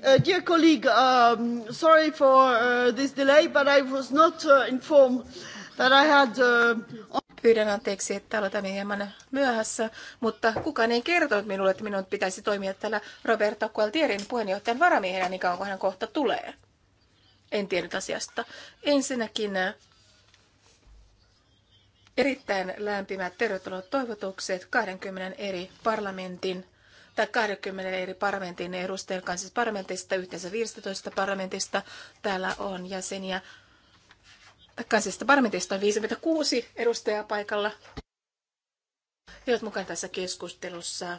Uh, dear colleague, um, sorry for uh, this delay, but I was not uh, informed that I had... Uh, Pyydän anteeksi, että aloitamme hieman myöhässä, mutta kukaan ei kertonut minulle, että minun pitäisi toimia täällä Roberto Gualtierin puheenjohtajan varamiehenä, niin kauan kuin hän kohta tulee. En tiennyt asiasta. Ensinnäkin äh, erittäin lämpimät tervetuloa toivotukset 20 eri parlamentin tai 20 eri parlamentin edustajan kanssa siis parlamentista, yhteensä 15 parlamentista. Täällä on jäseniä. Kansallisesta parlamentista on 56 edustajaa paikalla. He ovat mukana tässä keskustelussa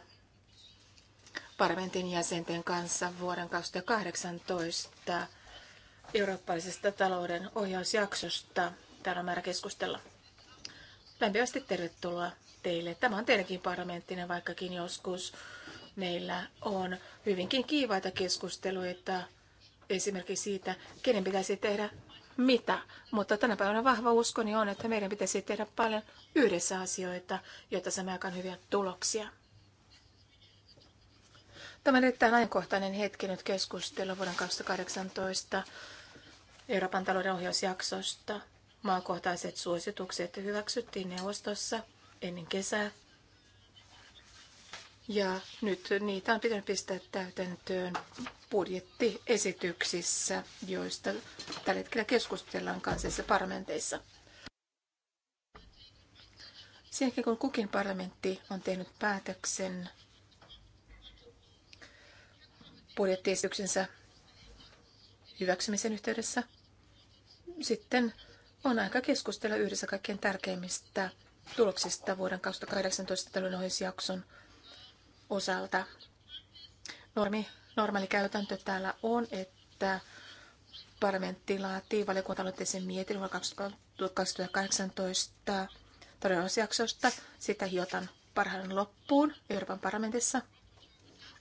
parlamentin jäsenten kanssa vuoden 2018 eurooppalaisesta talouden ohjausjaksosta. Täällä on määrä keskustella. Lämpimästi tervetuloa teille. Tämä on teidänkin parlamenttinen, vaikkakin joskus meillä on hyvinkin kiivaita keskusteluita esimerkiksi siitä, kenen pitäisi tehdä mitä. Mutta tänä päivänä vahva uskoni on, että meidän pitäisi tehdä paljon yhdessä asioita, jotta saamme aikaan hyviä tuloksia. Tämä on erittäin ajankohtainen hetki nyt keskustella vuoden 2018 Euroopan talouden ohjausjaksosta. Maakohtaiset suositukset hyväksyttiin neuvostossa ennen kesää. Ja nyt niitä on pitänyt pistää täytäntöön budjettiesityksissä, joista tällä hetkellä keskustellaan kansallisissa parlamenteissa. Sen jälkeen kun kukin parlamentti on tehnyt päätöksen budjettiesityksensä hyväksymisen yhteydessä, sitten on aika keskustella yhdessä kaikkein tärkeimmistä tuloksista vuoden 2018 talouden ohjausjakson osalta. Normi, normaali käytäntö täällä on, että parlamentti laatii valiokunta aloitteisen mietin vuonna 2018 tarjousjaksosta. Sitä hiotan parhaan loppuun Euroopan parlamentissa.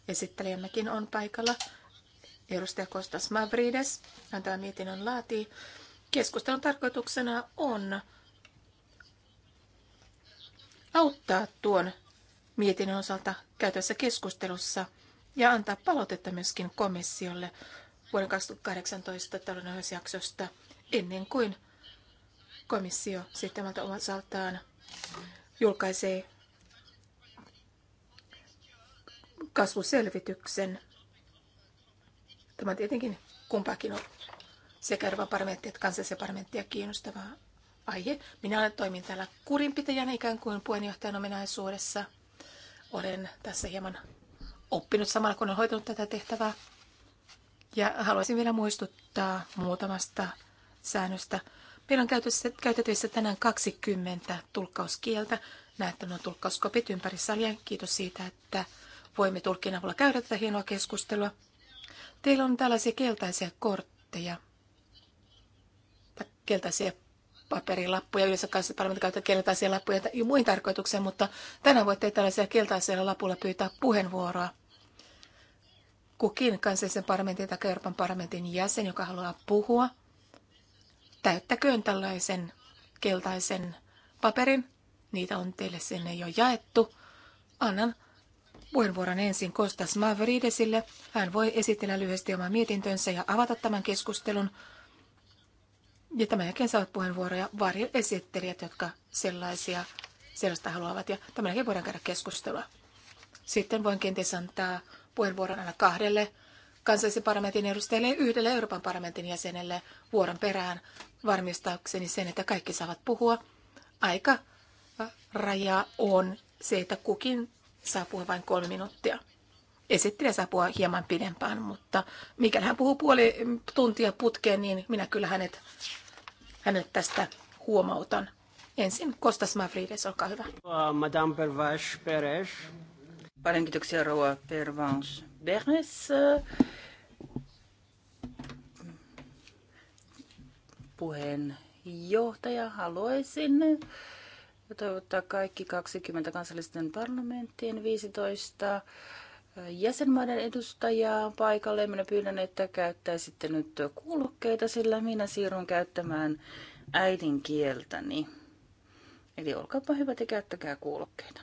Esittelijämmekin on paikalla. Edustaja Kostas Mavrides, hän tämä mietinnön laatii. Keskustelun tarkoituksena on auttaa tuon mietinnön osalta käytössä keskustelussa ja antaa palautetta myöskin komissiolle vuoden 2018 talonohjausjaksosta ennen kuin komissio sitten omalta osaltaan julkaisee kasvuselvityksen. Tämä on tietenkin kumpaakin on sekä Euroopan parlamentti että kansallisia parlamenttia kiinnostava aihe. Minä olen toimin täällä kurinpitäjänä ikään kuin puheenjohtajan ominaisuudessa – olen tässä hieman oppinut samalla, kun olen hoitanut tätä tehtävää. Ja haluaisin vielä muistuttaa muutamasta säännöstä. Meillä on käytössä, käytettävissä tänään 20 tulkkauskieltä. Näette nuo tulkkauskopit ympäri salia. Kiitos siitä, että voimme tulkkien avulla käydä tätä hienoa keskustelua. Teillä on tällaisia keltaisia kortteja, keltaisia paperilappuja. Yleensä kanssa parlamentti kautta keltaisia lappuja ja muihin tarkoituksiin, mutta tänään voitte tällaisia keltaisella lapulla pyytää puheenvuoroa. Kukin kansallisen parlamentin tai Euroopan parlamentin jäsen, joka haluaa puhua, täyttäköön tällaisen keltaisen paperin. Niitä on teille sinne jo jaettu. Annan puheenvuoron ensin Kostas Mavridesille. Hän voi esitellä lyhyesti oman mietintönsä ja avata tämän keskustelun. Ja tämän jälkeen saavat puheenvuoroja esittelijät, jotka sellaisia sellaista haluavat. Ja tämän jälkeen voidaan käydä keskustelua. Sitten voin kenties antaa puheenvuoron aina kahdelle kansallisen parlamentin edustajille ja yhdelle Euroopan parlamentin jäsenelle vuoron perään varmistaukseni sen, että kaikki saavat puhua. Aika raja on se, että kukin saa puhua vain kolme minuuttia esittelijä saa hieman pidempään, mutta mikäli hän puhuu puoli tuntia putkeen, niin minä kyllä hänet, hänet tästä huomautan. Ensin Kostas Mavrides, olkaa hyvä. Madame Pervash Peres. Paljon kiitoksia Rouva Pervash Peres. Puheenjohtaja, haluaisin toivottaa kaikki 20 kansallisten parlamenttien 15 jäsenmaiden edustajaa paikalle. Minä pyydän, että käyttäisitte nyt kuulokkeita, sillä minä siirryn käyttämään äidinkieltäni. Eli olkaapa hyvä, te käyttäkää kuulokkeita.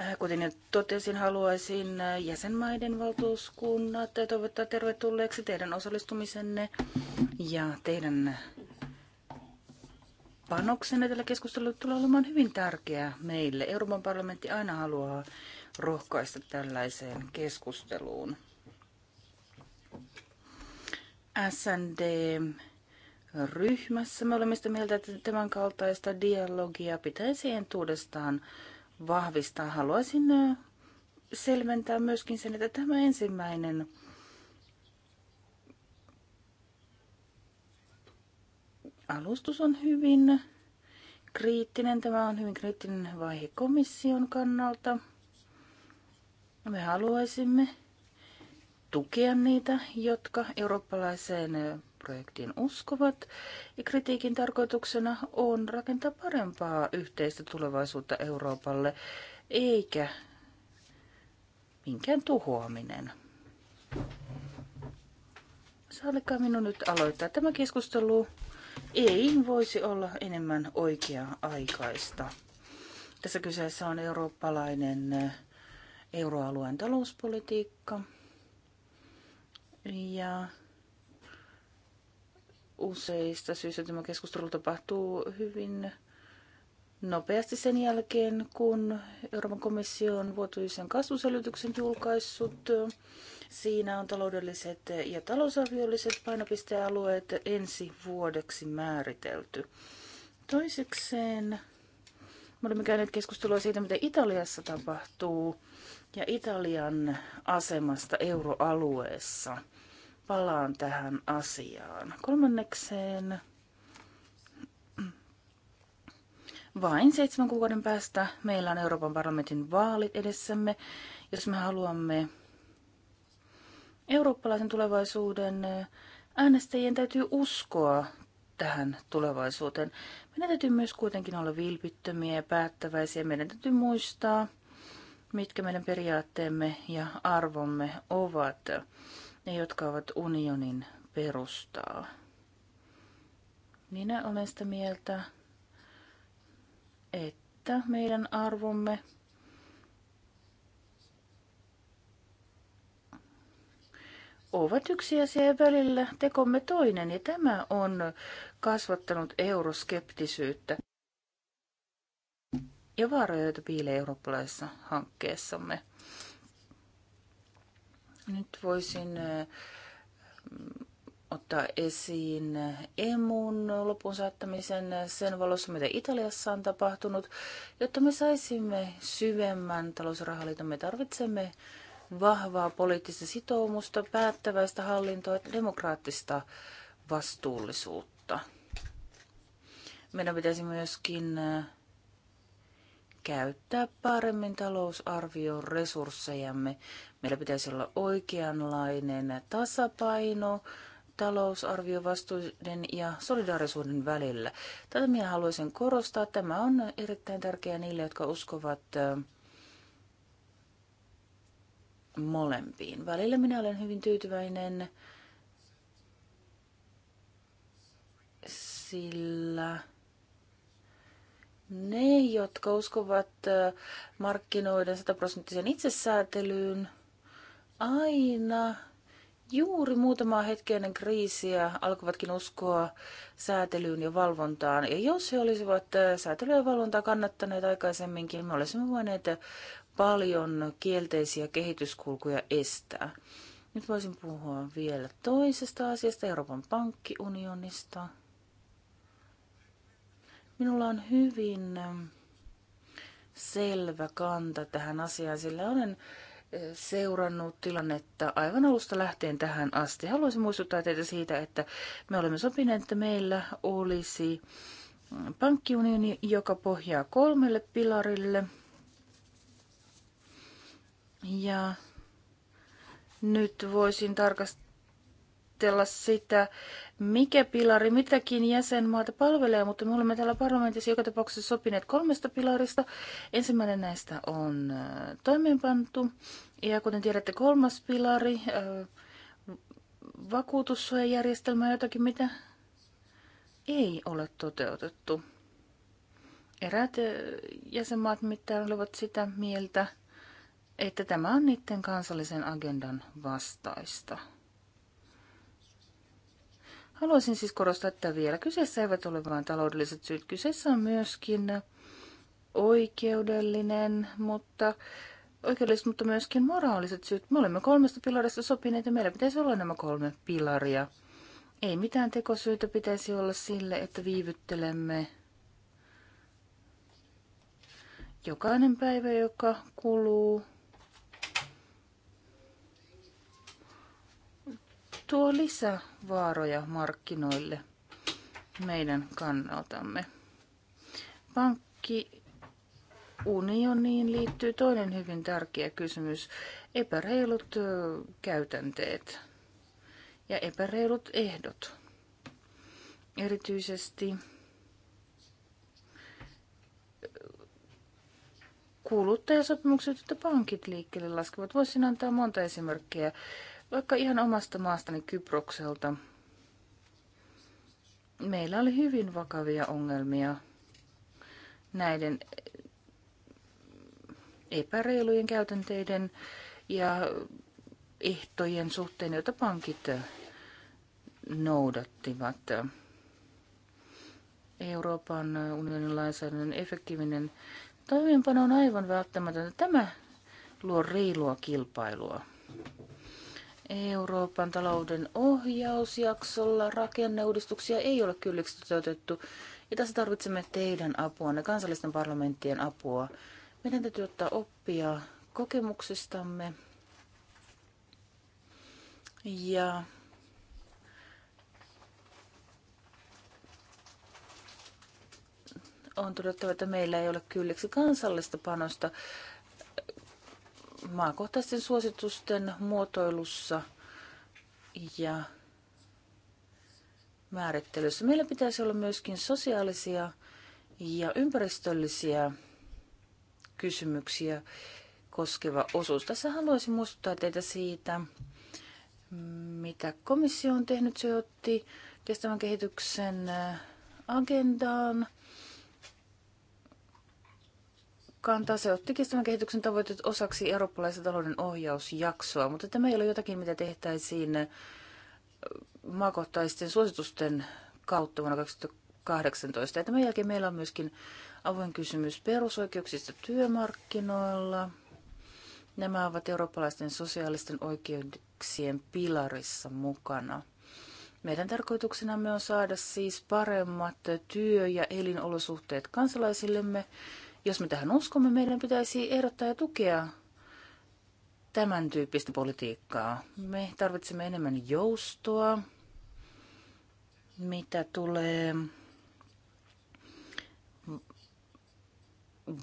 Äh, kuten jo totesin, haluaisin äh, jäsenmaiden valtuuskunnat toivottaa tervetulleeksi teidän osallistumisenne ja teidän panoksenne tällä keskustelulla tulee olemaan hyvin tärkeä meille. Euroopan parlamentti aina haluaa rohkaista tällaiseen keskusteluun. SND-ryhmässä me olemme sitä mieltä, että tämän kaltaista dialogia pitäisi entuudestaan vahvistaa. Haluaisin selventää myöskin sen, että tämä ensimmäinen alustus on hyvin kriittinen. Tämä on hyvin kriittinen vaihe komission kannalta. Me haluaisimme tukea niitä, jotka eurooppalaiseen projektiin uskovat. Ja kritiikin tarkoituksena on rakentaa parempaa yhteistä tulevaisuutta Euroopalle, eikä minkään tuhoaminen. Sallikaa minun nyt aloittaa tämä keskustelu ei voisi olla enemmän oikea-aikaista. Tässä kyseessä on eurooppalainen eh, euroalueen talouspolitiikka. Ja useista syystä tämä keskustelu tapahtuu hyvin nopeasti sen jälkeen, kun Euroopan komissio on vuotuisen kasvuselvityksen julkaissut. Siinä on taloudelliset ja talousarviolliset painopistealueet ensi vuodeksi määritelty. Toisekseen me olemme käyneet keskustelua siitä, mitä Italiassa tapahtuu ja Italian asemasta euroalueessa. Palaan tähän asiaan. Kolmannekseen vain seitsemän kuukauden päästä meillä on Euroopan parlamentin vaalit edessämme. Jos me haluamme eurooppalaisen tulevaisuuden äänestäjien täytyy uskoa tähän tulevaisuuteen. Meidän täytyy myös kuitenkin olla vilpittömiä ja päättäväisiä. Meidän täytyy muistaa, mitkä meidän periaatteemme ja arvomme ovat, ne jotka ovat unionin perustaa. Minä olen sitä mieltä, että meidän arvomme ovat yksi asia välillä tekomme toinen, ja tämä on kasvattanut euroskeptisyyttä ja vaaroja, joita piilee eurooppalaisessa hankkeessamme. Nyt voisin äh, ottaa esiin emun lopun saattamisen sen valossa, mitä Italiassa on tapahtunut. Jotta me saisimme syvemmän talousrahaliiton, me tarvitsemme vahvaa poliittista sitoumusta, päättäväistä hallintoa, demokraattista vastuullisuutta. Meidän pitäisi myöskin käyttää paremmin talousarvion resurssejamme. Meillä pitäisi olla oikeanlainen tasapaino talousarviovastuuden ja solidaarisuuden välillä. Tätä minä haluaisin korostaa. Tämä on erittäin tärkeää niille, jotka uskovat molempiin. Välillä minä olen hyvin tyytyväinen, sillä ne, jotka uskovat markkinoiden sataprosenttiseen itsesäätelyyn, aina juuri muutamaa hetkeä ennen kriisiä alkoivatkin uskoa säätelyyn ja valvontaan. Ja jos he olisivat säätelyä ja valvontaa kannattaneet aikaisemminkin, me olisimme voineet paljon kielteisiä kehityskulkuja estää. Nyt voisin puhua vielä toisesta asiasta, Euroopan pankkiunionista. Minulla on hyvin selvä kanta tähän asiaan, sillä olen eh, seurannut tilannetta aivan alusta lähtien tähän asti. Haluaisin muistuttaa teitä siitä, että me olemme sopineet, että meillä olisi pankkiunioni, joka pohjaa kolmelle pilarille – ja nyt voisin tarkastella sitä, mikä pilari mitäkin jäsenmaata palvelee, mutta me olemme täällä parlamentissa joka tapauksessa sopineet kolmesta pilarista. Ensimmäinen näistä on äh, toimeenpantu, ja kuten tiedätte, kolmas pilari, äh, vakuutussuojajärjestelmä, jotakin mitä ei ole toteutettu. Eräät äh, jäsenmaat mitään olivat sitä mieltä, että tämä on niiden kansallisen agendan vastaista. Haluaisin siis korostaa, että vielä kyseessä eivät ole vain taloudelliset syyt. Kyseessä on myöskin oikeudellinen, mutta oikeudelliset, mutta myöskin moraaliset syyt. Me olemme kolmesta pilarista sopineet ja meillä pitäisi olla nämä kolme pilaria. Ei mitään tekosyytä pitäisi olla sille, että viivyttelemme jokainen päivä, joka kuluu, tuo lisää vaaroja markkinoille meidän kannaltamme. Pankkiunioniin unioniin liittyy toinen hyvin tärkeä kysymys, epäreilut käytänteet ja epäreilut ehdot. Erityisesti kuluttajasopimukset, että pankit liikkeelle laskevat. Voisin antaa monta esimerkkiä vaikka ihan omasta maastani Kyprokselta, meillä oli hyvin vakavia ongelmia näiden epäreilujen käytänteiden ja ehtojen suhteen, joita pankit noudattivat. Euroopan unionin lainsäädännön efektiivinen toimeenpano on aivan välttämätöntä. Tämä luo reilua kilpailua. Euroopan talouden ohjausjaksolla rakenneuudistuksia ei ole kylliksi toteutettu. Ja tässä tarvitsemme teidän apua, ne kansallisten parlamenttien apua. Meidän täytyy ottaa oppia kokemuksistamme ja on todettava, että meillä ei ole kylliksi kansallista panosta maakohtaisten suositusten muotoilussa ja määrittelyssä. Meillä pitäisi olla myöskin sosiaalisia ja ympäristöllisiä kysymyksiä koskeva osuus. Tässä haluaisin muistuttaa teitä siitä, mitä komissio on tehnyt. Se otti kestävän kehityksen agendaan kantaa. Se otti kestävän kehityksen tavoitteet osaksi eurooppalaisen talouden ohjausjaksoa, mutta tämä ei ole jotakin, mitä tehtäisiin äh, maakohtaisten suositusten kautta vuonna 2018. Ja tämän jälkeen meillä on myöskin avoin kysymys perusoikeuksista työmarkkinoilla. Nämä ovat eurooppalaisten sosiaalisten oikeuksien pilarissa mukana. Meidän tarkoituksenamme on saada siis paremmat työ- ja elinolosuhteet kansalaisillemme jos me tähän uskomme, meidän pitäisi ehdottaa ja tukea tämän tyyppistä politiikkaa. Me tarvitsemme enemmän joustoa, mitä tulee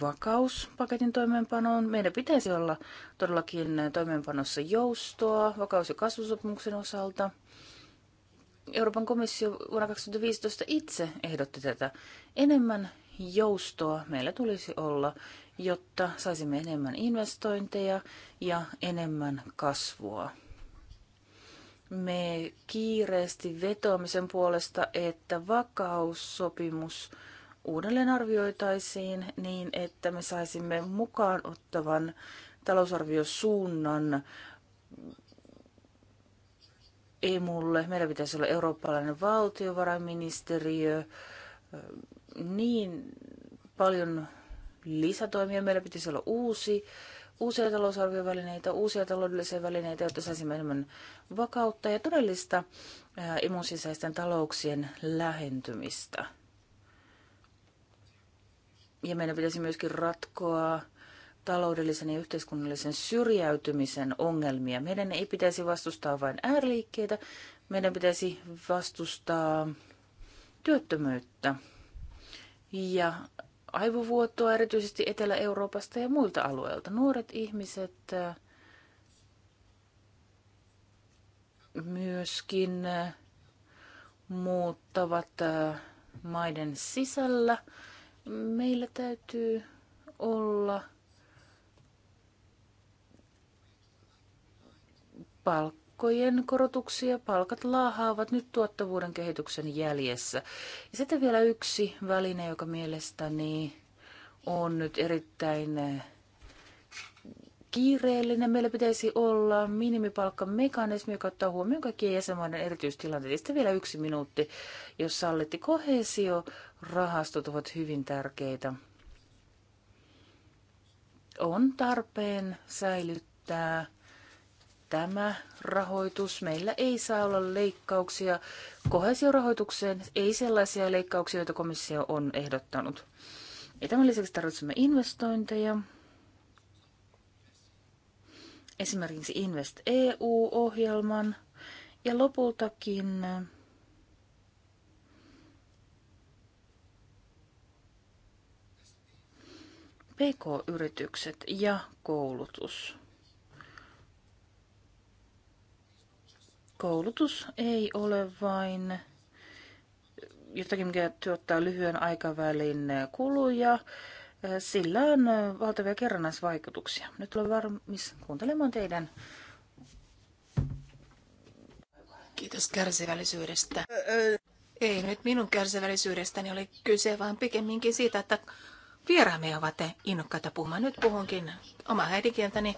vakauspaketin toimeenpanoon. Meidän pitäisi olla todellakin toimeenpanossa joustoa vakaus- ja kasvusopimuksen osalta. Euroopan komissio vuonna 2015 itse ehdotti tätä enemmän joustoa meillä tulisi olla, jotta saisimme enemmän investointeja ja enemmän kasvua. Me kiireesti vetoamisen puolesta, että vakaussopimus uudelleen arvioitaisiin niin, että me saisimme mukaan ottavan talousarviosuunnan EMUlle. Meillä pitäisi olla eurooppalainen valtiovarainministeriö, niin paljon lisätoimia. Meillä pitäisi olla uusi, uusia talousarviovälineitä, uusia taloudellisia välineitä, jotta saisimme enemmän vakautta ja todellista imunsisäisten talouksien lähentymistä. Ja meidän pitäisi myöskin ratkoa taloudellisen ja yhteiskunnallisen syrjäytymisen ongelmia. Meidän ei pitäisi vastustaa vain ääriliikkeitä, meidän pitäisi vastustaa työttömyyttä ja aivovuotoa erityisesti Etelä-Euroopasta ja muilta alueilta. Nuoret ihmiset myöskin muuttavat maiden sisällä. Meillä täytyy olla palkka palkkojen korotuksia. Palkat laahaavat nyt tuottavuuden kehityksen jäljessä. Ja sitten vielä yksi väline, joka mielestäni on nyt erittäin eh, kiireellinen. Meillä pitäisi olla minimipalkkamekanismi, joka ottaa huomioon kaikkien jäsenmaiden erityistilanteet. Sitten vielä yksi minuutti, jos sallitti. Kohesiorahastot ovat hyvin tärkeitä. On tarpeen säilyttää tämä rahoitus. Meillä ei saa olla leikkauksia kohesiorahoitukseen, ei sellaisia leikkauksia, joita komissio on ehdottanut. Ja tämän lisäksi tarvitsemme investointeja. Esimerkiksi Invest EU-ohjelman ja lopultakin PK-yritykset ja koulutus. koulutus ei ole vain jotakin, mikä tuottaa lyhyen aikavälin kuluja. Sillä on valtavia kerrannaisvaikutuksia. Nyt olen varmis kuuntelemaan teidän. Kiitos kärsivällisyydestä. Ei nyt minun kärsivällisyydestäni ole kyse, vaan pikemminkin siitä, että vieraamme ovat innokkaita puhumaan. Nyt puhunkin oma äidinkieltäni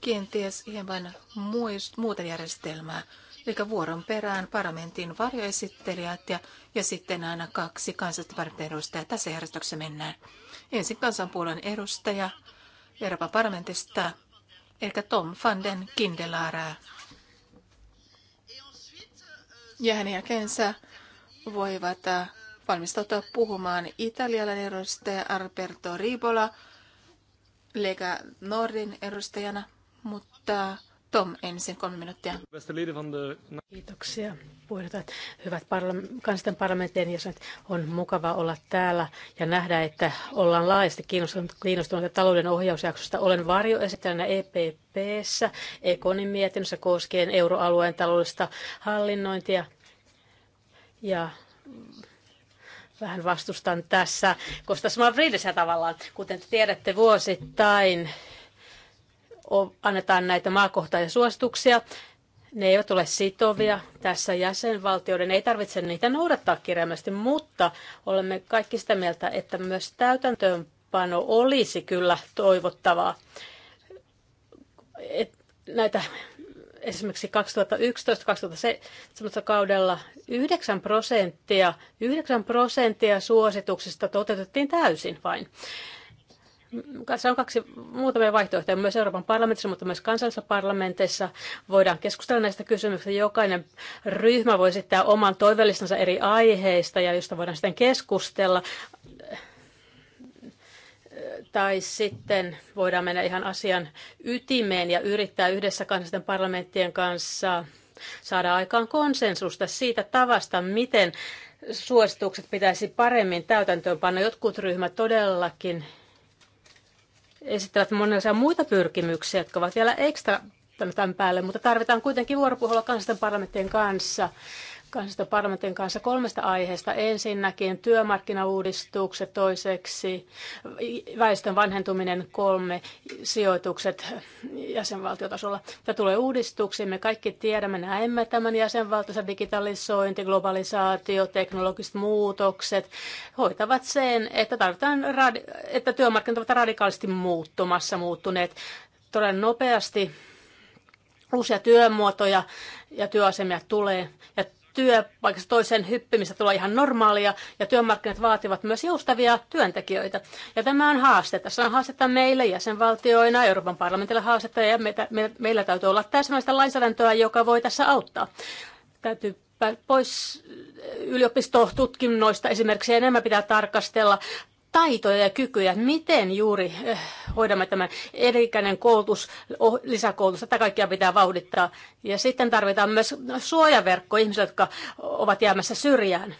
kenties hieman muist, muuta järjestelmää Eli vuoron perään parlamentin varjoesittelijät ja, ja sitten aina kaksi kansallista edustajaa. Tässä järjestyksessä mennään. Ensin kansanpuolen edustaja Euroopan parlamentista, eli Tom van den Kindelaara. Ja hänen jälkeensä voivat äh, valmistautua puhumaan italialainen edustaja Alberto Ribola, Lega Nordin edustajana, mutta Tom ensin kolme minuuttia. Kiitoksia Hyvät parlam- kansallisten parlamenttien jäsenet, on mukava olla täällä ja nähdä, että ollaan laajasti kiinnostuneita, talouden ohjausjaksosta. Olen varjoesittelijänä EPPssä, Ekonin mietinnössä koskien euroalueen taloudellista hallinnointia ja vähän vastustan tässä Kostas Mavridisia tavallaan. Kuten te tiedätte, vuosittain annetaan näitä maakohtaisia suosituksia. Ne eivät ole sitovia. Tässä jäsenvaltioiden ei tarvitse niitä noudattaa kirjaimellisesti, mutta olemme kaikki sitä mieltä, että myös täytäntöönpano olisi kyllä toivottavaa. Et näitä esimerkiksi 2011-2017 kaudella 9 prosenttia, 9 prosenttia suosituksista toteutettiin täysin vain. Se on kaksi muutamia vaihtoehtoja myös Euroopan parlamentissa, mutta myös kansallisessa parlamenteissa. Voidaan keskustella näistä kysymyksistä. Jokainen ryhmä voi esittää oman toivellistansa eri aiheista ja josta voidaan sitten keskustella. Tai sitten voidaan mennä ihan asian ytimeen ja yrittää yhdessä kansallisten parlamenttien kanssa saada aikaan konsensusta siitä tavasta, miten suositukset pitäisi paremmin täytäntöön panna. Jotkut ryhmät todellakin esittävät monenlaisia muita pyrkimyksiä, jotka ovat vielä ekstra tämän päälle, mutta tarvitaan kuitenkin vuoropuhelua kansallisten parlamenttien kanssa kansallisten parlamentin kanssa kolmesta aiheesta. Ensinnäkin työmarkkinauudistukset, toiseksi väestön vanhentuminen, kolme sijoitukset jäsenvaltiotasolla. Tämä tulee uudistuksiin. Me kaikki tiedämme, näemme tämän jäsenvaltiossa digitalisointi, globalisaatio, teknologiset muutokset hoitavat sen, että, tarvitaan, että työmarkkinat ovat radikaalisti muuttumassa, muuttuneet todella nopeasti uusia työmuotoja ja työasemia tulee. Ja työpaikasta toiseen hyppimistä tulee ihan normaalia ja työmarkkinat vaativat myös joustavia työntekijöitä. Ja tämä on haaste. Tässä on haastetta meille jäsenvaltioina, Euroopan parlamentilla haastetta ja meitä, me, meillä täytyy olla täsmällistä lainsäädäntöä, joka voi tässä auttaa. Täytyy pois yliopistotutkinnoista esimerkiksi enemmän pitää tarkastella taitoja ja kykyjä, miten juuri eh, hoidamme tämän erikäinen koulutus, oh, lisäkoulutus, tätä kaikkea pitää vauhdittaa. Ja sitten tarvitaan myös suojaverkko ihmisille, jotka ovat jäämässä syrjään.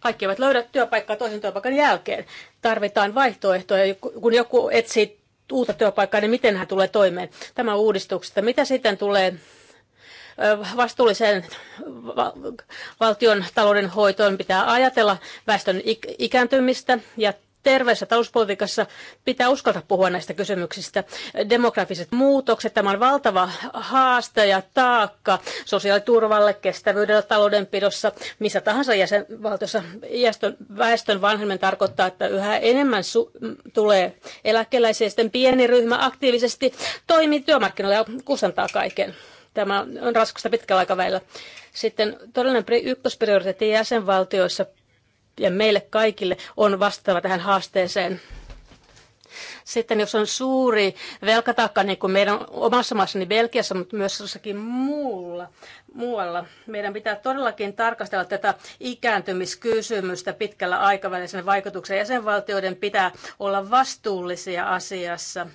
Kaikki eivät löydä työpaikkaa toisen työpaikan jälkeen. Tarvitaan vaihtoehtoja, kun joku etsii uutta työpaikkaa, niin miten hän tulee toimeen tämä uudistuksesta. Mitä sitten tulee eh, vastuulliseen valtion talouden hoitoon pitää ajatella väestön ikääntymistä ja terveessä talouspolitiikassa pitää uskaltaa puhua näistä kysymyksistä. Demografiset muutokset, tämä on valtava haaste ja taakka sosiaaliturvalle, kestävyydellä, taloudenpidossa, missä tahansa jäsenvaltiossa. väestön vanhemmin tarkoittaa, että yhä enemmän tulee eläkeläisiä, sitten pieni ryhmä aktiivisesti toimii työmarkkinoilla ja kustantaa kaiken tämä on raskasta pitkällä aikavälillä. Sitten todellinen ykkösprioriteetti jäsenvaltioissa ja meille kaikille on vastaava tähän haasteeseen. Sitten jos on suuri velkataakka, niin kuin meidän omassa maassani Belgiassa, mutta myös jossakin muulla, muualla, meidän pitää todellakin tarkastella tätä ikääntymiskysymystä pitkällä aikavälillä sen vaikutuksen. Jäsenvaltioiden pitää olla vastuullisia asiassa.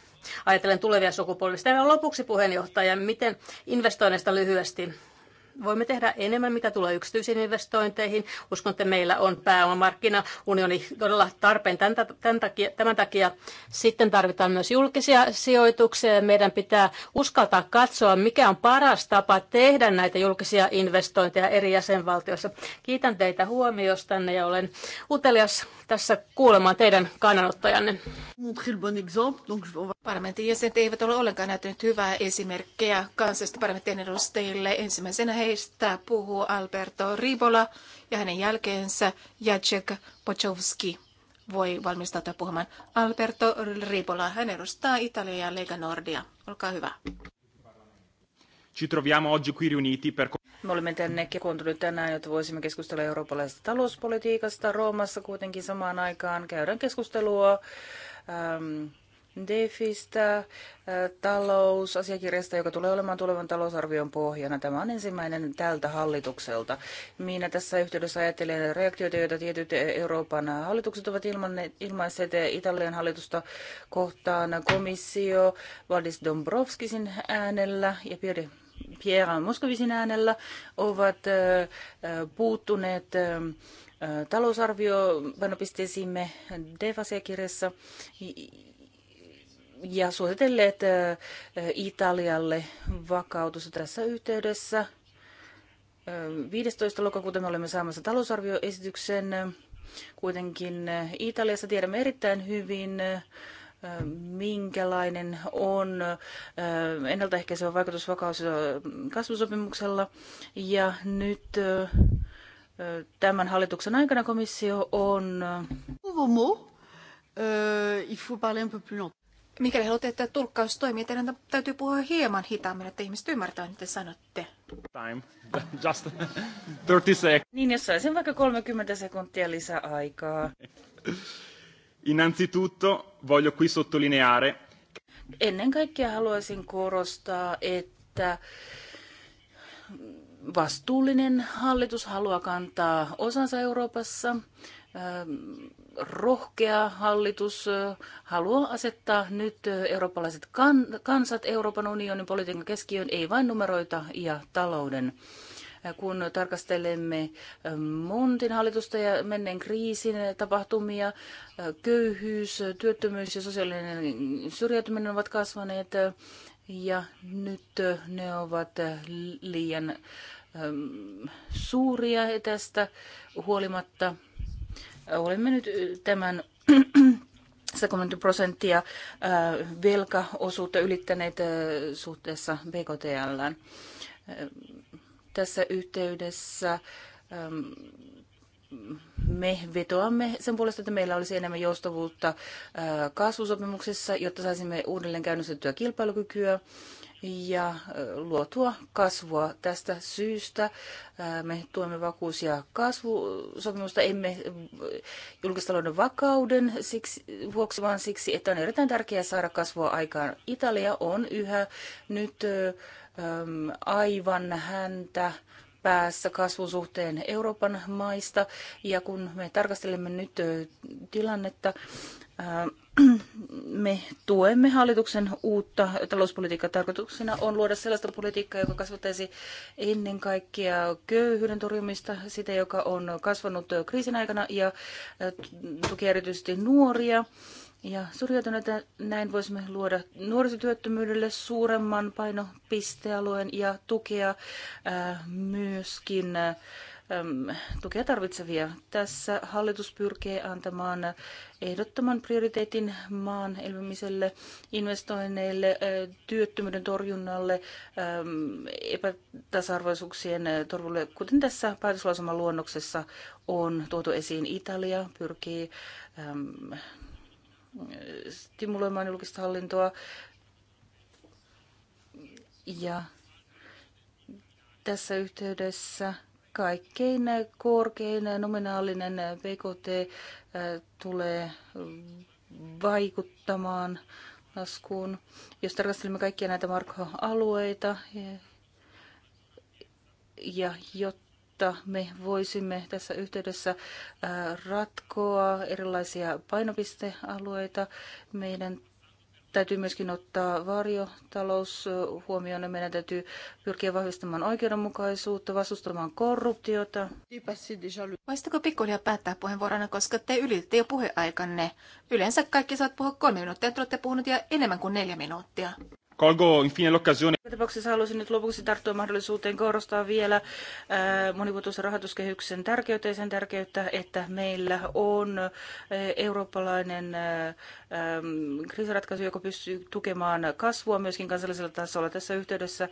Ajatellen tulevia sukupolvista. Ja lopuksi puheenjohtaja, miten investoinnista lyhyesti? voimme tehdä enemmän, mitä tulee yksityisiin investointeihin. Uskon, että meillä on pääomamarkkinaunioni todella tarpeen tämän, tämän, takia, tämän takia. Sitten tarvitaan myös julkisia sijoituksia meidän pitää uskaltaa katsoa, mikä on paras tapa tehdä näitä julkisia investointeja eri jäsenvaltioissa. Kiitän teitä huomiostanne ja olen utelias tässä kuulemaan teidän kannanottojanne. Parlamentin jäsenet eivät ole ollenkaan näyttäneet hyvää esimerkkejä kansallisesta parlamentin edustajille. Ensimmäisenä heistä puhuu Alberto Ribola ja hänen jälkeensä Jacek Pochowski voi valmistautua puhumaan. Alberto Ribola, hän edustaa Italiaa ja Lega Nordia. Olkaa hyvä. Ci troviamo oggi qui riuniti per... Me olemme tänne kokoontuneet tänään, jotta voisimme keskustella eurooppalaisesta talouspolitiikasta. Roomassa kuitenkin samaan aikaan käydään keskustelua ähm, DEFistä, talousasiakirjasta, joka tulee olemaan tulevan talousarvion pohjana. Tämä on ensimmäinen tältä hallitukselta. Minä tässä yhteydessä ajattelen reaktioita, joita tietyt Euroopan hallitukset ovat ilmaisseet Italian hallitusta kohtaan. Komissio Valdis Dombrovskisin äänellä ja Pierre Pierre Moskovisin äänellä ovat puuttuneet talousarvio painopisteisiimme DEF-asiakirjassa ja suositelleet Italialle vakautusta tässä yhteydessä. 15. lokakuuta me olemme saamassa talousarvioesityksen. Kuitenkin Italiassa tiedämme erittäin hyvin, minkälainen on ennaltaehkäisevä vaikutus vakaus- ja kasvusopimuksella. Ja nyt tämän hallituksen aikana komissio on... Euh, il faut parler un peu plus longtemps. Mikäli haluatte, että tulkkaus toimii, teidän täytyy puhua hieman hitaammin, että ihmiset ymmärtävät, mitä sanotte. Time. Just 30 seconds. Niin, jos saisin vaikka 30 sekuntia lisäaikaa. Innanzitutto voglio qui sottolineare. Ennen kaikkea haluaisin korostaa, että vastuullinen hallitus haluaa kantaa osansa Euroopassa öö, rohkea hallitus haluaa asettaa nyt eurooppalaiset kansat Euroopan unionin politiikan keskiöön, ei vain numeroita ja talouden kun tarkastelemme Montin hallitusta ja menneen kriisin tapahtumia. Köyhyys, työttömyys ja sosiaalinen syrjäytyminen ovat kasvaneet ja nyt ne ovat liian suuria tästä huolimatta Olemme nyt tämän 70 prosenttia velkaosuutta ylittäneet suhteessa BKTL. Tässä yhteydessä me vetoamme sen puolesta, että meillä olisi enemmän joustavuutta kasvusopimuksessa, jotta saisimme uudelleen käynnistettyä kilpailukykyä ja luotua kasvua. Tästä syystä me tuemme vakuus- ja kasvusopimusta, emme julkistalouden vakauden siksi, vuoksi, vaan siksi, että on erittäin tärkeää saada kasvua aikaan. Italia on yhä nyt aivan häntä päässä kasvun suhteen Euroopan maista. Ja kun me tarkastelemme nyt tilannetta, me tuemme hallituksen uutta talouspolitiikkaa. Tarkoituksena on luoda sellaista politiikkaa, joka kasvattaisi ennen kaikkea köyhyyden torjumista, sitä, joka on kasvanut kriisin aikana ja tukee erityisesti nuoria. Ja syrjäytyneitä näin voisimme luoda nuorisotyöttömyydelle suuremman painopistealueen ja tukea myöskin tukea tarvitsevia. Tässä hallitus pyrkii antamaan ehdottoman prioriteetin maan elvymiselle, investoinneille, työttömyyden torjunnalle, epätasa-arvoisuuksien torjulle, kuten tässä päätöslausuman luonnoksessa on tuotu esiin. Italia pyrkii stimuloimaan julkista hallintoa ja tässä yhteydessä kaikkein korkein nominaalinen BKT äh, tulee vaikuttamaan laskuun. Jos tarkastelemme kaikkia näitä markkoalueita alueita ja jotta me voisimme tässä yhteydessä äh, ratkoa erilaisia painopistealueita, meidän täytyy myöskin ottaa varjotalous huomioon. Meidän täytyy pyrkiä vahvistamaan oikeudenmukaisuutta, vastustamaan korruptiota. Voisitteko pikkuhiljaa päättää puheenvuoronne, koska te ylitte jo puheaikanne. Yleensä kaikki saat puhua kolme minuuttia, te olette puhunut jo enemmän kuin neljä minuuttia. Kolgo infine l'occasione. Tapauksessa haluaisin nyt lopuksi tarttua mahdollisuuteen korostaa vielä äh, monivuotoisen rahoituskehyksen tärkeyttä ja sen tärkeyttä, että meillä on äh, eurooppalainen äh, ähm, kriisiratkaisu, joka pystyy tukemaan kasvua myöskin kansallisella tasolla. Tässä yhteydessä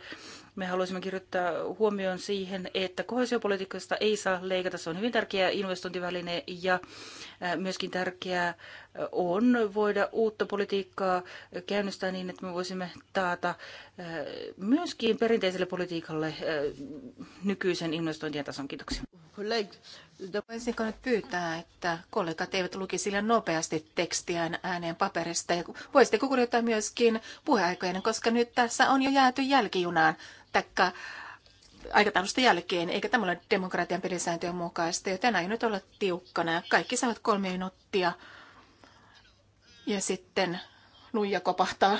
me haluaisimme kirjoittaa huomioon siihen, että kohesiopolitiikasta ei saa leikata. Se on hyvin tärkeä investointiväline ja myöskin tärkeää on voida uutta politiikkaa käynnistää niin, että me voisimme taata myöskin perinteiselle politiikalle nykyisen investointien tason. Kiitoksia. Voisinko nyt pyytää, että kollegat eivät lukisi liian nopeasti tekstiään ääneen paperista? Ja voisitteko kuljettaa myöskin puheaikojen, koska nyt tässä on jo jääty jälkijunaan, taikka aikataulusta jälkeen, eikä tämä ole demokratian pelisääntöjen mukaista, joten ei nyt olla tiukkana. Kaikki saavat kolme minuuttia ja sitten nuija kopahtaa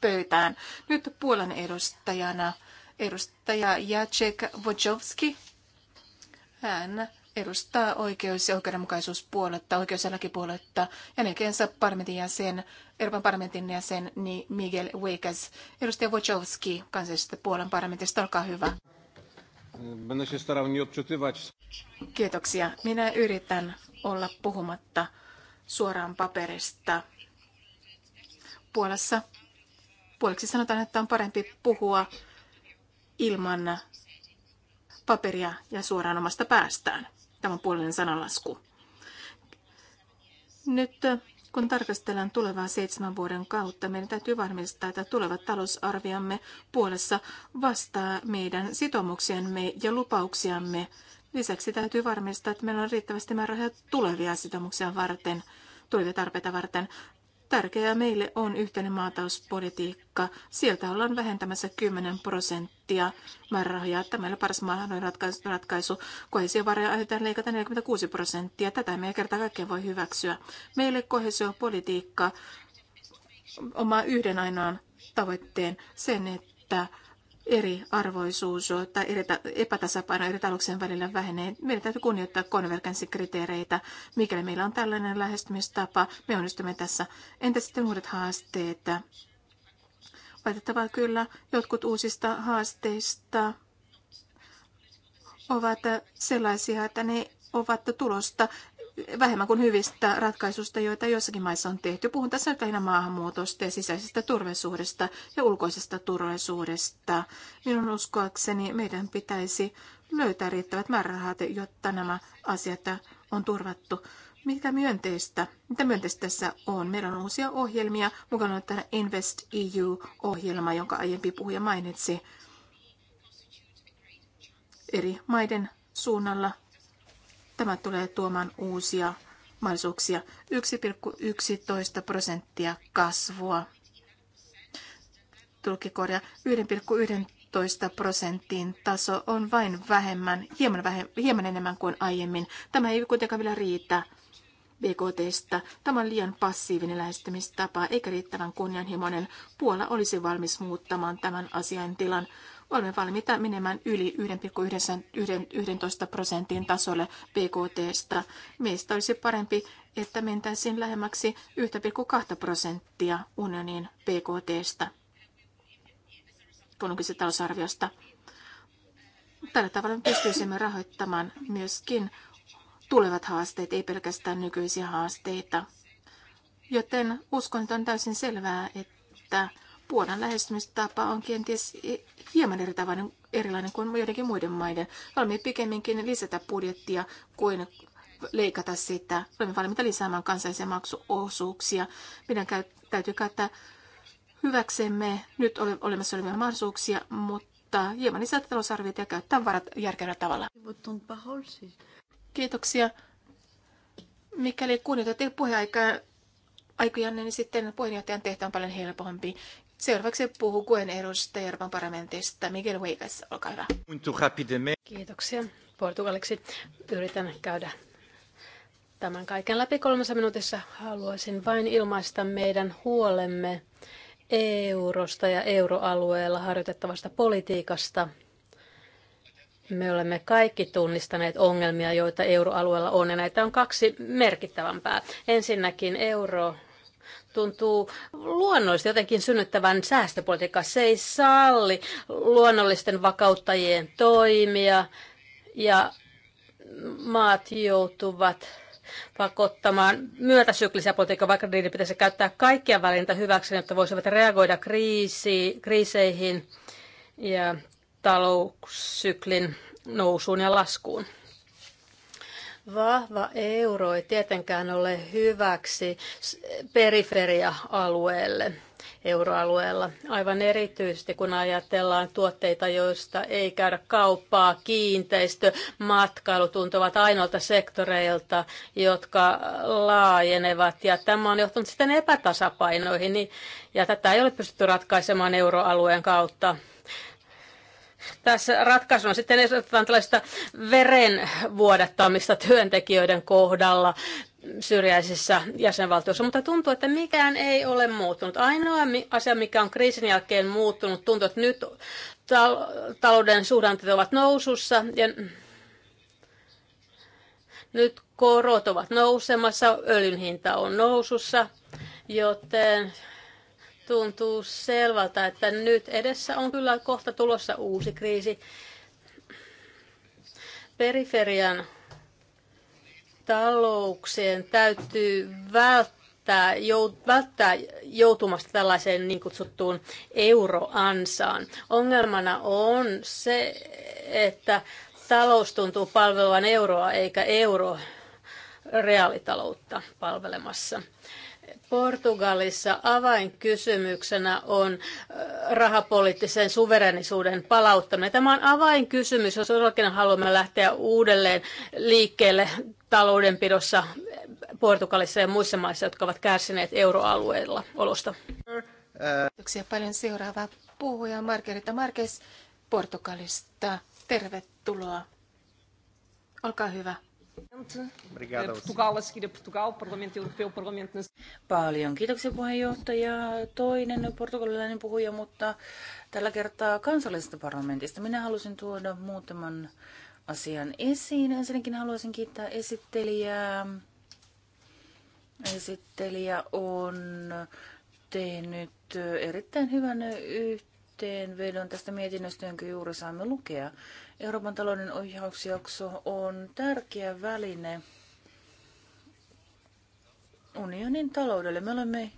pöytään. Nyt Puolan edustajana edustaja Jacek Wojcicki. Hän edustaa oikeus- ja oikeudenmukaisuuspuoletta, oikeus- ja lakipuoletta, ja nekensä parlamentin jäsen, Euroopan parlamentin jäsen niin Miguel Wekas. Edustaja Wojcicki, kansallisesta Puolan parlamentista, olkaa hyvä. Kiitoksia. Minä yritän olla puhumatta suoraan paperista. Puolassa Puoliksi sanotaan, että on parempi puhua ilman paperia ja suoraan omasta päästään. Tämä on puolinen sanalasku. Nyt kun tarkastellaan tulevaa seitsemän vuoden kautta, meidän täytyy varmistaa, että tulevat talousarviamme puolessa vastaa meidän sitoumuksiamme ja lupauksiamme. Lisäksi täytyy varmistaa, että meillä on riittävästi määrärahoja tulevia sitoumuksia varten, tulevia tarpeita varten. Tärkeää meille on yhteinen maatalouspolitiikka. Sieltä ollaan vähentämässä 10 prosenttia määrärahoja. Tämä ei ole paras mahdollinen ratkaisu. Kohesiovaroja aiotaan leikata 46 prosenttia. Tätä me ei kerta kaikkea voi hyväksyä. Meille kohesiopolitiikka omaa yhden ainoan tavoitteen sen, että eriarvoisuus tai eri, epätasapaino eri talouksien välillä vähenee. Meidän täytyy kunnioittaa konvergenssikriteereitä. Mikäli meillä on tällainen lähestymistapa, me onnistumme tässä. Entä sitten uudet haasteet? Valitettavaa kyllä, jotkut uusista haasteista ovat sellaisia, että ne ovat tulosta vähemmän kuin hyvistä ratkaisuista, joita joissakin maissa on tehty. Puhun tässä nyt lähinnä maahanmuutosta ja sisäisestä turvallisuudesta ja ulkoisesta turvallisuudesta. Minun uskoakseni meidän pitäisi löytää riittävät määrärahat, jotta nämä asiat on turvattu. Mitä myönteistä, mitä myönteistä tässä on? Meillä on uusia ohjelmia, mukana on tämä Invest EU-ohjelma, jonka aiempi puhuja mainitsi eri maiden suunnalla Tämä tulee tuomaan uusia mahdollisuuksia. 1,11 prosenttia kasvua. Tulkikorja 1,11 prosentin taso on vain vähemmän, hieman, vähemmän, hieman enemmän kuin aiemmin. Tämä ei kuitenkaan vielä riitä. BKTstä. Tämä on liian passiivinen lähestymistapa eikä riittävän kunnianhimoinen. Puola olisi valmis muuttamaan tämän asian tilan olemme valmiita menemään yli 1,11 prosentin tasolle sta. Meistä olisi parempi, että mentäisiin lähemmäksi 1,2 prosenttia unionin bkt kun on kyse talousarviosta. Tällä tavalla me pystyisimme rahoittamaan myöskin tulevat haasteet, ei pelkästään nykyisiä haasteita. Joten uskon, että on täysin selvää, että Puolan lähestymistapa on kenties hieman eri tavoin, erilainen kuin joidenkin muiden maiden. Olemme pikemminkin lisätä budjettia kuin leikata sitä. Olemme valmiita lisäämään kansallisia maksuosuuksia. Meidän käy, täytyy käyttää hyväksemme nyt ole, olemassa olevia mahdollisuuksia, mutta hieman lisätä talousarviota ja käyttää varat järkevällä tavalla. Kiitoksia. Mikäli kunnioitatte puheaikaa, aikojanne, niin sitten puheenjohtajan tehtävä on paljon helpompi. Seuraavaksi puhuu Kuen edustaja Euroopan parlamentista Miguel Weigas, Olkaa hyvä. Kiitoksia. Portugaliksi yritän käydä tämän kaiken läpi kolmessa minuutissa. Haluaisin vain ilmaista meidän huolemme eurosta ja euroalueella harjoitettavasta politiikasta. Me olemme kaikki tunnistaneet ongelmia, joita euroalueella on, ja näitä on kaksi merkittävämpää. Ensinnäkin euro tuntuu luonnollisesti jotenkin synnyttävän säästöpolitiikkaa. Se ei salli luonnollisten vakauttajien toimia ja maat joutuvat pakottamaan myötäsyklisiä politiikkaa, vaikka niiden pitäisi käyttää kaikkia välintä hyväksi, jotta voisivat reagoida kriisi, kriiseihin ja taloussyklin nousuun ja laskuun. Vahva euro ei tietenkään ole hyväksi periferia-alueelle euroalueella. Aivan erityisesti kun ajatellaan tuotteita, joista ei käydä kauppaa, kiinteistö, matkailu tuntuvat ainoilta sektoreilta, jotka laajenevat. Ja tämä on johtanut sitten epätasapainoihin, niin- ja tätä ei ole pystytty ratkaisemaan euroalueen kautta. Tässä ratkaisuna sitten esitetään tällaista veren vuodattamista työntekijöiden kohdalla syrjäisissä jäsenvaltioissa, mutta tuntuu, että mikään ei ole muuttunut. Ainoa asia, mikä on kriisin jälkeen muuttunut, tuntuu, että nyt talouden suhdanteet ovat nousussa ja nyt korot ovat nousemassa, öljyn hinta on nousussa, joten tuntuu selvältä, että nyt edessä on kyllä kohta tulossa uusi kriisi. Periferian talouksien täytyy välttää, jout, välttää joutumasta tällaiseen niin kutsuttuun euroansaan. Ongelmana on se, että talous tuntuu palvelevan euroa eikä euro reaalitaloutta palvelemassa. Portugalissa avainkysymyksenä on rahapoliittisen suverenisuuden palauttaminen. Tämä on avainkysymys, jos todellakin haluamme lähteä uudelleen liikkeelle taloudenpidossa Portugalissa ja muissa maissa, jotka ovat kärsineet euroalueella olosta. Kiitoksia paljon seuraava puhuja Margarita Marques Portugalista. Tervetuloa. Olkaa hyvä. Portugal a seguir a Portugal, Europeu, Paljon kiitoksia puheenjohtaja. Toinen portugalilainen puhuja, mutta tällä kertaa kansallisesta parlamentista. Minä halusin tuoda muutaman asian esiin. Ensinnäkin haluaisin kiittää esittelijää. Esittelijä on tehnyt erittäin hyvän yhteyden yhteenvedon tästä mietinnöstä, jonka juuri saamme lukea. Euroopan talouden ohjausjakso on tärkeä väline unionin taloudelle. Me olemme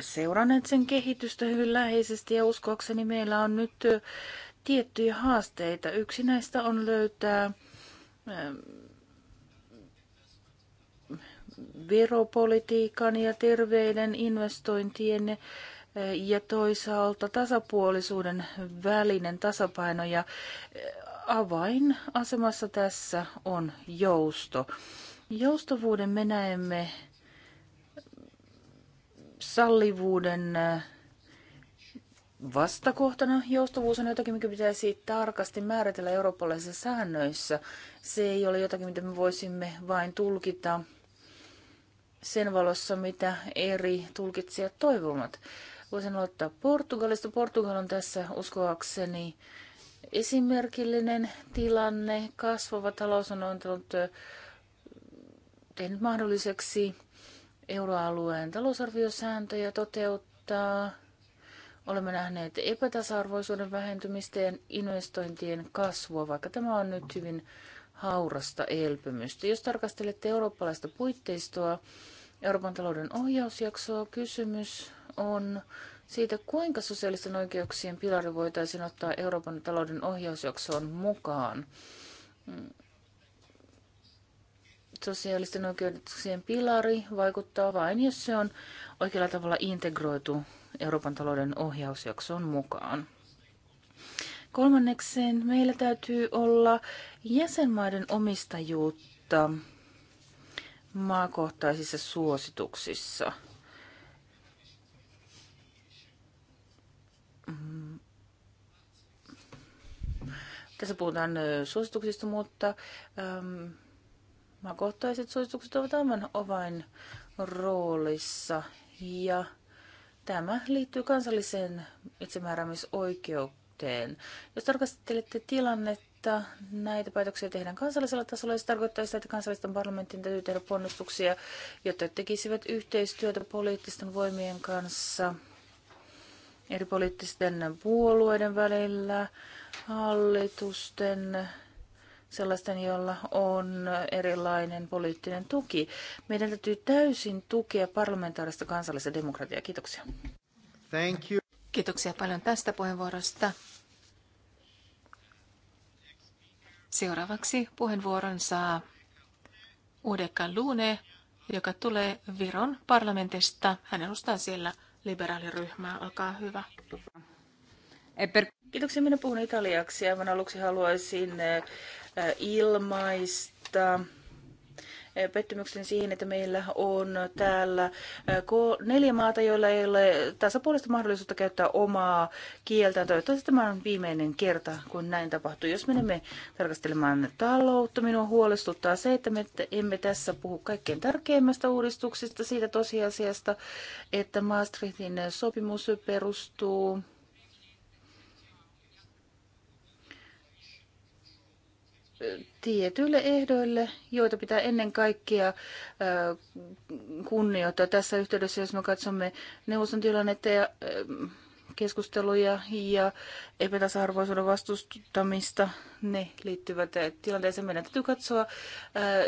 seuranneet sen kehitystä hyvin läheisesti ja uskoakseni meillä on nyt tiettyjä haasteita. Yksi näistä on löytää ähm, veropolitiikan ja terveiden investointien ja toisaalta tasapuolisuuden välinen tasapaino ja avainasemassa tässä on jousto. Joustavuuden me näemme sallivuuden äh, vastakohtana. Joustavuus on jotakin, mikä pitäisi tarkasti määritellä eurooppalaisissa säännöissä. Se ei ole jotakin, mitä me voisimme vain tulkita sen valossa, mitä eri tulkitsijat toivovat. Voisin aloittaa Portugalista. Portugal on tässä uskoakseni esimerkillinen tilanne. Kasvava talous on antanut tehnyt mahdolliseksi euroalueen talousarviosääntöjä toteuttaa. Olemme nähneet epätasa-arvoisuuden vähentymistä ja investointien kasvua, vaikka tämä on nyt hyvin haurasta elpymystä. Jos tarkastelette eurooppalaista puitteistoa, Euroopan talouden ohjausjaksoa, kysymys on siitä, kuinka sosiaalisten oikeuksien pilari voitaisiin ottaa Euroopan talouden ohjausjaksoon mukaan. Sosiaalisten oikeuksien pilari vaikuttaa vain, jos se on oikealla tavalla integroitu Euroopan talouden ohjausjaksoon mukaan. Kolmannekseen meillä täytyy olla jäsenmaiden omistajuutta maakohtaisissa suosituksissa – Tässä puhutaan suosituksista, mutta äm, maakohtaiset suositukset ovat aivan ovain roolissa ja tämä liittyy kansalliseen itsemääräämisoikeuteen. Jos tarkastelette tilannetta, näitä päätöksiä tehdään kansallisella tasolla ja se tarkoittaa sitä, että kansallisten parlamentin täytyy tehdä ponnistuksia, jotta tekisivät yhteistyötä poliittisten voimien kanssa eri poliittisten puolueiden välillä, hallitusten sellaisten, joilla on erilainen poliittinen tuki. Meidän täytyy täysin tukea parlamentaarista kansallista demokratiaa. Kiitoksia. Thank you. Kiitoksia paljon tästä puheenvuorosta. Seuraavaksi puheenvuoron saa Udeka Lune, joka tulee Viron parlamentista. Hän edustaa siellä liberaaliryhmää. Olkaa hyvä. Kiitoksia. Minä puhun italiaksi. Aivan aluksi haluaisin eh, ilmaista eh, pettymyksen siihen, että meillä on täällä eh, neljä maata, joilla ei ole tasapuolista mahdollisuutta käyttää omaa kieltään. Toivottavasti tämä on viimeinen kerta, kun näin tapahtuu. Jos menemme tarkastelemaan taloutta, minua huolestuttaa se, että me emme tässä puhu kaikkein tärkeimmästä uudistuksesta, siitä tosiasiasta, että Maastrichtin sopimus perustuu tietyille ehdoille, joita pitää ennen kaikkea kunnioittaa tässä yhteydessä, jos me katsomme neuvoston tilannetta ja keskusteluja ja epätasa-arvoisuuden vastustamista. Ne liittyvät tilanteeseen. Meidän täytyy katsoa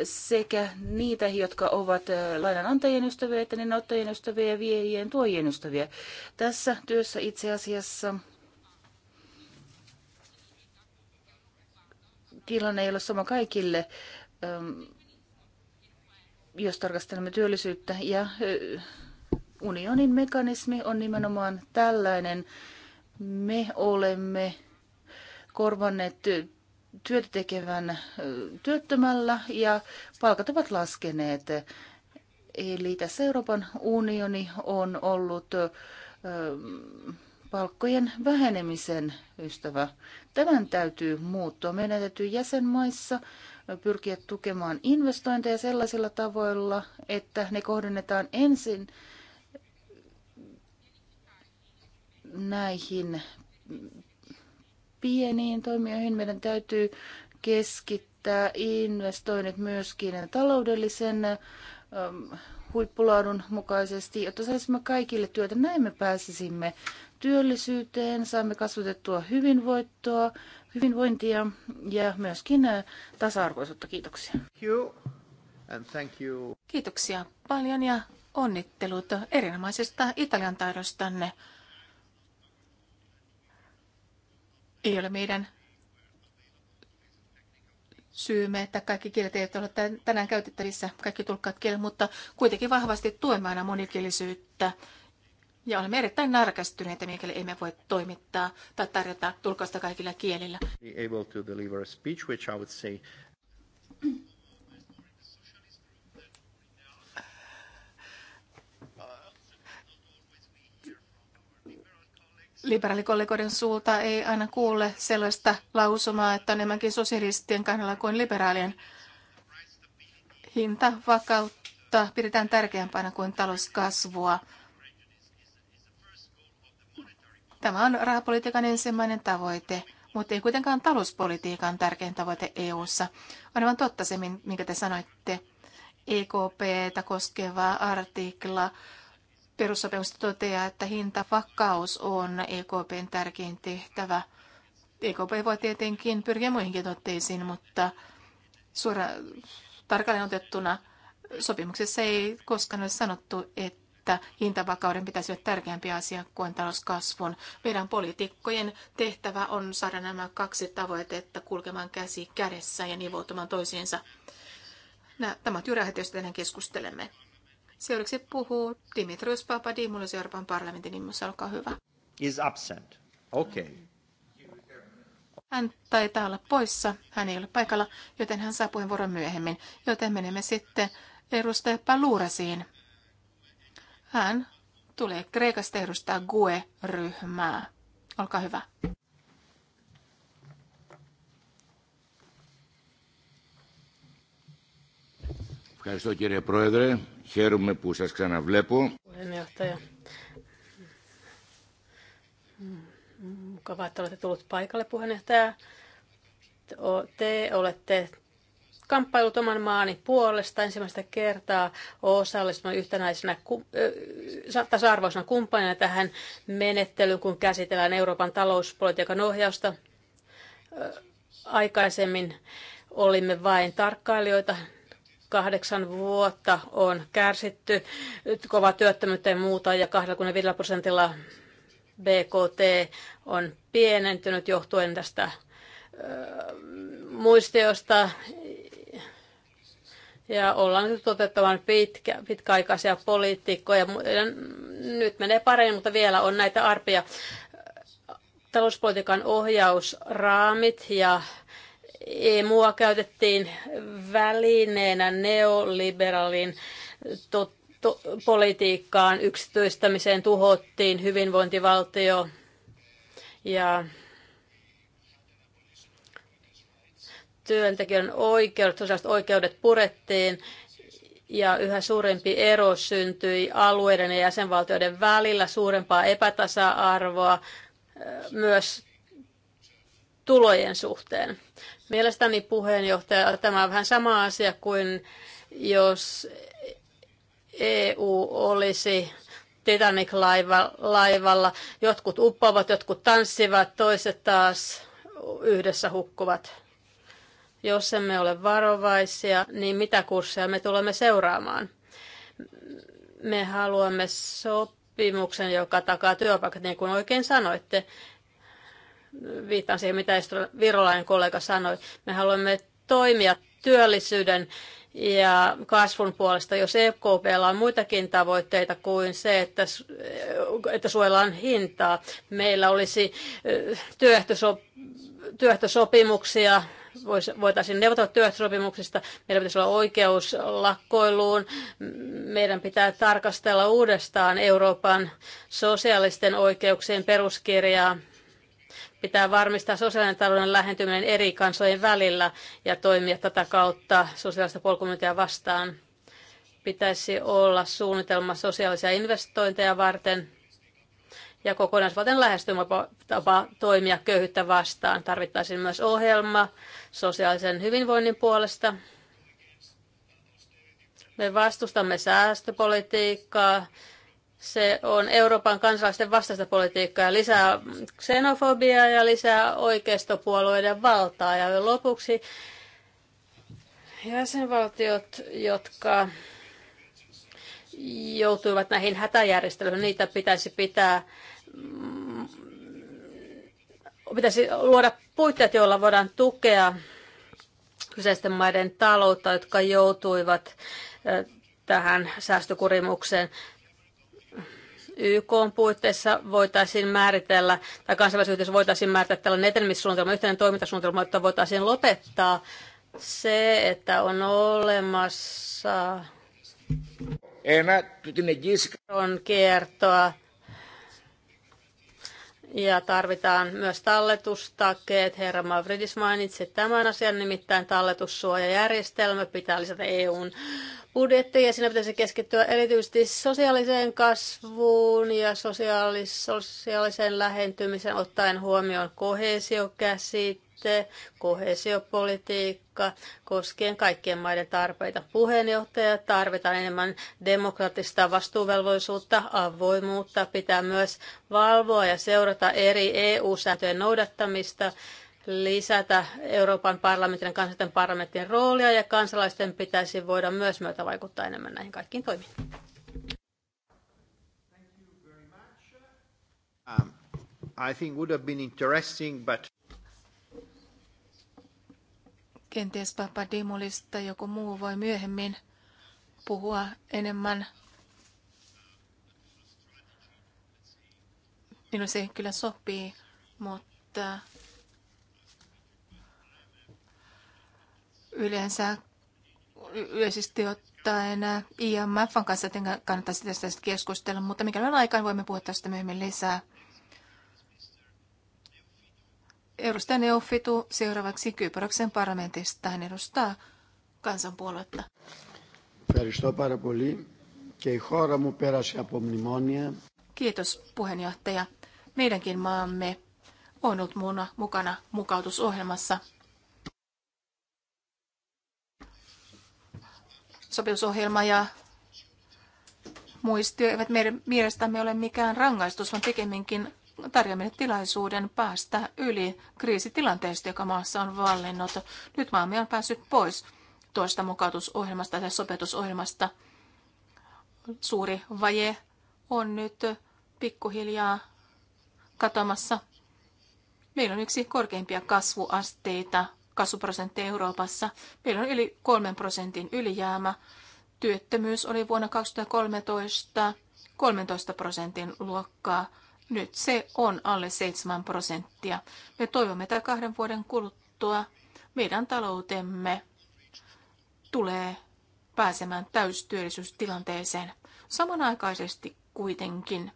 sekä niitä, jotka ovat lainanantajien ystäviä, että niiden ottajien ystäviä, viejien, tuojien ystäviä. Tässä työssä itse asiassa tilanne ei ole sama kaikille, ähm, jos tarkastelemme työllisyyttä. Ja äh, unionin mekanismi on nimenomaan tällainen. Me olemme korvanneet työtä tekevän äh, työttömällä ja palkat ovat laskeneet. Eli tässä Euroopan unioni on ollut äh, palkkojen vähenemisen ystävä. Tämän täytyy muuttua. Meidän täytyy jäsenmaissa pyrkiä tukemaan investointeja sellaisilla tavoilla, että ne kohdennetaan ensin näihin pieniin toimijoihin. Meidän täytyy keskittää investoinnit myöskin taloudellisen ähm, huippulaadun mukaisesti, jotta saisimme kaikille työtä. Näin me pääsisimme työllisyyteen, saamme kasvatettua hyvinvoittoa, hyvinvointia ja myöskin äh, tasa-arvoisuutta. Kiitoksia. Kiitoksia paljon ja onnittelut erinomaisesta Italian taidostanne. Ei ole meidän syymme, että kaikki kielet eivät ole tänään käytettävissä, kaikki tulkkaat kielet, mutta kuitenkin vahvasti tuemme aina monikielisyyttä. Ja olemme erittäin närkästyneitä, mikäli emme voi toimittaa tai tarjota tulkasta kaikilla kielillä. liberaalikollegoiden suulta ei aina kuule sellaista lausumaa, että on enemmänkin sosialistien kannalla kuin liberaalien. Hinta vakautta pidetään tärkeämpänä kuin talouskasvua. Tämä on rahapolitiikan ensimmäinen tavoite, mutta ei kuitenkaan talouspolitiikan tärkein tavoite EU:ssa. On aivan totta se, minkä te sanoitte. EKP: tä koskeva artikla perussopimus toteaa, että hintavakaus on EKPn tärkein tehtävä. EKP voi tietenkin pyrkiä muihinkin tuotteisiin, mutta suora, tarkalleen otettuna sopimuksessa ei koskaan ole sanottu, että hintavakauden pitäisi olla tärkeämpi asia kuin talouskasvun. Meidän poliitikkojen tehtävä on saada nämä kaksi tavoitetta kulkemaan käsi kädessä ja nivoutumaan toisiinsa. Nämä, tämä on juuri aihe, josta keskustelemme. Seuraavaksi puhuu Dimitrios Papadimoulos Euroopan parlamentin nimessä, Olkaa hyvä. Is absent. Okay. Hän taitaa olla poissa, hän ei ole paikalla, joten hän saa puheenvuoron myöhemmin. Joten menemme sitten edustaja Paluurasiin. Hän tulee Kreikasta edustaa GUE-ryhmää. Olkaa hyvä. Ευχαριστώ κύριε Πρόεδρε. Χαίρομαι που σας ξαναβλέπω. Mukavaa, että olette tullut paikalle puheenjohtaja. Te olette kamppailut oman maani puolesta ensimmäistä kertaa osallistunut yhtenäisenä tasa-arvoisena kumppanina tähän menettelyyn, kun käsitellään Euroopan talouspolitiikan ohjausta. Aikaisemmin olimme vain tarkkailijoita kahdeksan vuotta on kärsitty kova työttömyyttä ja muuta ja 25 prosentilla BKT on pienentynyt johtuen tästä muistiosta ja ollaan nyt otettavan pitkä, pitkäaikaisia poliitikkoja. Nyt menee paremmin, mutta vielä on näitä arpia. Talouspolitiikan ohjausraamit ja EMUa käytettiin välineenä neoliberaalin to, politiikkaan, yksityistämiseen tuhottiin hyvinvointivaltio ja työntekijän oikeudet, sosiaaliset oikeudet purettiin ja yhä suurempi ero syntyi alueiden ja jäsenvaltioiden välillä, suurempaa epätasa-arvoa, myös tulojen suhteen. Mielestäni puheenjohtaja, tämä on vähän sama asia kuin jos EU olisi Titanic-laivalla. Jotkut uppoavat, jotkut tanssivat, toiset taas yhdessä hukkuvat. Jos emme ole varovaisia, niin mitä kursseja me tulemme seuraamaan? Me haluamme sopimuksen, joka takaa työpaikat, niin kuin oikein sanoitte viittaan siihen, mitä virolainen kollega sanoi. Me haluamme toimia työllisyyden ja kasvun puolesta, jos EKP on muitakin tavoitteita kuin se, että, että suojellaan hintaa. Meillä olisi työehtosop, työehtosopimuksia, voitaisiin neuvotella työehtosopimuksista, meillä pitäisi olla oikeus lakkoiluun, meidän pitää tarkastella uudestaan Euroopan sosiaalisten oikeuksien peruskirjaa, Pitää varmistaa sosiaalinen talouden lähentyminen eri kansojen välillä ja toimia tätä kautta sosiaalista polkumyyntiä vastaan. Pitäisi olla suunnitelma sosiaalisia investointeja varten ja kokonaisvaltainen lähestymätapa toimia köyhyyttä vastaan. Tarvittaisiin myös ohjelma sosiaalisen hyvinvoinnin puolesta. Me vastustamme säästöpolitiikkaa, se on Euroopan kansalaisten vastaista politiikkaa, lisää xenofobiaa ja lisää oikeistopuolueiden valtaa. Ja lopuksi jäsenvaltiot, jotka joutuivat näihin hätäjärjestelyihin, niitä pitäisi pitää mm, pitäisi luoda puitteet, joilla voidaan tukea kyseisten maiden taloutta, jotka joutuivat tähän säästökurimukseen. YK puitteissa voitaisiin määritellä, tai kansainvälisyydessä voitaisiin määritellä tällainen etenemissuunnitelma, yhteinen toimintasuunnitelma, jotta voitaisiin lopettaa se, että on olemassa on kiertoa ja tarvitaan myös talletustakeet. Herra Mavridis mainitsi tämän asian, nimittäin talletussuojajärjestelmä pitää lisätä EUn budjetti ja siinä pitäisi keskittyä erityisesti sosiaaliseen kasvuun ja sosiaalis- sosiaaliseen lähentymiseen ottaen huomioon kohesiokäsitte, kohesiopolitiikka koskien kaikkien maiden tarpeita. Puheenjohtaja tarvitaan enemmän demokraattista vastuuvelvollisuutta, avoimuutta, pitää myös valvoa ja seurata eri EU-sääntöjen noudattamista lisätä Euroopan parlamentin ja kansallisten parlamenttien roolia ja kansalaisten pitäisi voida myös myötä vaikuttaa enemmän näihin kaikkiin toimiin. Um, I think would have been interesting, but... Kenties Papadimulista joku muu voi myöhemmin puhua enemmän. Minun se kyllä sopii, mutta Yleensä yleisesti ottaen IMFn kanssa kannattaisi tästä keskustella, mutta mikä on aikaan, niin voimme puhua tästä myöhemmin lisää. Edustaja Neofitu seuraavaksi Kyproksen parlamentista. Hän edustaa kansanpuoluetta. Kiitos puheenjohtaja. Meidänkin maamme on ollut mukana mukautusohjelmassa sopimusohjelma ja muistio eivät meidän mielestämme ole mikään rangaistus, vaan pikemminkin tarjoaminen tilaisuuden päästä yli kriisitilanteesta, joka maassa on vallinnut. Nyt maamme on päässyt pois tuosta mukautusohjelmasta tai sopeutusohjelmasta. Suuri vaje on nyt pikkuhiljaa katomassa. Meillä on yksi korkeimpia kasvuasteita kasvuprosentti Euroopassa. Meillä on yli kolmen prosentin ylijäämä. Työttömyys oli vuonna 2013 13 prosentin luokkaa. Nyt se on alle 7 prosenttia. Me toivomme, että kahden vuoden kuluttua meidän taloutemme tulee pääsemään täystyöllisyystilanteeseen. Samanaikaisesti kuitenkin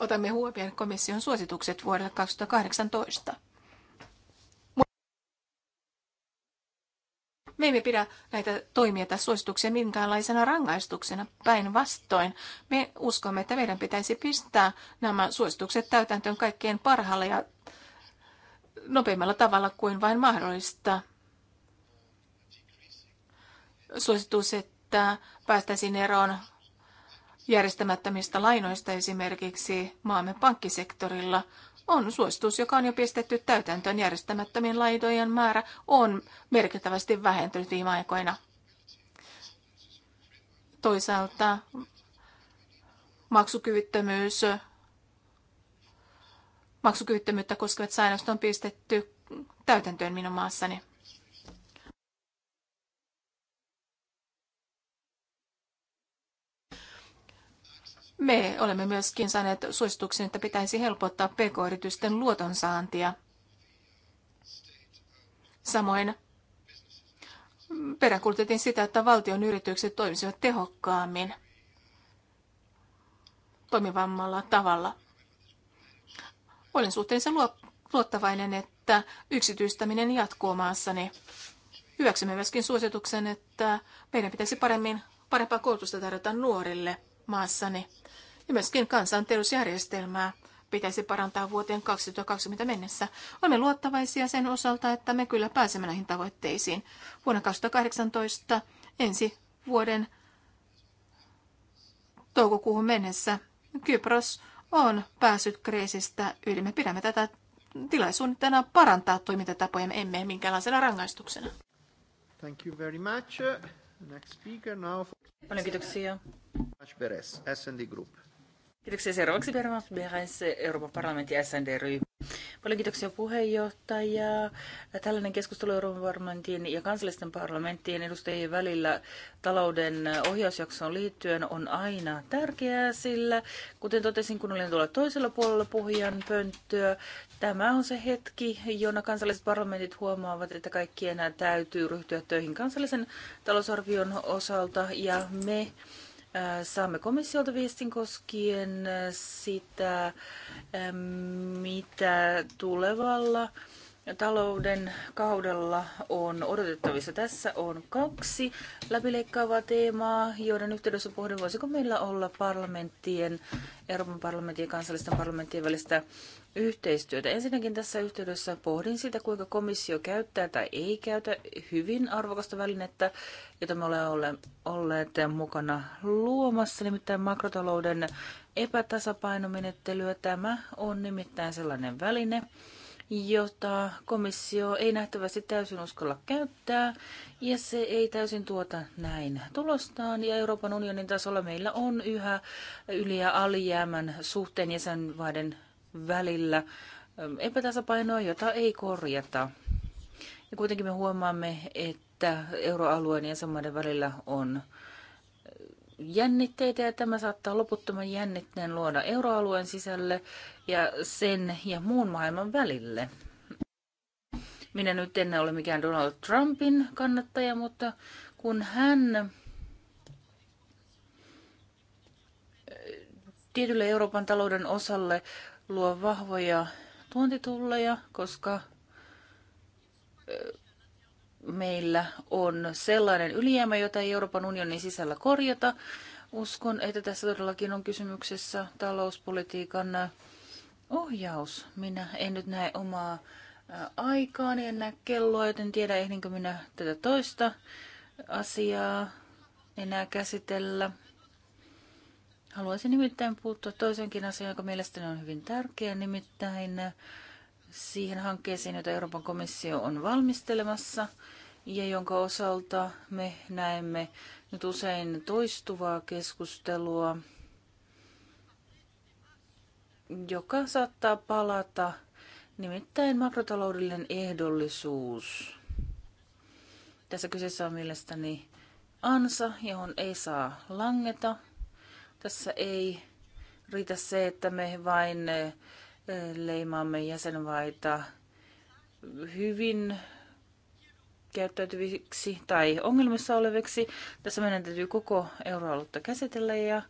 otamme huomioon komission suositukset vuodelle 2018. Me emme pidä näitä toimia tai suosituksia minkäänlaisena rangaistuksena. Päinvastoin me uskomme, että meidän pitäisi pistää nämä suositukset täytäntöön kaikkein parhaalla ja nopeimmalla tavalla kuin vain mahdollista. Suositus, että päästäisiin eroon järjestämättömistä lainoista esimerkiksi maamme pankkisektorilla on suositus, joka on jo pistetty täytäntöön. Järjestämättömien lainojen määrä on merkittävästi vähentynyt viime aikoina. Toisaalta maksukyvyttömyys, maksukyvyttömyyttä koskevat säännöt on pistetty täytäntöön minun maassani. Me olemme myöskin saaneet suosituksen, että pitäisi helpottaa pk-yritysten luotonsaantia. Samoin peräänkuulutettiin sitä, että valtion yritykset toimisivat tehokkaammin toimivammalla tavalla. Olen suhteellisen luottavainen, että yksityistäminen jatkuu maassani. Hyväksymme myöskin suosituksen, että meidän pitäisi paremmin, parempaa koulutusta tarjota nuorille maassani ja myöskin kansanterveysjärjestelmää pitäisi parantaa vuoteen 2020 mennessä. Olemme luottavaisia sen osalta, että me kyllä pääsemme näihin tavoitteisiin. Vuonna 2018 ensi vuoden toukokuuhun mennessä Kypros on päässyt kriisistä yli. Me pidämme tätä tilaisuutena parantaa toimintatapoja, me emme minkäänlaisena rangaistuksena. Thank you very much. Next speaker now. Paljon kiitoksia. Beres, S&D Group. Kiitoksia seuraavaksi Bermas Behrens, Euroopan parlamentin SND-ryhmä. Paljon kiitoksia puheenjohtaja. Tällainen keskustelu Euroopan parlamentin ja kansallisten parlamenttien edustajien välillä talouden ohjausjaksoon liittyen on aina tärkeää, sillä kuten totesin, kun olin tuolla toisella puolella puhujan pönttöä, tämä on se hetki, jona kansalliset parlamentit huomaavat, että kaikki enää täytyy ryhtyä töihin kansallisen talousarvion osalta ja me Äh, saamme komissiolta viestin koskien äh, sitä, äh, mitä tulevalla talouden kaudella on odotettavissa. Tässä on kaksi läpileikkaavaa teemaa, joiden yhteydessä pohdin, voisiko meillä olla parlamenttien, Euroopan parlamentin ja kansallisten parlamenttien välistä yhteistyötä. Ensinnäkin tässä yhteydessä pohdin sitä, kuinka komissio käyttää tai ei käytä hyvin arvokasta välinettä, jota me olemme olleet mukana luomassa, nimittäin makrotalouden epätasapainomenettelyä. Tämä on nimittäin sellainen väline, jota komissio ei nähtävästi täysin uskalla käyttää, ja se ei täysin tuota näin tulostaan. Ja Euroopan unionin tasolla meillä on yhä yli- ja alijäämän suhteen jäsenvaiden välillä epätasapainoa, jota ei korjata. Ja kuitenkin me huomaamme, että euroalueen jäsenmaiden välillä on jännitteitä ja tämä saattaa loputtoman jännitteen luoda euroalueen sisälle ja sen ja muun maailman välille. Minä nyt en ole mikään Donald Trumpin kannattaja, mutta kun hän eh, tietylle Euroopan talouden osalle luo vahvoja tuontitulleja, koska eh, meillä on sellainen ylijäämä, jota ei Euroopan unionin sisällä korjata. Uskon, että tässä todellakin on kysymyksessä talouspolitiikan ohjaus. Minä en nyt näe omaa aikaani, en näe kelloa, joten tiedä ehdinkö minä tätä toista asiaa enää käsitellä. Haluaisin nimittäin puuttua toisenkin asiaan, joka mielestäni on hyvin tärkeä, nimittäin siihen hankkeeseen, jota Euroopan komissio on valmistelemassa ja jonka osalta me näemme nyt usein toistuvaa keskustelua, joka saattaa palata, nimittäin makrotaloudellinen ehdollisuus. Tässä kyseessä on mielestäni ansa, johon ei saa langeta. Tässä ei riitä se, että me vain leimaamme jäsenvaita hyvin käyttäytyviksi tai ongelmissa oleviksi. Tässä meidän täytyy koko euroaluetta käsitellä ja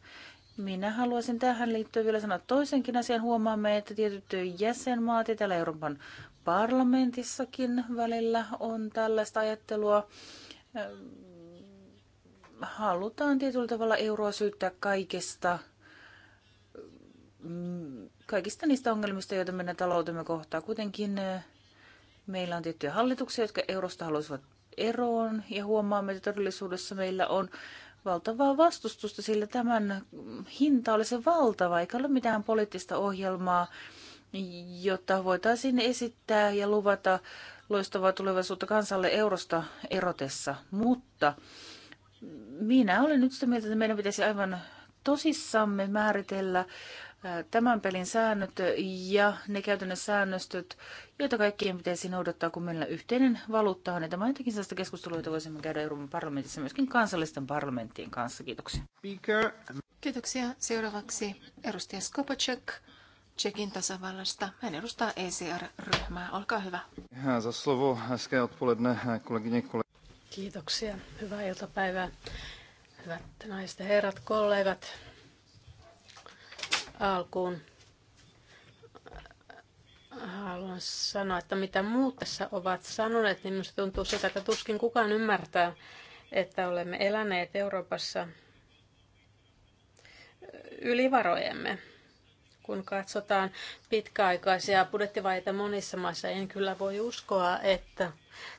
minä haluaisin tähän liittyen vielä sanoa toisenkin asian. Huomaamme, että tietyt jäsenmaat ja täällä Euroopan parlamentissakin välillä on tällaista ajattelua. Halutaan tietyllä tavalla euroa syyttää kaikesta, kaikista niistä ongelmista, joita meidän taloutemme kohtaa. Kuitenkin eh, meillä on tiettyjä hallituksia, jotka eurosta haluaisivat eroon ja huomaamme, että todellisuudessa meillä on valtavaa vastustusta, sillä tämän hinta oli se valtava, eikä ole mitään poliittista ohjelmaa, jotta voitaisiin esittää ja luvata loistavaa tulevaisuutta kansalle eurosta erotessa. Mutta minä olen nyt sitä mieltä, että meidän pitäisi aivan tosissamme määritellä tämän pelin säännöt ja ne käytännön säännöstöt, joita kaikkien pitäisi noudattaa, kun meillä yhteinen valuutta on. tämä on jotenkin sellaista keskustelua, jota voisimme käydä Euroopan parlamentissa myöskin kansallisten parlamenttien kanssa. Kiitoksia. Speaker. Kiitoksia. Seuraavaksi edustaja Skopacek Tsekin tasavallasta. Hän edustaa ECR-ryhmää. Olkaa hyvä. Za slovo. Hezké odpoledne, kolegyně, Kiitoksia. Hyvää iltapäivää. Hyvät naiset ja herrat, kollegat. Alkuun haluan sanoa, että mitä muut tässä ovat sanoneet, niin minusta tuntuu sitä, että tuskin kukaan ymmärtää, että olemme eläneet Euroopassa ylivarojemme. Kun katsotaan pitkäaikaisia budjettivaita monissa maissa, en kyllä voi uskoa, että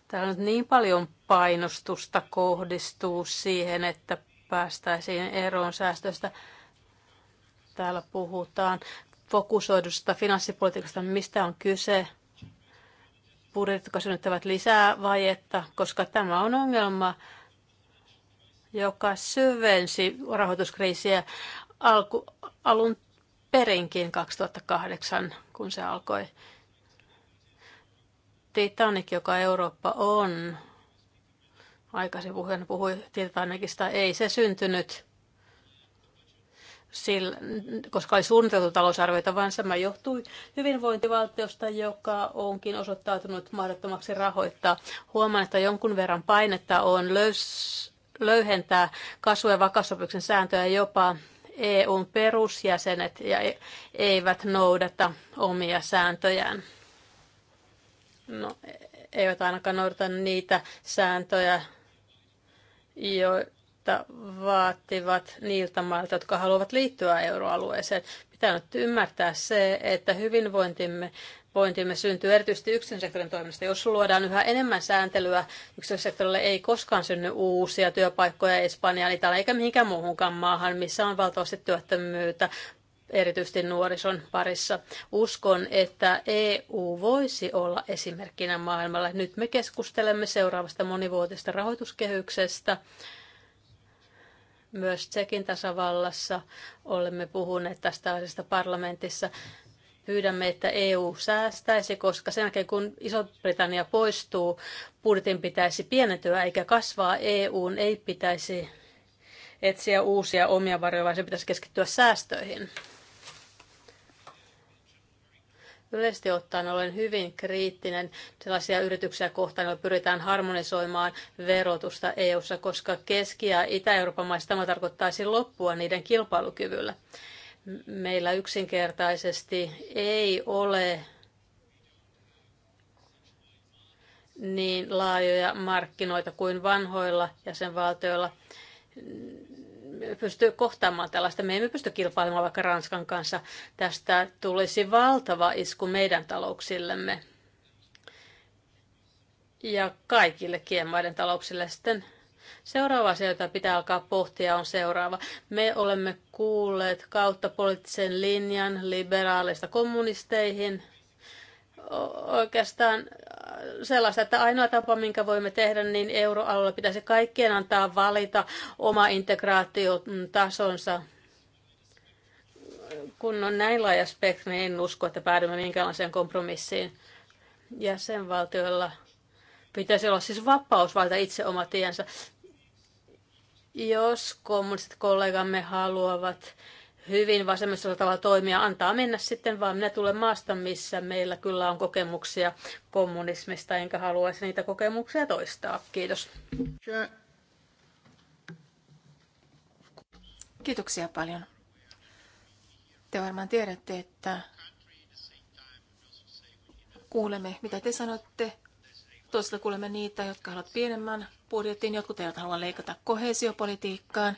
täällä nyt niin paljon painostusta kohdistuu siihen, että päästäisiin eroon säästöistä. Täällä puhutaan fokusoidusta finanssipolitiikasta, mistä on kyse, budjetit, jotka synnyttävät lisää vajetta, koska tämä on ongelma, joka syvensi rahoituskriisiä alku, alun perinkin 2008, kun se alkoi. Titanic, joka Eurooppa on, aikaisin puhujan puhui Titanicista, ei se syntynyt sillä, koska oli suunniteltu talousarvioita, vaan tämä johtui hyvinvointivaltiosta, joka onkin osoittautunut mahdottomaksi rahoittaa. Huomaan, että jonkun verran painetta on löys, löyhentää kasvu- ja vakaussopimuksen sääntöjä jopa EUn perusjäsenet ja e, eivät noudata omia sääntöjään. No, e, eivät ainakaan noudata niitä sääntöjä, joita huomiota vaativat niiltä mailta, jotka haluavat liittyä euroalueeseen. Pitää nyt ymmärtää se, että hyvinvointimme hyvinvointimme syntyy erityisesti yksityisen sektorin toiminnasta. Jos luodaan yhä enemmän sääntelyä, yksityisen sektorille ei koskaan synny uusia työpaikkoja Espanjaan, Italiaan eikä mihinkään muuhunkaan maahan, missä on valtavasti työttömyyttä erityisesti nuorison parissa. Uskon, että EU voisi olla esimerkkinä maailmalla. Nyt me keskustelemme seuraavasta monivuotisesta rahoituskehyksestä. Myös Tsekin tasavallassa olemme puhuneet tästä asiasta parlamentissa. Pyydämme, että EU säästäisi, koska sen jälkeen kun Iso-Britannia poistuu, budjetin pitäisi pienentyä eikä kasvaa. EU ei pitäisi etsiä uusia omia varoja, vaan se pitäisi keskittyä säästöihin. Yleisesti ottaen olen hyvin kriittinen sellaisia yrityksiä kohtaan, joilla pyritään harmonisoimaan verotusta EU-ssa, koska Keski- ja Itä-Euroopan maissa tämä tarkoittaisi loppua niiden kilpailukyvyllä. Meillä yksinkertaisesti ei ole niin laajoja markkinoita kuin vanhoilla jäsenvaltioilla pysty kohtaamaan tällaista. Me emme pysty kilpailemaan vaikka Ranskan kanssa. Tästä tulisi valtava isku meidän talouksillemme ja kaikille kiemaiden talouksille sitten Seuraava asia, jota pitää alkaa pohtia, on seuraava. Me olemme kuulleet kautta poliittisen linjan liberaalista kommunisteihin, oikeastaan äh, sellaista, että ainoa tapa, minkä voimme tehdä, niin euroalueella pitäisi kaikkien antaa valita oma integraatiotasonsa. Kun on näin laaja spektri, niin en usko, että päädymme minkäänlaiseen kompromissiin jäsenvaltioilla. Pitäisi olla siis vapaus valita itse oma tiensä. Jos kommunistit kollegamme haluavat hyvin vasemmistolla tavalla toimia, antaa mennä sitten vaan. Minä tulen maasta, missä meillä kyllä on kokemuksia kommunismista, enkä haluaisi niitä kokemuksia toistaa. Kiitos. Kiitoksia paljon. Te varmaan tiedätte, että kuulemme, mitä te sanotte. Toisaalta kuulemme niitä, jotka haluavat pienemmän budjetin, jotkut eivät halua leikata kohesiopolitiikkaan.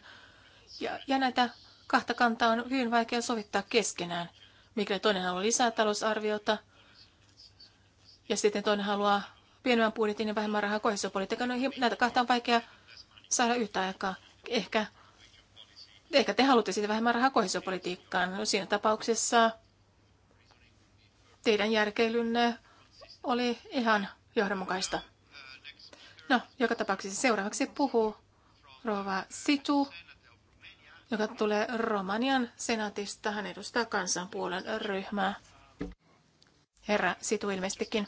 Ja, ja näitä kahta kantaa on hyvin vaikea sovittaa keskenään. Mikäli toinen haluaa lisää talousarviota ja sitten toinen haluaa pienemmän budjetin ja vähemmän rahaa kohdistopolitiikan, niin näitä kahta on vaikea saada yhtä aikaa. Ehkä, ehkä te haluatte sitten vähemmän rahaa kohdistopolitiikkaan. No, siinä tapauksessa teidän järkeilynne oli ihan johdonmukaista. No, joka tapauksessa seuraavaksi puhuu Rova Situ joka tulee Romanian senaatista. Hän edustaa kansanpuolen ryhmää. Herra Situ ilmeisestikin.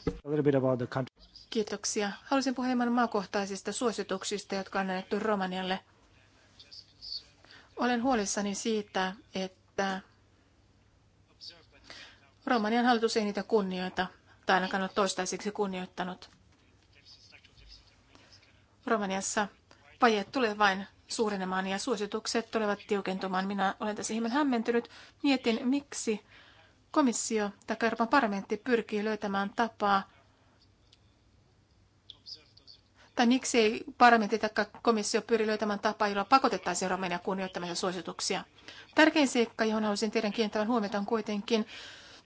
Kiitoksia. Haluaisin puhua maakohtaisista suosituksista, jotka on annettu Romanialle. Olen huolissani siitä, että Romanian hallitus ei niitä kunnioita, tai ainakaan ole toistaiseksi kunnioittanut. Romaniassa vajeet tulee vain suurenemaan ja suositukset tulevat tiukentumaan. Minä olen tässä hieman hämmentynyt. Mietin, miksi komissio tai Euroopan parlamentti pyrkii löytämään tapaa tai miksi ei parlamentti tai komissio pyri löytämään tapaa, jolla pakotettaisiin Romania kunnioittamaan suosituksia. Tärkein seikka, johon haluaisin teidän kiinnittävän huomiota, on kuitenkin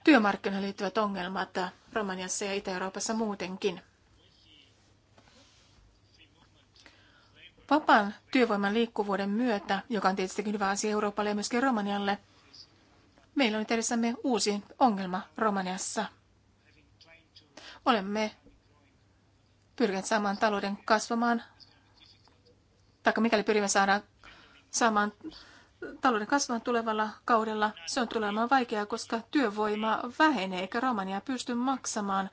työmarkkinoihin liittyvät ongelmat Romaniassa ja Itä-Euroopassa muutenkin. Vapaan työvoiman liikkuvuuden myötä, joka on tietysti hyvä asia Euroopalle ja myöskin Romanialle, meillä on nyt edessämme uusi ongelma Romaniassa. Olemme pyrkineet saamaan talouden kasvamaan, tai mikäli pyrimme saada, saamaan talouden kasvamaan tulevalla kaudella, se on tulemaan vaikeaa, koska työvoima vähenee, eikä Romania pysty maksamaan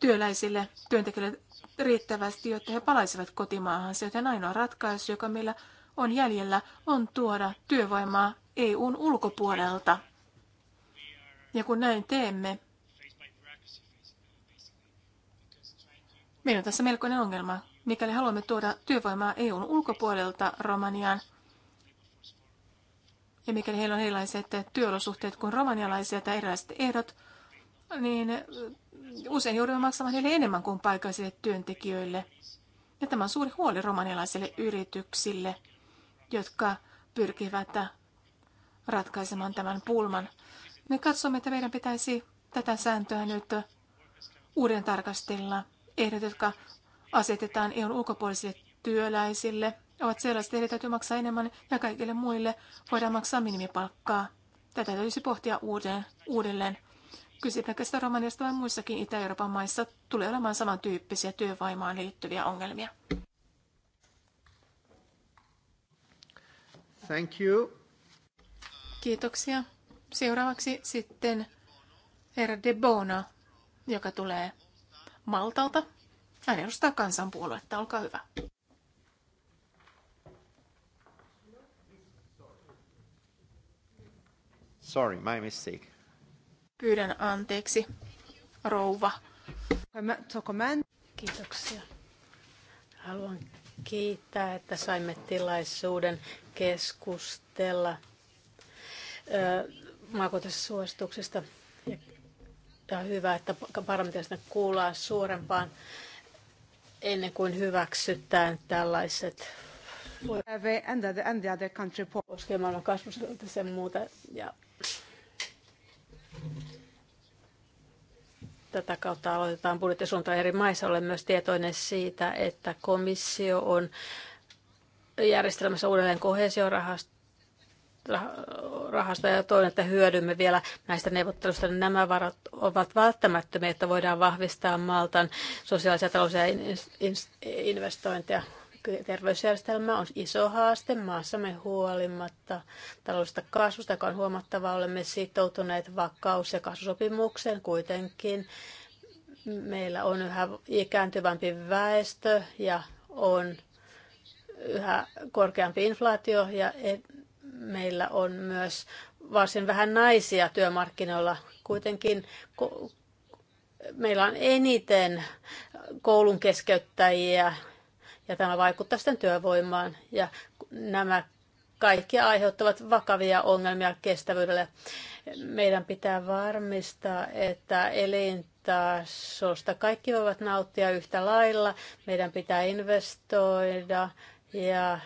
työläisille työntekijöille riittävästi, jotta he palaisivat kotimaahansa, joten ainoa ratkaisu, joka meillä on jäljellä, on tuoda työvoimaa EUn ulkopuolelta. Ja kun näin teemme, meillä on tässä melkoinen ongelma. Mikäli haluamme tuoda työvoimaa EUn ulkopuolelta Romaniaan, ja mikäli heillä on erilaiset työolosuhteet kuin romanialaisia tai erilaiset ehdot, niin usein joudumme maksamaan heille enemmän kuin paikallisille työntekijöille. Ja tämä on suuri huoli romanialaisille yrityksille, jotka pyrkivät ratkaisemaan tämän pulman. Me katsomme, että meidän pitäisi tätä sääntöä nyt uuden tarkastella. Ehdot, jotka asetetaan EUn ulkopuolisille työläisille, ovat sellaiset, että täytyy maksaa enemmän ja kaikille muille voidaan maksaa minimipalkkaa. Tätä täytyisi pohtia uudelleen. Kysytäänkö sitä Romaniasta vai muissakin Itä-Euroopan maissa tulee olemaan samantyyppisiä työvoimaan liittyviä ongelmia? Thank you. Kiitoksia. Seuraavaksi sitten herra De Bona, joka tulee Maltalta. Hän edustaa kansanpuoluetta. Olkaa hyvä. Sorry, my mistake. Pyydän anteeksi, rouva. Kiitoksia. Haluan kiittää, että saimme tilaisuuden keskustella maakohtaisesta suosituksesta. Ja hyvä, että parlamentaarista kuullaan suurempaan ennen kuin hyväksytään tällaiset and the, Koskee maailman kasvusta ja muuta. Ja Tätä kautta aloitetaan budjettisuunta eri maissa. Olen myös tietoinen siitä, että komissio on järjestelmässä uudelleen kohesiorahasto rahasta ja toinen, että hyödymme vielä näistä neuvotteluista. nämä varat ovat välttämättömiä, että voidaan vahvistaa Maltan sosiaalisia taloudellisia investointeja. Terveysjärjestelmä on iso haaste maassamme huolimatta taloudesta kasvusta, joka on huomattava. Olemme sitoutuneet vakaus- ja kasvusopimukseen kuitenkin. Meillä on yhä ikääntyvämpi väestö ja on yhä korkeampi inflaatio ja e- meillä on myös varsin vähän naisia työmarkkinoilla. Kuitenkin meillä on eniten koulun keskeyttäjiä ja tämä vaikuttaa sitten työvoimaan ja nämä kaikki aiheuttavat vakavia ongelmia kestävyydelle. Meidän pitää varmistaa, että elintasosta kaikki voivat nauttia yhtä lailla. Meidän pitää investoida ja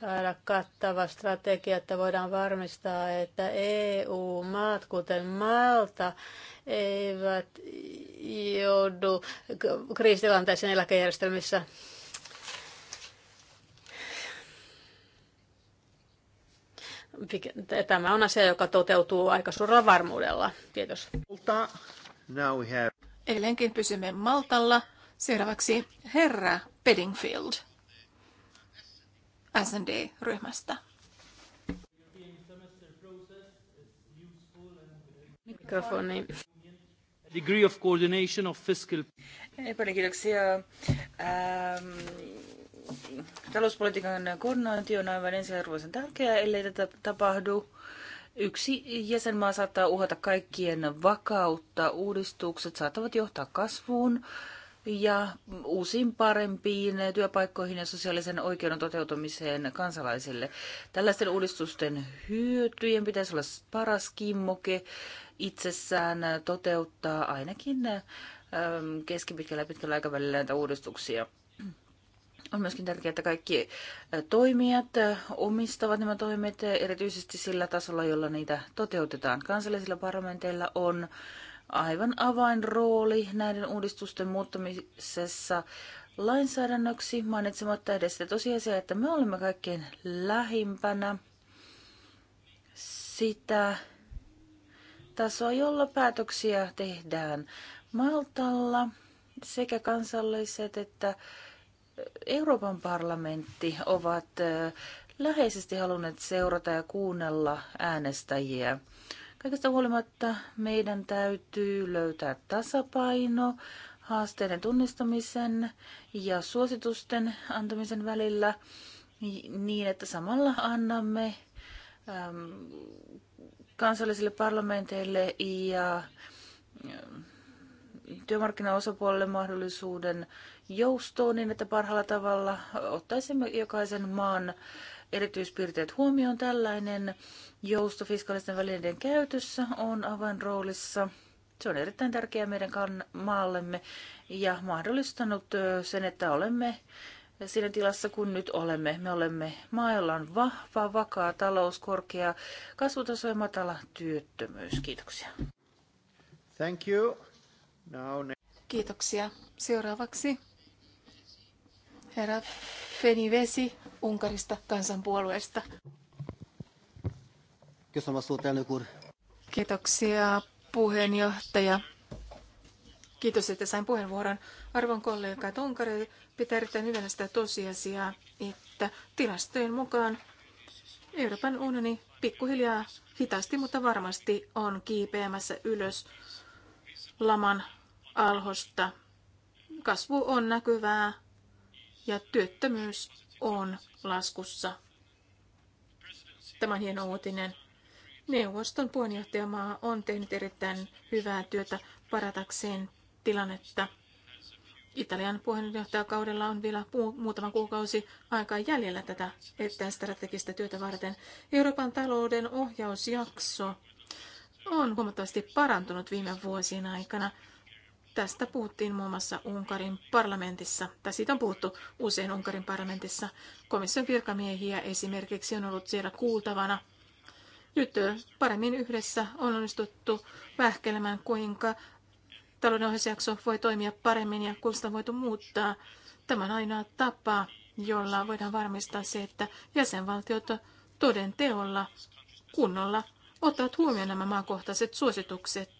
saada kattava strategia, että voidaan varmistaa, että EU-maat, kuten Malta, eivät joudu kriisitilanteeseen eläkejärjestelmissä. Tämä on asia, joka toteutuu aika suurella varmuudella. Kiitos. Now have... pysymme Maltalla. Seuraavaksi herra Peddingfield. SND-ryhmästä. Mikrofoni. Degree of coordination of fiscal... Paljon kiitoksia. Ähm, talouspolitiikan koordinointi on aivan ensiarvoisen tärkeää, ellei tätä tapahdu. Yksi jäsenmaa saattaa uhata kaikkien vakautta. Uudistukset saattavat johtaa kasvuun ja uusiin parempiin työpaikkoihin ja sosiaalisen oikeuden toteutumiseen kansalaisille. Tällaisten uudistusten hyötyjen pitäisi olla paras kimmoke itsessään toteuttaa ainakin ähm, keskipitkällä ja pitkällä aikavälillä näitä uudistuksia. On myöskin tärkeää, että kaikki äh, toimijat äh, omistavat nämä toimet äh, erityisesti sillä tasolla, jolla niitä toteutetaan. Kansallisilla parlamenteilla on aivan avainrooli näiden uudistusten muuttamisessa lainsäädännöksi, mainitsematta edes sitä tosiasiaa, että me olemme kaikkein lähimpänä sitä tasoa, jolla päätöksiä tehdään Maltalla sekä kansalliset että Euroopan parlamentti ovat läheisesti halunneet seurata ja kuunnella äänestäjiä. Kaikesta huolimatta meidän täytyy löytää tasapaino haasteiden tunnistamisen ja suositusten antamisen välillä niin, että samalla annamme äm, kansallisille parlamenteille ja työmarkkinaosapuolelle mahdollisuuden joustoon niin, että parhaalla tavalla ottaisimme jokaisen maan erityispiirteet huomioon. Tällainen jousto fiskaalisten välineiden käytössä on avainroolissa. Se on erittäin tärkeää meidän maallemme ja mahdollistanut sen, että olemme siinä tilassa, kun nyt olemme. Me olemme maailman on vahva, vakaa talous, korkea kasvutaso ja matala työttömyys. Kiitoksia. Thank you. Now... Kiitoksia. Seuraavaksi herra Fenivesi Unkarista kansanpuolueesta. Kiitoksia puheenjohtaja. Kiitos, että sain puheenvuoron. Arvon kollegat, Unkari pitää erittäin hyvänä sitä tosiasiaa, että tilastojen mukaan Euroopan unioni pikkuhiljaa hitaasti, mutta varmasti on kiipeämässä ylös laman alhosta. Kasvu on näkyvää ja työttömyys on laskussa. Tämä on hieno uutinen. Neuvoston puheenjohtajamaa on tehnyt erittäin hyvää työtä paratakseen tilannetta. Italian puheenjohtajakaudella on vielä muutama kuukausi aikaa jäljellä tätä erittäin strategista työtä varten. Euroopan talouden ohjausjakso on huomattavasti parantunut viime vuosien aikana. Tästä puhuttiin muun muassa Unkarin parlamentissa, tai siitä on puhuttu usein Unkarin parlamentissa. Komission virkamiehiä esimerkiksi on ollut siellä kuultavana. Nyt paremmin yhdessä on onnistuttu vähkelemään, kuinka taloudenohjausjakso voi toimia paremmin ja kuinka sitä voitu muuttaa. Tämä on ainoa tapa, jolla voidaan varmistaa se, että jäsenvaltiot toden teolla kunnolla ottavat huomioon nämä maakohtaiset suositukset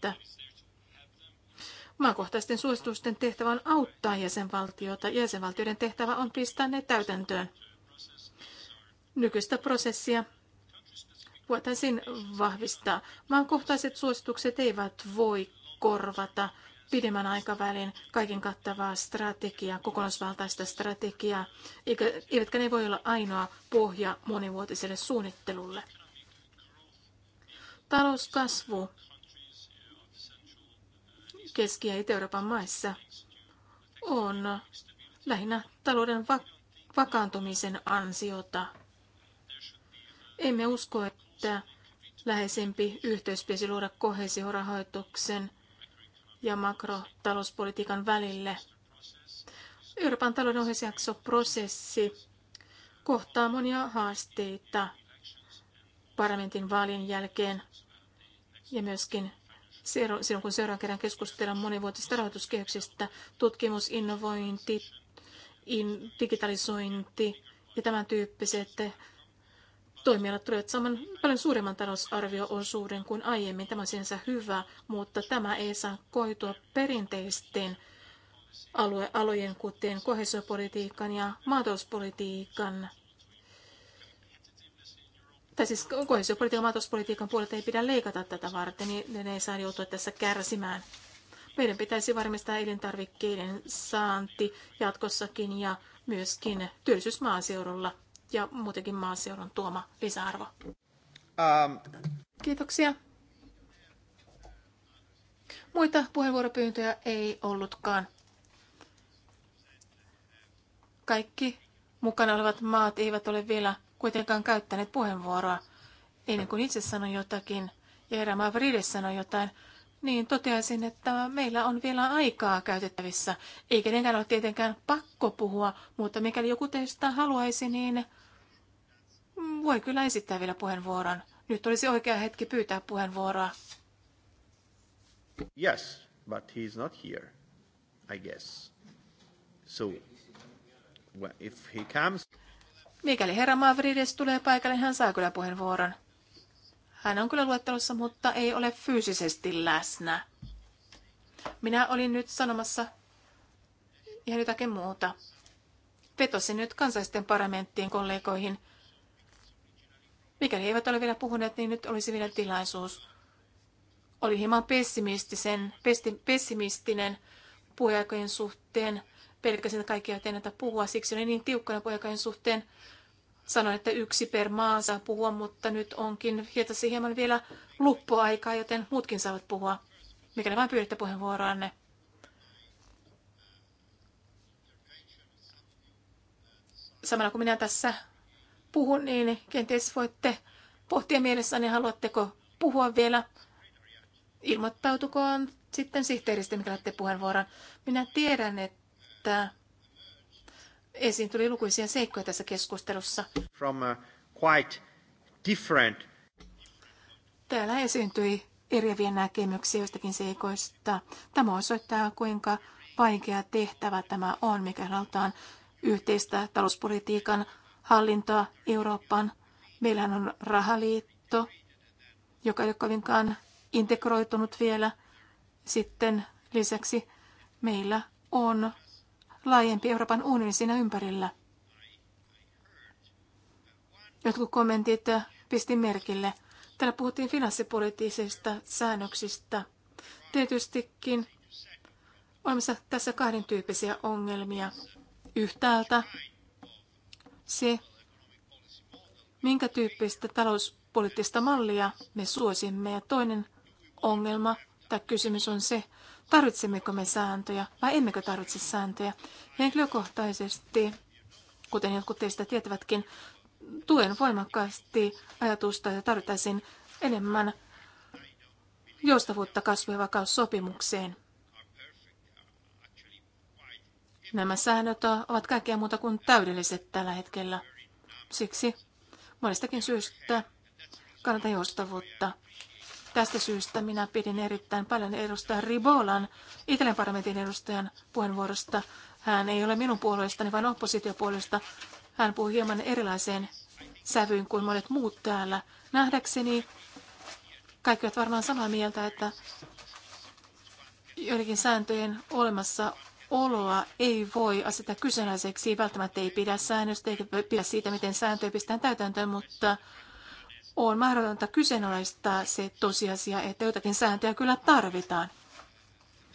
Maakohtaisten suositusten tehtävä on auttaa jäsenvaltiota. Jäsenvaltioiden tehtävä on pistää ne täytäntöön. Nykyistä prosessia voitaisiin vahvistaa. Maankohtaiset suositukset eivät voi korvata pidemmän aikavälin kaiken kattavaa strategiaa, kokonaisvaltaista strategiaa, eivätkä ne voi olla ainoa pohja monivuotiselle suunnittelulle. Talouskasvu Keski- ja Itä-Euroopan maissa on lähinnä talouden va- vakaantumisen ansiota. Emme usko, että läheisempi yhteys pitäisi luoda kohesiorahoituksen ja makrotalouspolitiikan välille. Euroopan talouden ohjausjaksoprosessi kohtaa monia haasteita parlamentin vaalien jälkeen ja myöskin silloin kun seuraavan kerran keskustellaan monivuotisesta rahoituskehyksestä, tutkimus, innovointi, in, digitalisointi ja tämän tyyppiset toimialat tulevat saman paljon suuremman talousarvioosuuden kuin aiemmin. Tämä on sinänsä hyvä, mutta tämä ei saa koitua perinteisten alue, alojen, kuten kohesiopolitiikan ja maatalouspolitiikan tai siis kohesiopolitiikan maatalouspolitiikan puolelta ei pidä leikata tätä varten, niin ne ei saa joutua tässä kärsimään. Meidän pitäisi varmistaa elintarvikkeiden saanti jatkossakin ja myöskin työllisyys maaseudulla ja muutenkin maaseudun tuoma lisäarvo. Um. Kiitoksia. Muita puheenvuoropyyntöjä ei ollutkaan. Kaikki mukana olevat maat eivät ole vielä kuitenkaan käyttäneet puheenvuoroa. Ennen kuin itse sanon jotakin ja herra Mavrides sanoi jotain, niin toteaisin, että meillä on vielä aikaa käytettävissä. Ei kenenkään ole tietenkään pakko puhua, mutta mikäli joku teistä haluaisi, niin voi kyllä esittää vielä puheenvuoron. Nyt olisi oikea hetki pyytää puheenvuoroa. Yes, but he's not here, I guess. So, well, if he comes... Mikäli herra Mavrides tulee paikalle, hän saa kyllä puheenvuoron. Hän on kyllä luettelossa, mutta ei ole fyysisesti läsnä. Minä olin nyt sanomassa ihan jotakin muuta. Vetosin nyt kansallisten parlamenttien kollegoihin. Mikäli he eivät ole vielä puhuneet, niin nyt olisi vielä tilaisuus. Oli hieman pessimistisen, pessimistinen puheaikojen suhteen pelkäsin, että kaikki eivät ennätä puhua, siksi oli niin tiukkana poikain suhteen. Sanoin, että yksi per maa saa puhua, mutta nyt onkin hietasi hieman vielä luppuaikaa, joten muutkin saavat puhua, mikäli vain pyydätte puheenvuoroanne. Samalla kun minä tässä puhun, niin kenties voitte pohtia mielessäni, haluatteko puhua vielä. Ilmoittautukoon sitten sihteeristä, mikä lähtee puheenvuoron. Minä tiedän, että että esiin tuli lukuisia seikkoja tässä keskustelussa. From a quite different. Täällä esiintyi eriäviä näkemyksiä joistakin seikoista. Tämä osoittaa, kuinka vaikea tehtävä tämä on, mikä halutaan yhteistä talouspolitiikan hallintoa Euroopan. Meillähän on rahaliitto, joka ei ole kovinkaan integroitunut vielä. Sitten lisäksi meillä on laajempi Euroopan unioni siinä ympärillä. Jotkut kommentit pisti merkille. Täällä puhuttiin finanssipoliittisista säännöksistä. Tietystikin olemassa tässä kahden tyyppisiä ongelmia. Yhtäältä se, minkä tyyppistä talouspoliittista mallia me suosimme, ja toinen ongelma tai kysymys on se, Tarvitsemmeko me sääntöjä vai emmekö tarvitse sääntöjä? Henkilökohtaisesti, kuten jotkut teistä tietävätkin, tuen voimakkaasti ajatusta, että tarvittaisiin enemmän joustavuutta kasvu- ja vakaussopimukseen. Nämä säännöt ovat kaikkea muuta kuin täydelliset tällä hetkellä. Siksi monestakin syystä kannata joustavuutta. Tästä syystä minä pidin erittäin paljon edustaja Ribolan, Italian parlamentin edustajan puheenvuorosta. Hän ei ole minun puolueestani, vaan oppositiopuolesta. Hän puhui hieman erilaiseen sävyyn kuin monet muut täällä. Nähdäkseni kaikki ovat varmaan samaa mieltä, että joidenkin sääntöjen olemassa oloa ei voi asettaa kyseenalaiseksi. Välttämättä ei pidä säännöstä eikä pidä siitä, miten sääntöjä pistetään täytäntöön, mutta on mahdotonta kyseenalaistaa se tosiasia, että jotakin sääntöjä kyllä tarvitaan.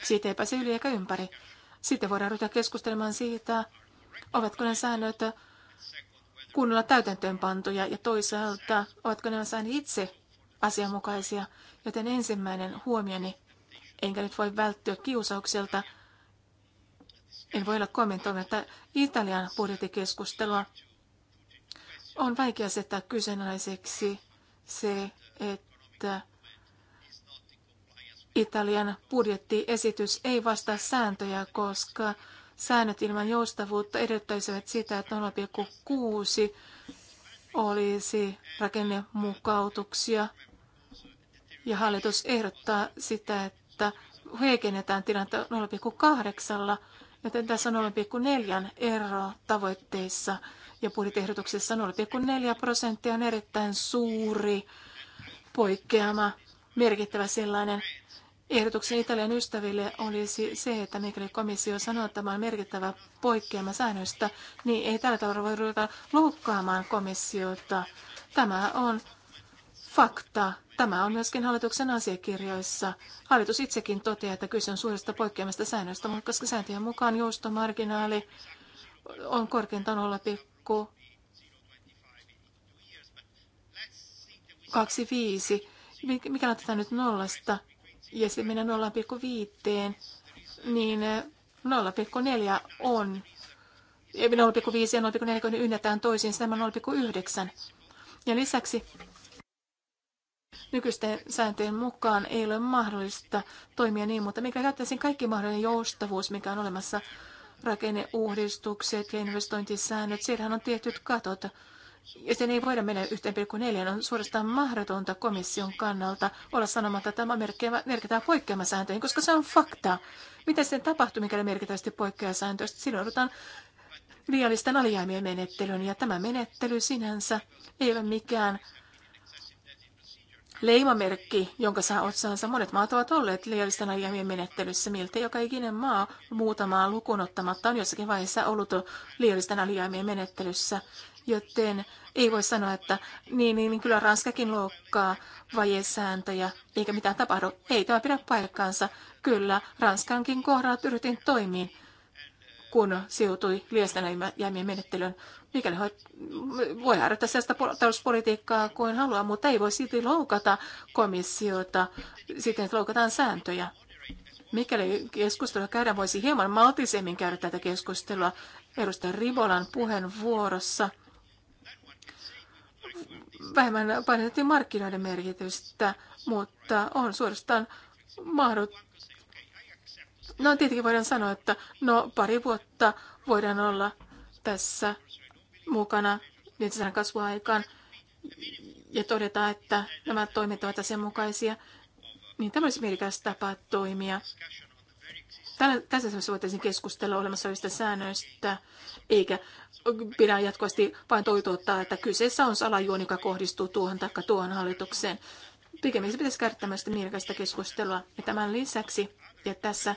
Siitä ei pääse yli eikä ympäri. Sitten voidaan ruveta keskustelemaan siitä, ovatko ne säännöt kunnolla täytäntöönpantoja ja toisaalta, ovatko ne säännöt itse asianmukaisia. Joten ensimmäinen huomioni, enkä nyt voi välttyä kiusaukselta, en voi olla kommentoimatta Italian budjettikeskustelua. On vaikea asettaa kyseenalaiseksi se, että Italian budjettiesitys ei vastaa sääntöjä, koska säännöt ilman joustavuutta edellyttäisivät sitä, että 0,6 olisi rakennemukautuksia. Ja hallitus ehdottaa sitä, että heikennetään tilannetta 0,8, joten tässä on 0,4 ero tavoitteissa ja budjettiehdotuksessa 0,4 prosenttia on erittäin suuri poikkeama, merkittävä sellainen. Ehdotuksen Italian ystäville olisi se, että mikäli komissio sanoo tämän merkittävä poikkeama säännöstä, niin ei tällä tavalla voi ruveta loukkaamaan komissiota. Tämä on fakta. Tämä on myöskin hallituksen asiakirjoissa. Hallitus itsekin toteaa, että kyse on suuresta poikkeamista säännöstä, mutta koska sääntöjen mukaan joustomarginaali on korkeintaan viisi Mikä otetaan nyt nollasta ja se menee 0,5, niin 0,4 eh, on 0,5 ja 0,4, kun ne ynnätään toisiinsa, tämä 0,9. Ja lisäksi nykyisten sääntöjen mukaan ei ole mahdollista toimia niin, mutta mikä käyttäisin kaikki mahdollinen joustavuus, mikä on olemassa rakenneuudistukset ja investointisäännöt, siellähän on tietyt katot. Ja sen ei voida mennä 1,4. On suorastaan mahdotonta komission kannalta olla sanomatta, että tämä merkitään poikkeamasääntöihin, koska se on fakta. Mitä sitten tapahtuu, mikäli merkitään sitten poikkeamasääntöistä? Silloin odotetaan liiallisten alijäämien menettelyyn, ja tämä menettely sinänsä ei ole mikään leimamerkki, jonka saa otsaansa. Monet maat ovat olleet liiallisten alijäämien menettelyssä. Miltä joka ikinen maa muutamaa lukuun ottamatta on jossakin vaiheessa ollut liiallisten alijäämien menettelyssä. Joten ei voi sanoa, että niin, niin, niin kyllä Ranskakin loukkaa vajesääntöjä, eikä mitään tapahdu. Ei tämä pidä paikkaansa. Kyllä, Ranskankin kohdalla yritin toimiin kun liiallisten alijäämien menettelyyn. Mikäli voi harjoittaa sellaista talouspolitiikkaa kuin haluaa, mutta ei voi silti loukata komissiota siten, että loukataan sääntöjä. Mikäli keskustelua käydään, voisi hieman maltisemmin käydä tätä keskustelua edustaja Ribolan puheenvuorossa. Vähemmän painotettiin markkinoiden merkitystä, mutta on suorastaan mahdollista. No tietenkin voidaan sanoa, että no pari vuotta voidaan olla tässä mukana, niin kasvuaikaan ja todeta, että nämä toimet ovat asianmukaisia, mukaisia, niin tämä olisi mielikäs tapa toimia. Tällä, tässä samassa voitaisiin keskustella olemassa olevista säännöistä, eikä pidä jatkuvasti vain toitouttaa, että kyseessä on salajuoni, joka kohdistuu tuohon tai tuohon hallitukseen. Pikemminkin pitäisi käydä tämmöistä mielekästä keskustelua. Ja tämän lisäksi, ja tässä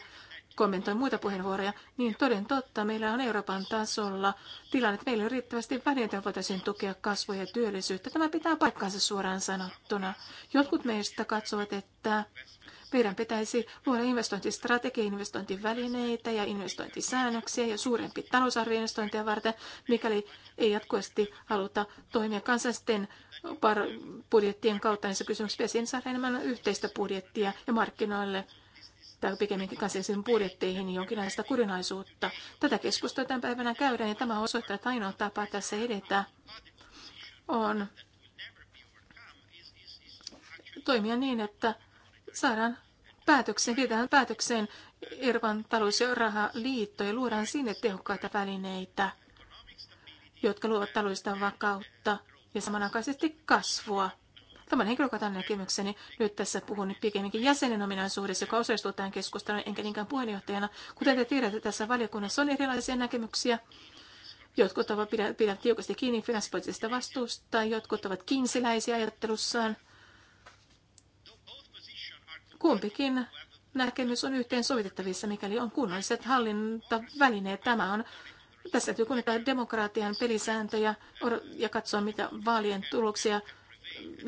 kommentoin muita puheenvuoroja, niin toden totta meillä on Euroopan tasolla tilanne, että meillä on riittävästi välineitä, voitaisiin tukea kasvua ja työllisyyttä. Tämä pitää paikkansa suoraan sanottuna. Jotkut meistä katsovat, että meidän pitäisi luoda investointistrategia, investointivälineitä ja investointisäännöksiä ja suurempi talousarvioinvestointeja varten, mikäli ei jatkuvasti haluta toimia kansallisten budjettien kautta, niin se kysymys pitäisi saada enemmän yhteistä budjettia ja markkinoille tai pikemminkin kansallisiin budjetteihin jonkinlaista kurinaisuutta. Tätä keskustelua tämän päivänä käydään ja tämä osoittaa, että ainoa tapa tässä edetä on toimia niin, että saadaan päätökseen, pidetään päätökseen irvan talous- ja rahaliitto ja luodaan sinne tehokkaita välineitä, jotka luovat taloudellista vakautta ja samanaikaisesti kasvua Tämän henkilökohtainen näkemykseni nyt tässä puhun nyt pikemminkin jäsenen ominaisuudessa, joka osallistuu tähän keskusteluun, enkä niinkään puheenjohtajana. Kuten te tiedätte, tässä valiokunnassa on erilaisia näkemyksiä. Jotkut ovat pidät tiukasti kiinni finanssipoliittisesta vastuusta, jotkut ovat kinsiläisiä ajattelussaan. Kumpikin näkemys on yhteen sovitettavissa, mikäli on kunnolliset hallintavälineet. Tämä on tässä täytyy kunnioittaa demokraatian pelisääntöjä ja katsoa, mitä vaalien tuloksia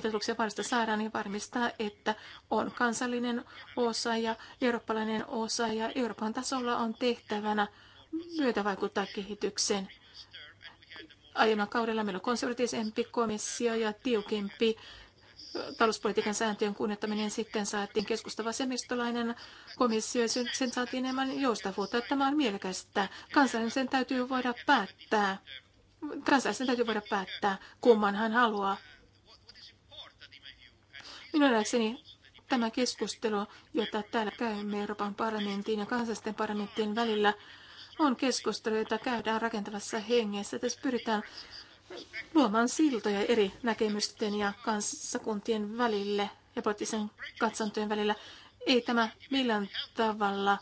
tuloksia parista saadaan, niin varmistaa, että on kansallinen osa ja eurooppalainen osa ja Euroopan tasolla on tehtävänä vaikuttaa kehitykseen. Aiemman kaudella meillä on konservatiivisempi komissio ja tiukempi talouspolitiikan sääntöjen kunnettaminen sitten saatiin keskustavasemmistolainen komissio ja sen saatiin enemmän joustavuutta. Tämä on mielekästä. Kansallisen täytyy voida päättää. Kansallisen täytyy voida päättää, kumman hän haluaa Minun nähdäkseni tämä keskustelu, jota täällä käymme Euroopan parlamentin ja kansallisten parlamenttien välillä, on keskustelu, jota käydään rakentavassa hengessä. Tässä pyritään luomaan siltoja eri näkemysten ja kansakuntien välille ja poliittisen katsantojen välillä. Ei tämä millään tavalla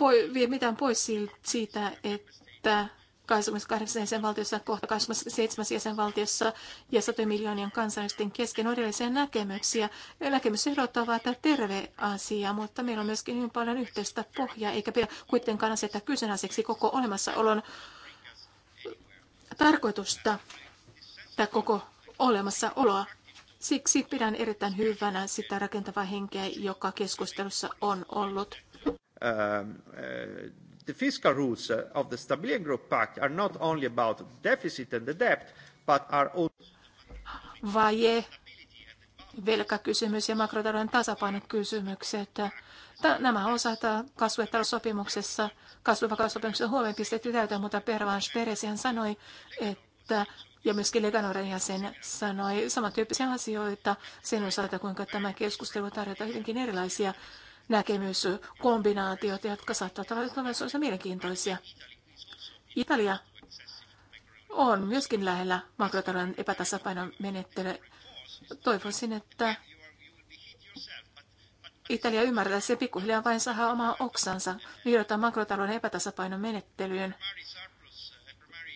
voi, vie mitään pois siitä, että 28 jäsenvaltiossa, kohta 27 jäsenvaltiossa ja 100 miljoonien kansalaisten kesken on erilaisia näkemyksiä. Näkemyserot ovat terve asia, mutta meillä on myöskin hyvin paljon yhteistä pohjaa, eikä pidä kuitenkaan asettaa kyseenalaiseksi koko olemassaolon tarkoitusta tai koko olemassaoloa. Siksi pidän erittäin hyvänä sitä rakentavaa henkeä, joka keskustelussa on ollut. Ähm, äh, the fiscal rules uh, of the Stability and Growth Pact are not only about deficit and the debt, but are also... Vaje, velkakysymys ja makrotalouden tasapainokysymykset. Nämä osat äh, kasvu- ja sopimuksessa, huomioon pistetty täytä, mutta Pervans Peresian sanoi, että ja myöskin Leganoren jäsen sanoi samantyyppisiä asioita sen osalta, kuinka tämä keskustelu tarjota hyvinkin erilaisia näkemyskombinaatioita, jotka saattavat olla tulevaisuudessa mielenkiintoisia. Italia on myöskin lähellä makrotalouden epätasapainon menettelyä. Toivoisin, että Italia ymmärtää se pikkuhiljaa vain saa omaa oksansa, viidotaan makrotalouden epätasapainon menettelyyn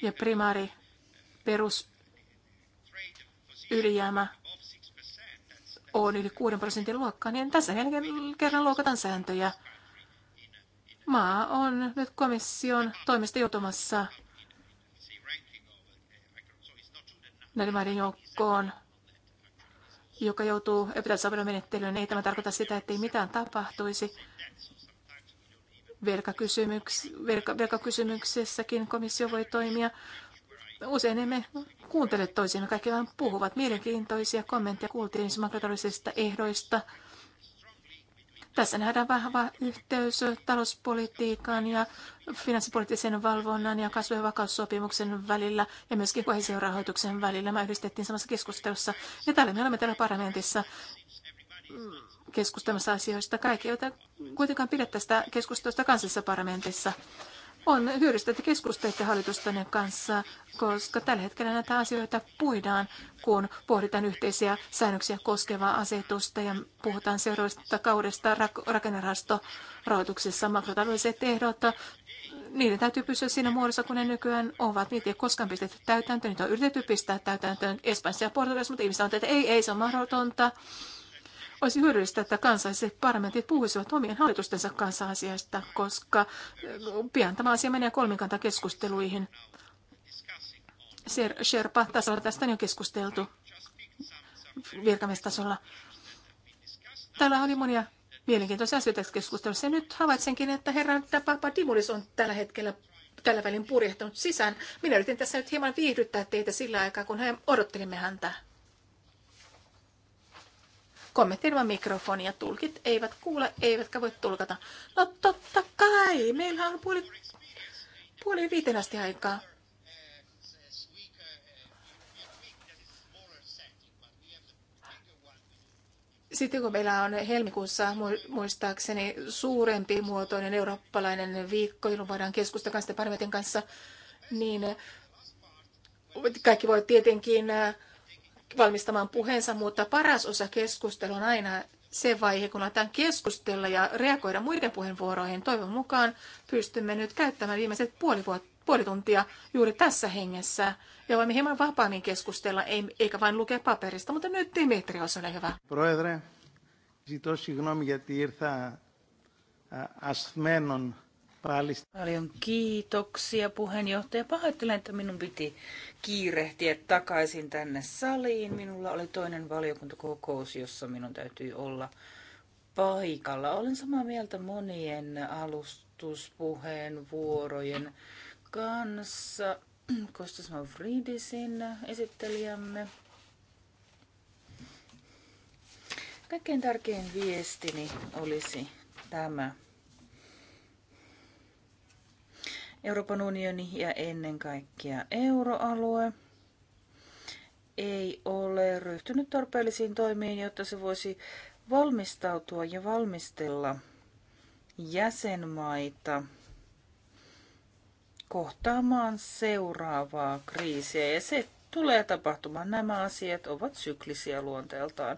ja primaari perus ylijäämä on yli 6 prosentin luokkaa, niin tässä kerran luokataan sääntöjä. Maa on nyt komission toimesta joutumassa näiden maiden joukkoon, joka joutuu epätasapainomenettelyyn. Ei tämä tarkoita sitä, että ei mitään tapahtuisi. Velkakysymyks, velka, velkakysymyksessäkin komissio voi toimia Usein emme kuuntele toisiamme, kaikki vaan puhuvat mielenkiintoisia kommentteja kuultiin ensimmäisestä ehdoista. Tässä nähdään vahva yhteys talouspolitiikan ja finanssipoliittisen valvonnan ja kasvu- ja vakaussopimuksen välillä ja myöskin kohesiorahoituksen välillä. Mä yhdistettiin samassa keskustelussa ja täällä me olemme täällä parlamentissa keskustelmassa asioista. Kaikki, joita kuitenkaan pidä tästä keskustelusta kansallisessa parlamentissa. On hyödyllistä, että keskustelette hallitustanne kanssa, koska tällä hetkellä näitä asioita puidaan, kun pohditaan yhteisiä säännöksiä koskevaa asetusta ja puhutaan seuraavasta kaudesta rak- rakennerahastorahoituksessa makrotaloudelliset ehdot. Niiden täytyy pysyä siinä muodossa, kun ne nykyään ovat. Niitä ei koskaan pistetty täytäntöön. Niitä on yritetty pistää täytäntöön Espanjassa ja Portugalissa, mutta ihmiset on, että ei, ei, se on mahdotonta olisi hyödyllistä, että kansalliset parlamentit puhuisivat omien hallitustensa kanssa asiasta, koska äh, pian tämä asia menee kolmikantakeskusteluihin. Sherpa tasolla tästä on jo keskusteltu virkamiestasolla. Täällä oli monia mielenkiintoisia asioita keskustelussa. Ja nyt havaitsenkin, että Papa Dimulis on tällä hetkellä tällä välin purjehtunut sisään. Minä yritin tässä nyt hieman viihdyttää teitä sillä aikaa, kun he odottelimme häntä kommentti ilman mikrofonia. Tulkit eivät kuule, eivätkä voi tulkata. No totta kai, meillä on puoli, puoli viiten asti aikaa. Sitten kun meillä on helmikuussa muistaakseni suurempi muotoinen eurooppalainen viikko, jolloin voidaan keskustella kanssa parlamentin kanssa, niin kaikki voi tietenkin äh, valmistamaan puheensa, mutta paras osa keskustelua on aina se vaihe, kun aletaan keskustella ja reagoida muiden puheenvuoroihin. Toivon mukaan pystymme nyt käyttämään viimeiset puoli, vuotta, puoli tuntia juuri tässä hengessä ja voimme hieman vapaammin keskustella, eikä vain lukea paperista. Mutta nyt Dimitrios, ole hyvä. Proedre, ζητώ συγγνώμη γιατί ήρθα ασθμένον Paljon kiitoksia puheenjohtaja. Pahoittelen, että minun piti kiirehtiä takaisin tänne saliin. Minulla oli toinen valiokuntakokous, jossa minun täytyy olla paikalla. Olen samaa mieltä monien alustuspuheenvuorojen kanssa. Kostas Mavridisin esittelijämme. Kaikkein tärkein viestini olisi tämä. Euroopan unioni ja ennen kaikkea euroalue ei ole ryhtynyt tarpeellisiin toimiin, jotta se voisi valmistautua ja valmistella jäsenmaita kohtaamaan seuraavaa kriisiä. Ja se tulee tapahtumaan. Nämä asiat ovat syklisiä luonteeltaan.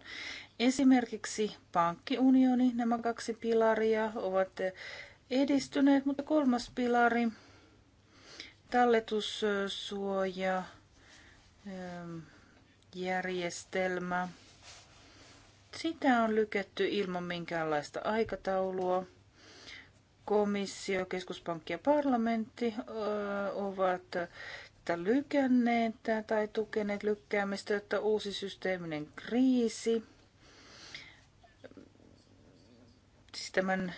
Esimerkiksi pankkiunioni, nämä kaksi pilaria ovat edistyneet, mutta kolmas pilari talletussuoja ähm, järjestelmä. Sitä on lykätty ilman minkäänlaista aikataulua. Komissio, keskuspankki ja parlamentti äh, ovat lykänneet tai tukeneet lykkäämistä, että uusi systeeminen kriisi, siis tämän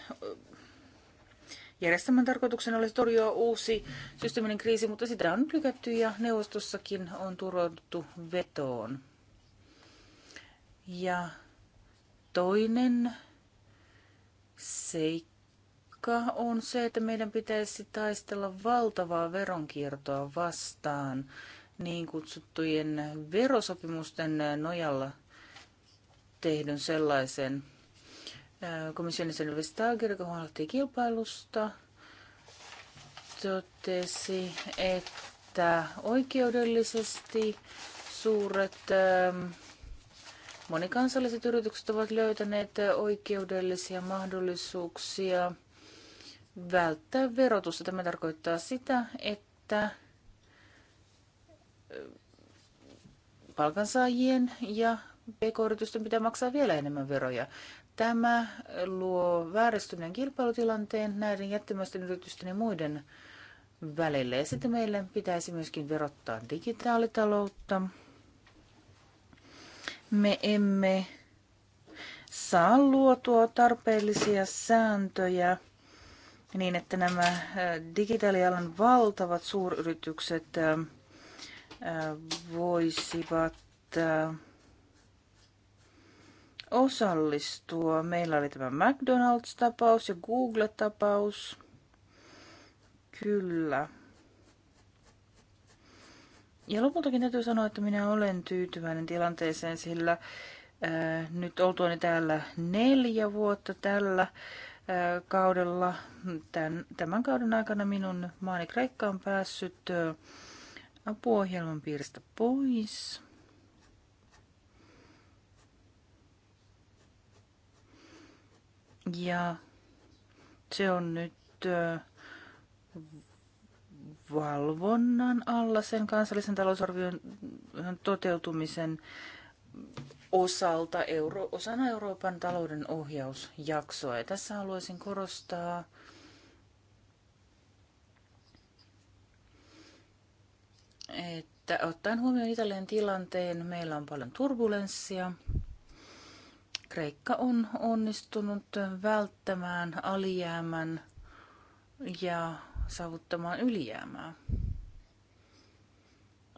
Järjestelmän tarkoituksena olisi torjua uusi systeeminen kriisi, mutta sitä on nyt lykätty ja neuvostossakin on turvattu vetoon. Ja toinen seikka on se, että meidän pitäisi taistella valtavaa veronkiertoa vastaan niin kutsuttujen verosopimusten nojalla tehdyn sellaisen – komission Vestager, joka huolehtii kilpailusta, totesi, että oikeudellisesti suuret ähm, monikansalliset yritykset ovat löytäneet oikeudellisia mahdollisuuksia välttää verotusta. Tämä tarkoittaa sitä, että äh, palkansaajien ja pk-yritysten pitää maksaa vielä enemmän veroja. Tämä luo vääristyneen kilpailutilanteen näiden jättimäisten yritysten ja muiden välille. Ja sitten meille pitäisi myöskin verottaa digitaalitaloutta. Me emme saa luotua tarpeellisia sääntöjä niin, että nämä äh, digitaalialan valtavat suuryritykset äh, äh, voisivat osallistua. Meillä oli tämä McDonald's-tapaus ja Google-tapaus. Kyllä. Ja lopultakin täytyy sanoa, että minä olen tyytyväinen tilanteeseen, sillä ää, äh, nyt oltuani täällä neljä vuotta tällä ää, äh, kaudella, tämän, tämän kauden aikana minun maani Kreikka on päässyt ää, äh, apuohjelman piiristä pois. Ja se on nyt valvonnan alla sen kansallisen talousarvion toteutumisen osalta euro, osana Euroopan talouden ohjausjaksoa. Ja tässä haluaisin korostaa että ottaen huomioon Italian tilanteen, meillä on paljon turbulenssia. Kreikka on onnistunut välttämään alijäämän ja saavuttamaan ylijäämää.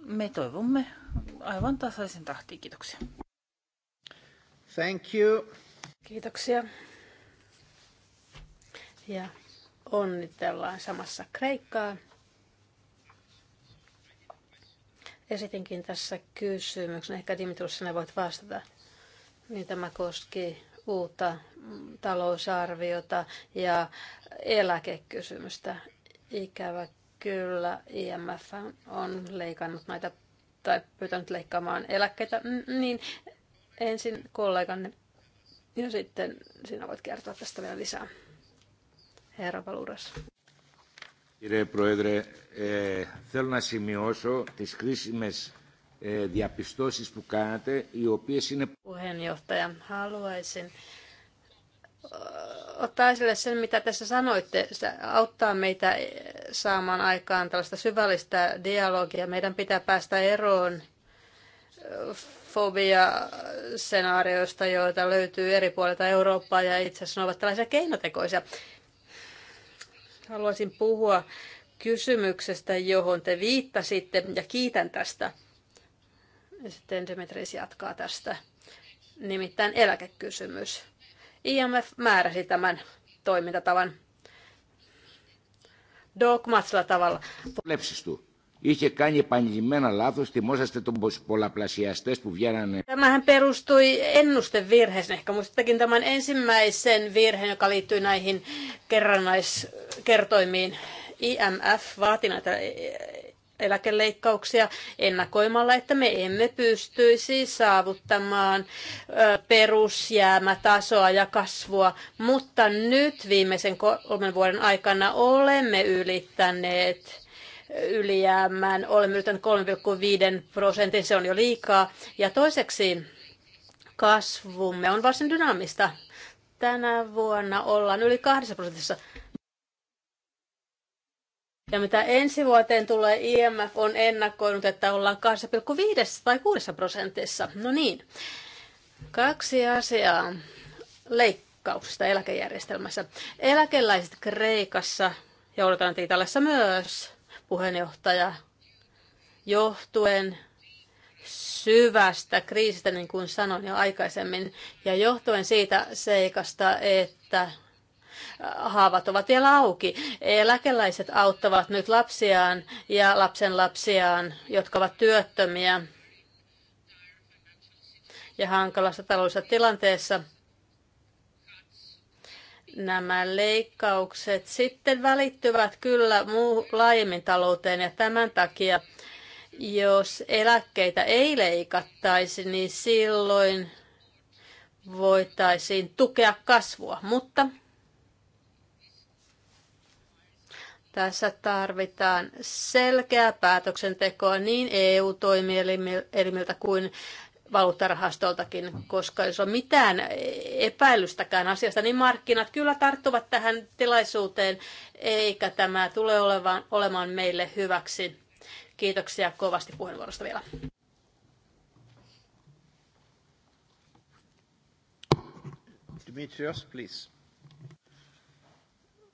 Me toivomme aivan tasaisen tahtiin. Kiitoksia. Thank you. Kiitoksia. Ja onnitellaan samassa Kreikkaa. Esitinkin tässä kysymyksen. Ehkä Dimitrus, sinä voit vastata niin tämä koski uutta talousarviota ja eläkekysymystä. Ikävä kyllä IMF on leikannut näitä tai pyytänyt leikkaamaan eläkkeitä. Niin ensin kolleganne ja sitten sinä voit kertoa tästä vielä lisää. Herra Paluras. Κύριε Πρόεδρε, ε, θέλω να σημειώσω τις κρίσιμες διαπιστώσεις που κάνατε, οι οποίες είναι... Puheenjohtaja, haluaisin ottaa esille sen, mitä tässä sanoitte. Se auttaa meitä saamaan aikaan tällaista syvällistä dialogia. Meidän pitää päästä eroon fobia senaarioista joita löytyy eri puolilta Eurooppaa ja itse asiassa ne ovat tällaisia keinotekoisia. Haluaisin puhua kysymyksestä, johon te viittasitte ja kiitän tästä. Sitten Demetris jatkaa tästä. Nimittäin eläkekysymys. IMF määräsi tämän toimintatavan dogmatisella tavalla. Είχε κάνει επανειλημμένα λάθος, θυμόσαστε τον πολλαπλασιαστές που βγαίνανε. Tämähän perustui ennustevirheeseen. Ehkä muistattekin tämän ensimmäisen virheen, joka liittyy näihin kerrannaiskertoimiin. IMF vaati näitä eläkeleikkauksia ennakoimalla, että me emme pystyisi saavuttamaan perusjäämätasoa ja kasvua, mutta nyt viimeisen kolmen vuoden aikana olemme ylittäneet ylijäämään, olemme ylittäneet 3,5 prosentin, se on jo liikaa. Ja toiseksi kasvumme on varsin dynaamista. Tänä vuonna ollaan yli 2 prosentissa ja mitä ensi vuoteen tulee, IMF on ennakoinut, että ollaan 2,5 tai 6 prosentissa. No niin, kaksi asiaa leikkauksista eläkejärjestelmässä. Eläkeläiset Kreikassa, ja odotan Italiassa myös, puheenjohtaja, johtuen syvästä kriisistä, niin kuin sanoin jo aikaisemmin, ja johtuen siitä seikasta, että haavat ovat vielä auki. Eläkeläiset auttavat nyt lapsiaan ja lapsen lapsiaan, jotka ovat työttömiä ja hankalassa taloudellisessa tilanteessa. Nämä leikkaukset sitten välittyvät kyllä muu laajemmin talouteen ja tämän takia, jos eläkkeitä ei leikattaisi, niin silloin voitaisiin tukea kasvua, mutta Tässä tarvitaan selkeää päätöksentekoa niin EU-toimielimiltä kuin valuuttarahastoltakin, koska jos on mitään epäilystäkään asiasta, niin markkinat kyllä tarttuvat tähän tilaisuuteen, eikä tämä tule olemaan meille hyväksi. Kiitoksia kovasti puheenvuorosta vielä. Dimitrios, please.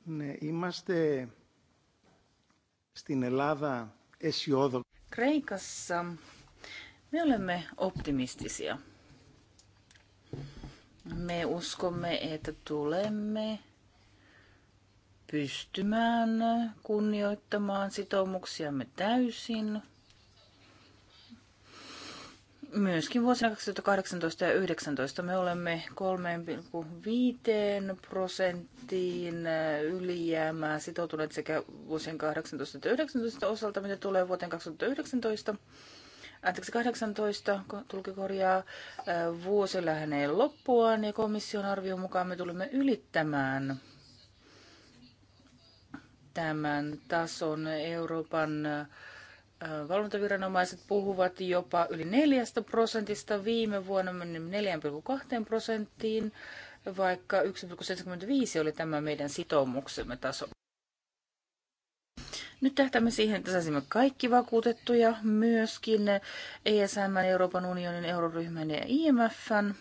Ne, imaste στην Ελλάδα αισιόδοξα. Kreikassa me olemme optimistisia. Me uskomme, että tulemme pystymään kunnioittamaan sitoumuksiamme täysin – myöskin vuosina 2018 ja 2019 me olemme 3,5 prosenttiin ylijäämää sitoutuneet sekä vuosien 2018 että 2019 osalta, mitä tulee vuoteen 2019. Anteeksi, 18 korjaa äh, vuosi lähenee loppuaan ja komission arvion mukaan me tulemme ylittämään tämän tason Euroopan äh, valvontaviranomaiset puhuvat jopa yli 4 prosentista. Viime vuonna menimme 4,2 prosenttiin, vaikka 1,75 oli tämä meidän sitoumuksemme taso. Nyt tähtäämme siihen, että saisimme kaikki vakuutettuja, myöskin ESM, Euroopan unionin, euroryhmän ja IMFn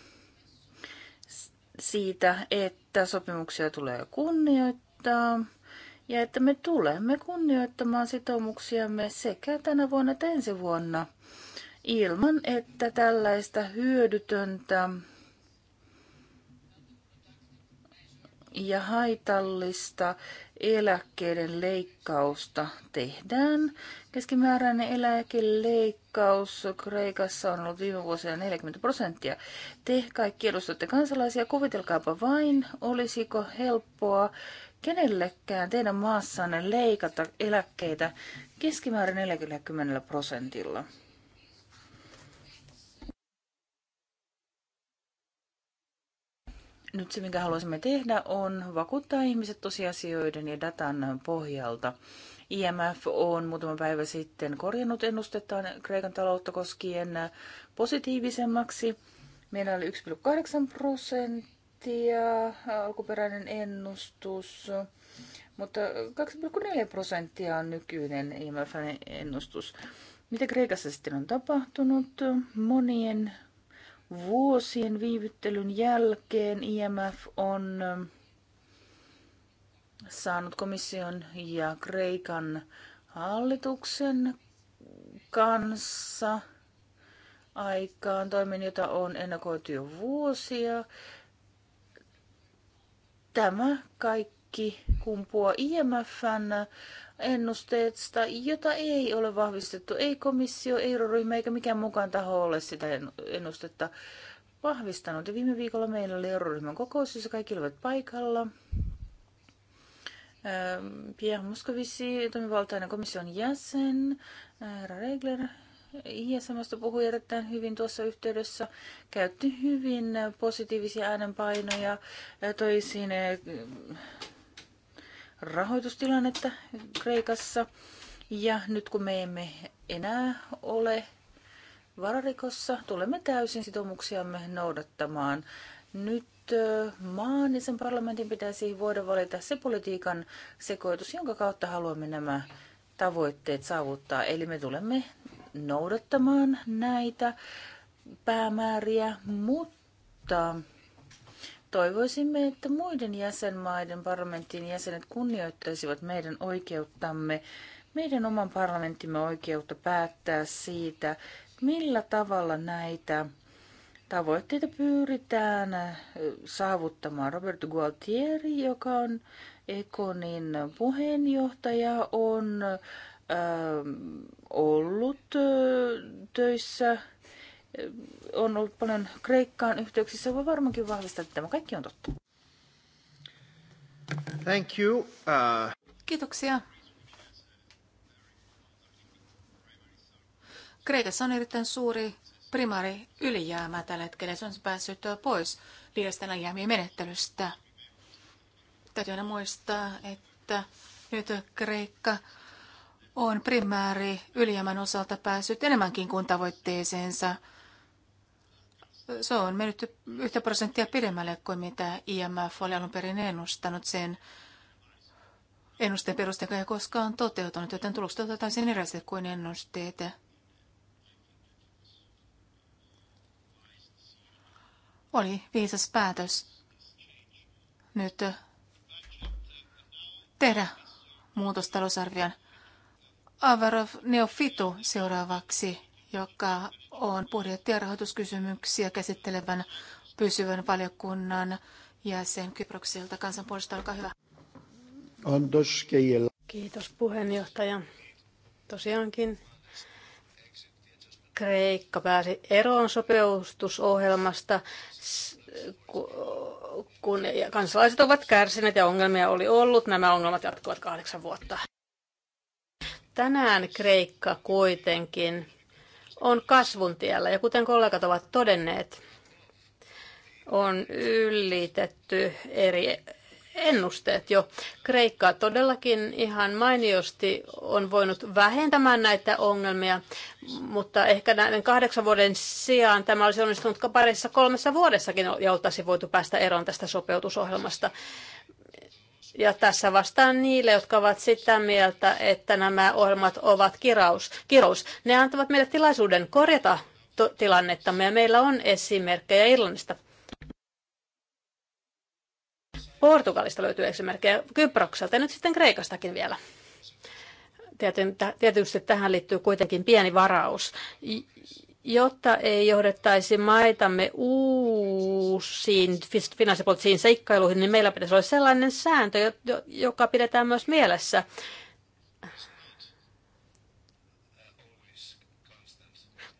siitä, että sopimuksia tulee kunnioittaa ja että me tulemme kunnioittamaan sitoumuksiamme sekä tänä vuonna että ensi vuonna ilman, että tällaista hyödytöntä ja haitallista eläkkeiden leikkausta tehdään. Keskimääräinen eläkeleikkaus Kreikassa on ollut viime vuosina 40 prosenttia. Te kaikki edustatte kansalaisia, kuvitelkaapa vain, olisiko helppoa kenellekään teidän maassanne leikata eläkkeitä keskimäärin 40 prosentilla. Nyt se, minkä haluaisimme tehdä, on vakuuttaa ihmiset tosiasioiden ja datan pohjalta. IMF on muutama päivä sitten korjannut ennustettaan Kreikan taloutta koskien positiivisemmaksi. Meillä oli 1,8 prosenttia prosenttia alkuperäinen ennustus, mutta 2,4 prosenttia on nykyinen IMFn ennustus. Mitä Kreikassa sitten on tapahtunut? Monien vuosien viivyttelyn jälkeen IMF on saanut komission ja Kreikan hallituksen kanssa aikaan toimen, jota on ennakoitu jo vuosia. Tämä kaikki kumpuaa IMFn ennusteesta, jota ei ole vahvistettu. Ei komissio, ei euroryhmä eikä mikään mukaan taho ole sitä ennustetta vahvistanut. Ja viime viikolla meillä oli euroryhmän kokous, jossa kaikki olivat paikalla. Ehm, Pierre Moscovici, toimivaltainen komission jäsen, Regler, ISMstä puhui erittäin hyvin tuossa yhteydessä, käytti hyvin positiivisia äänenpainoja, toisin mm, rahoitustilannetta Kreikassa. Ja nyt kun me emme enää ole vararikossa, tulemme täysin sitoumuksiamme noudattamaan. Nyt maan ja sen parlamentin pitäisi voida valita se politiikan sekoitus, jonka kautta haluamme nämä tavoitteet saavuttaa. Eli me tulemme noudattamaan näitä päämääriä, mutta toivoisimme, että muiden jäsenmaiden parlamentin jäsenet kunnioittaisivat meidän oikeuttamme, meidän oman parlamenttimme oikeutta päättää siitä, millä tavalla näitä tavoitteita pyritään äh, saavuttamaan. Robert Gualtieri, joka on Ekonin puheenjohtaja, on Ähm, ollut äh, töissä, äh, on ollut paljon Kreikkaan yhteyksissä, voi varmaankin vahvistaa, että tämä kaikki on totta. Thank you. Uh... Kiitoksia. Kreikassa on erittäin suuri primaari ylijäämä tällä hetkellä. Se on päässyt pois liiasta alijäämien menettelystä. Täytyy aina muistaa, että nyt Kreikka on primääri ylijäämän osalta päässyt enemmänkin kuin tavoitteeseensa. Se on mennyt yhtä prosenttia pidemmälle kuin mitä IMF oli alun perin ennustanut sen ennusteen perusteella ei koskaan toteutunut, joten tulokset otetaan sen erilaiset kuin ennusteet. Oli viisas päätös nyt tehdä muutos talousarvion Avarov Neofitu seuraavaksi, joka on budjetti- ja rahoituskysymyksiä käsittelevän pysyvän valiokunnan jäsen Kyprokselta. Kansanpuolesta, olkaa hyvä. Kiitos puheenjohtaja. Tosiaankin Kreikka pääsi eroon sopeutusohjelmasta, kun kansalaiset ovat kärsineet ja ongelmia oli ollut. Nämä ongelmat jatkuvat kahdeksan vuotta. Tänään Kreikka kuitenkin on kasvun tiellä ja kuten kollegat ovat todenneet, on ylitetty eri ennusteet jo. Kreikka todellakin ihan mainiosti on voinut vähentämään näitä ongelmia, mutta ehkä näiden kahdeksan vuoden sijaan tämä olisi onnistunut parissa kolmessa vuodessakin ja oltaisiin voitu päästä eroon tästä sopeutusohjelmasta. Ja tässä vastaan niille, jotka ovat sitä mieltä, että nämä ohjelmat ovat kiraus, kirous. Ne antavat meille tilaisuuden korjata tilannettamme ja meillä on esimerkkejä Irlannista. Portugalista löytyy esimerkkejä, Kyprokselta ja nyt sitten Kreikastakin vielä. Tietysti tähän liittyy kuitenkin pieni varaus jotta ei johdettaisi maitamme uusiin finanssipoliittisiin seikkailuihin, niin meillä pitäisi olla sellainen sääntö, joka pidetään myös mielessä.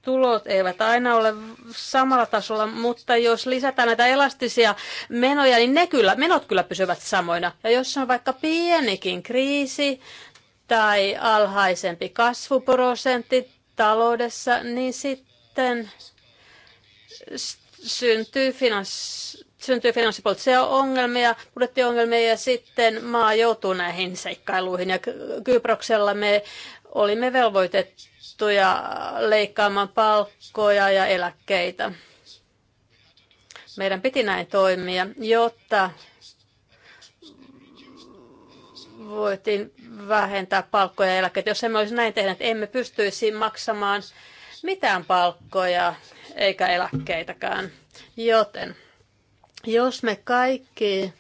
tulot eivät aina ole samalla tasolla, mutta jos lisätään näitä elastisia menoja, niin ne kyllä, menot kyllä pysyvät samoina. Ja jos on vaikka pienikin kriisi tai alhaisempi kasvuprosentti taloudessa, niin sitten syntyy, finans, syntyy finanssipoliittisia ongelmia, budjettiongelmia ja sitten maa joutuu näihin seikkailuihin. Ja Kyproksella me olimme velvoitettuja leikkaamaan palkkoja ja eläkkeitä. Meidän piti näin toimia, jotta voitiin vähentää palkkoja ja eläkkeitä. Jos emme olisi näin tehneet, emme pystyisi maksamaan mitään palkkoja eikä eläkkeitäkään. Joten jos me kaikki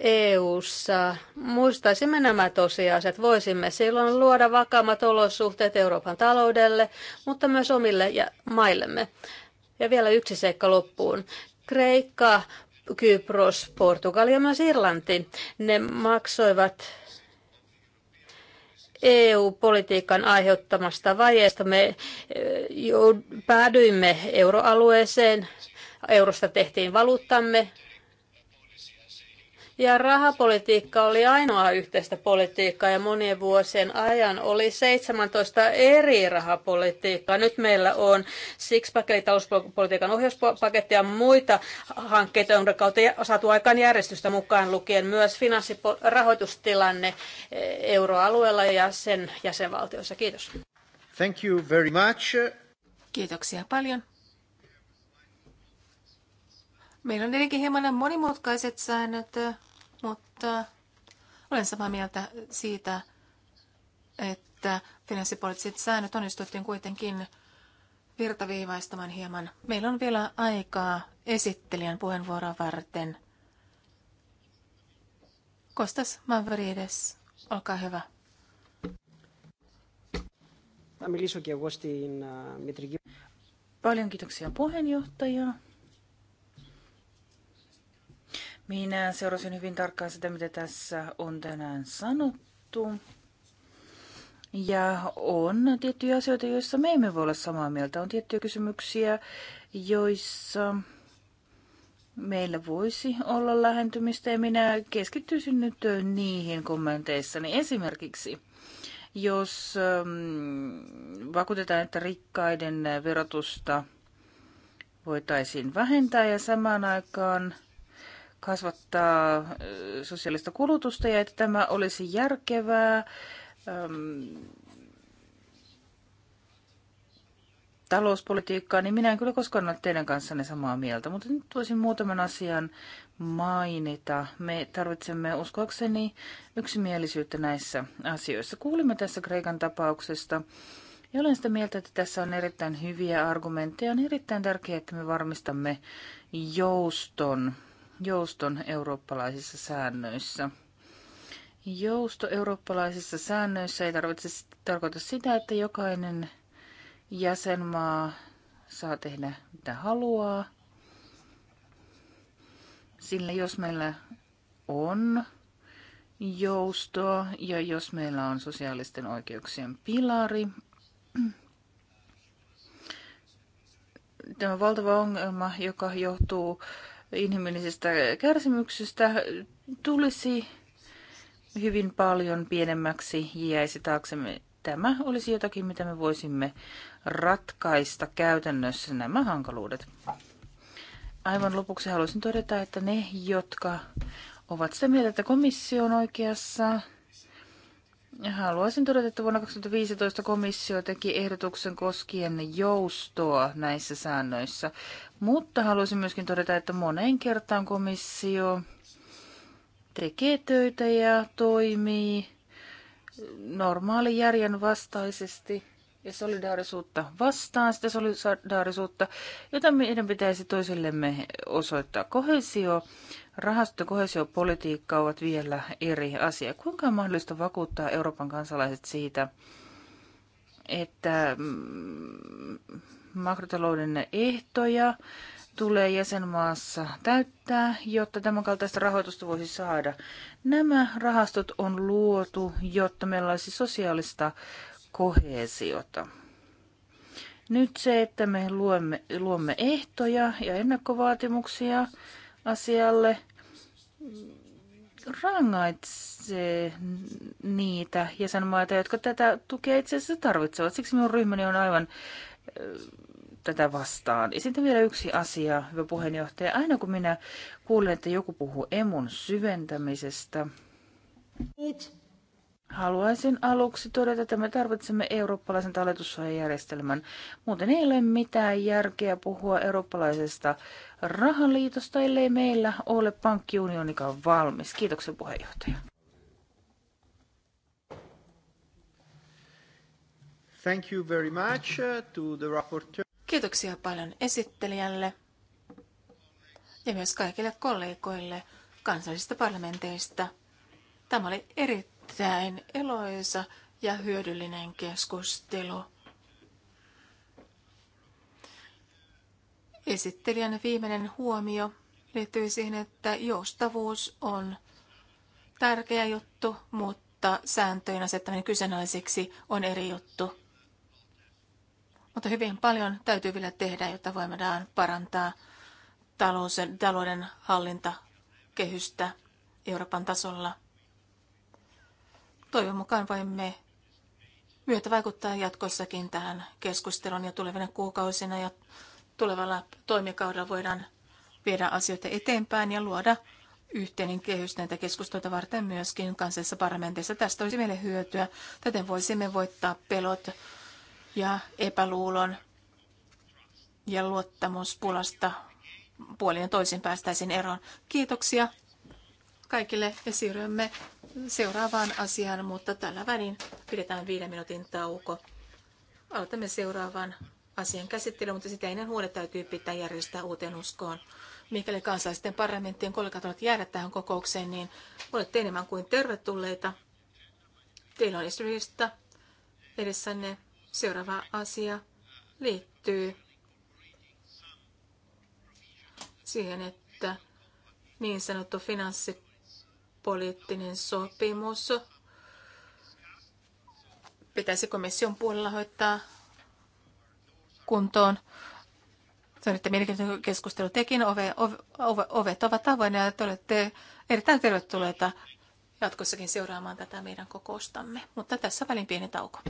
EU-ssa muistaisimme nämä tosiasiat, voisimme silloin luoda vakaammat olosuhteet Euroopan taloudelle, mutta myös omille ja maillemme. Ja vielä yksi seikka loppuun. Kreikka, Kypros, Portugali ja myös Irlanti, ne maksoivat EU-politiikan aiheuttamasta vajeesta. Me eh, päädyimme euroalueeseen, eurosta tehtiin valuuttamme, ja rahapolitiikka oli ainoa yhteistä politiikkaa ja monien vuosien ajan oli 17 eri rahapolitiikkaa. Nyt meillä on Sixpack eli talouspolitiikan ohjauspaketti ja muita hankkeita, joiden kautta saatu aikaan järjestystä mukaan lukien myös finanssirahoitustilanne euroalueella ja sen jäsenvaltioissa. Kiitos. Thank you very much. Kiitoksia paljon. Meillä on tietenkin hieman monimutkaiset säännöt olen samaa mieltä siitä, että finanssipoliittiset säännöt onnistuttiin kuitenkin virtaviivaistamaan hieman. Meillä on vielä aikaa esittelijän puheenvuoroa varten. Kostas Mavrides, olkaa hyvä. Paljon kiitoksia puheenjohtaja. Minä seurasin hyvin tarkkaan sitä, mitä tässä on tänään sanottu. Ja on tiettyjä asioita, joissa me emme voi olla samaa mieltä. On tiettyjä kysymyksiä, joissa meillä voisi olla lähentymistä ja minä keskittyisin nyt niihin kommenteissani. Esimerkiksi jos ähm, vakuutetaan, että rikkaiden verotusta voitaisiin vähentää ja samaan aikaan – kasvattaa sosiaalista kulutusta ja että tämä olisi järkevää ähm, talouspolitiikkaa, niin minä en kyllä koskaan ole teidän kanssanne samaa mieltä, mutta nyt voisin muutaman asian mainita. Me tarvitsemme uskoakseni yksimielisyyttä näissä asioissa. Kuulimme tässä Kreikan tapauksesta ja olen sitä mieltä, että tässä on erittäin hyviä argumentteja. On erittäin tärkeää, että me varmistamme jouston jouston eurooppalaisissa säännöissä. Jousto eurooppalaisissa säännöissä ei tarvitse tarkoita sitä, että jokainen jäsenmaa saa tehdä mitä haluaa. Sillä jos meillä on joustoa ja jos meillä on sosiaalisten oikeuksien pilari, tämä valtava ongelma, joka johtuu inhimillisestä kärsimyksestä tulisi hyvin paljon pienemmäksi jäisi taaksemme. Tämä olisi jotakin, mitä me voisimme ratkaista käytännössä nämä hankaluudet. Aivan lopuksi haluaisin todeta, että ne, jotka ovat sitä mieltä, että komissio on oikeassa, Haluaisin todeta, että vuonna 2015 komissio teki ehdotuksen koskien joustoa näissä säännöissä, mutta haluaisin myöskin todeta, että moneen kertaan komissio tekee töitä ja toimii normaali järjen vastaisesti ja solidaarisuutta vastaan, sitä solidaarisuutta, jota meidän pitäisi toisillemme osoittaa. Kohesio, rahasto ja kohesiopolitiikka ovat vielä eri asia. Kuinka on mahdollista vakuuttaa Euroopan kansalaiset siitä, että mm, makrotalouden ehtoja tulee jäsenmaassa täyttää, jotta tämän kaltaista rahoitusta voisi saada. Nämä rahastot on luotu, jotta meillä olisi sosiaalista kohesiota. Nyt se, että me luemme, luomme ehtoja ja ennakkovaatimuksia asialle, rangaitsee niitä jäsenmaita, jotka tätä tukea itse asiassa tarvitsevat. Siksi minun ryhmäni on aivan tätä vastaan. Ja sitten vielä yksi asia, hyvä puheenjohtaja. Aina kun minä kuulen, että joku puhuu emun syventämisestä, Haluaisin aluksi todeta, että me tarvitsemme eurooppalaisen talletussuojajärjestelmän. Muuten ei ole mitään järkeä puhua eurooppalaisesta rahaliitosta, ellei meillä ole pankkiunionikaan valmis. Kiitoksen puheenjohtaja. Thank you very much uh, to the rapporteur. Kiitoksia paljon esittelijälle ja myös kaikille kollegoille kansallisista parlamenteista. Tämä oli erittäin erittäin eloisa ja hyödyllinen keskustelu. Esittelijän viimeinen huomio liittyy siihen, että joustavuus on tärkeä juttu, mutta sääntöjen asettaminen kyseenalaiseksi on eri juttu. Mutta hyvin paljon täytyy vielä tehdä, jotta voidaan parantaa talouden hallintakehystä Euroopan tasolla – Toivon mukaan voimme myötä vaikuttaa jatkossakin tähän keskusteluun ja tulevina kuukausina ja tulevalla toimikaudella voidaan viedä asioita eteenpäin ja luoda yhteinen kehys näitä keskusteluita varten myöskin kansallisessa parlamentissa. Tästä olisi meille hyötyä. Täten voisimme voittaa pelot ja epäluulon ja luottamuspulasta puolin ja toisin päästäisiin eroon. Kiitoksia kaikille ja siirrymme seuraavaan asiaan, mutta tällä välin pidetään viiden minuutin tauko. Aloitamme seuraavan asian käsittely, mutta sitä ennen huone täytyy pitää järjestää uuteen uskoon. Mikäli kansallisten parlamenttien kollegat ovat jäädä tähän kokoukseen, niin olette enemmän kuin tervetulleita. Teillä on isturista edessänne seuraava asia liittyy siihen, että niin sanottu finanssi poliittinen sopimus pitäisi komission puolella hoitaa kuntoon. Se on nyt mielenkiintoinen keskustelu. Tekin ove, ove, ove, ovet ovat avoinna ja te olette erittäin tervetulleita jatkossakin seuraamaan tätä meidän kokoustamme. Mutta tässä välin pieni tauko.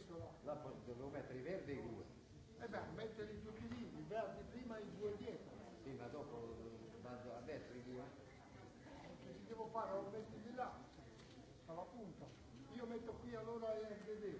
mescola. No. Là dovevo mettere i verdi e i due. Eh beh, metterli tutti lì, i verdi prima e i due dietro. Sì, ma dopo eh, vado a destra i due. Eh, che ci devo fare? Lo metti di là, alla punta. Io metto qui allora e vedete.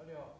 Allez, hop.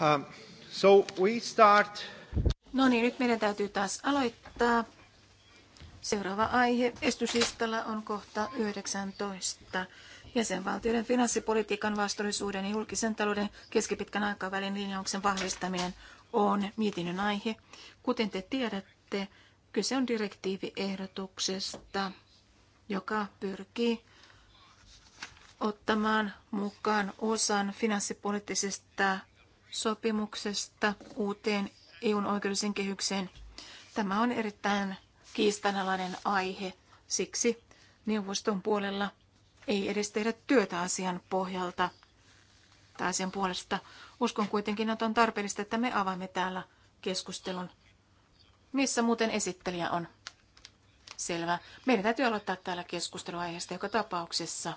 Um, so we start. No niin, nyt meidän täytyy taas aloittaa. Seuraava aihe estuslistalla on kohta 19. Jäsenvaltioiden finanssipolitiikan vastuullisuuden ja julkisen talouden keskipitkän aikavälin linjauksen vahvistaminen on mietinnön aihe. Kuten te tiedätte, kyse on direktiiviehdotuksesta, joka pyrkii ottamaan mukaan osan finanssipoliittisesta sopimuksesta uuteen EUn oikeudellisen kehykseen. Tämä on erittäin kiistanalainen aihe, siksi neuvoston puolella ei edes tehdä työtä asian pohjalta tai asian puolesta. Uskon kuitenkin, että on tarpeellista, että me avaamme täällä keskustelun. Missä muuten esittelijä on? Selvä. Meidän täytyy aloittaa täällä keskusteluaiheesta joka tapauksessa.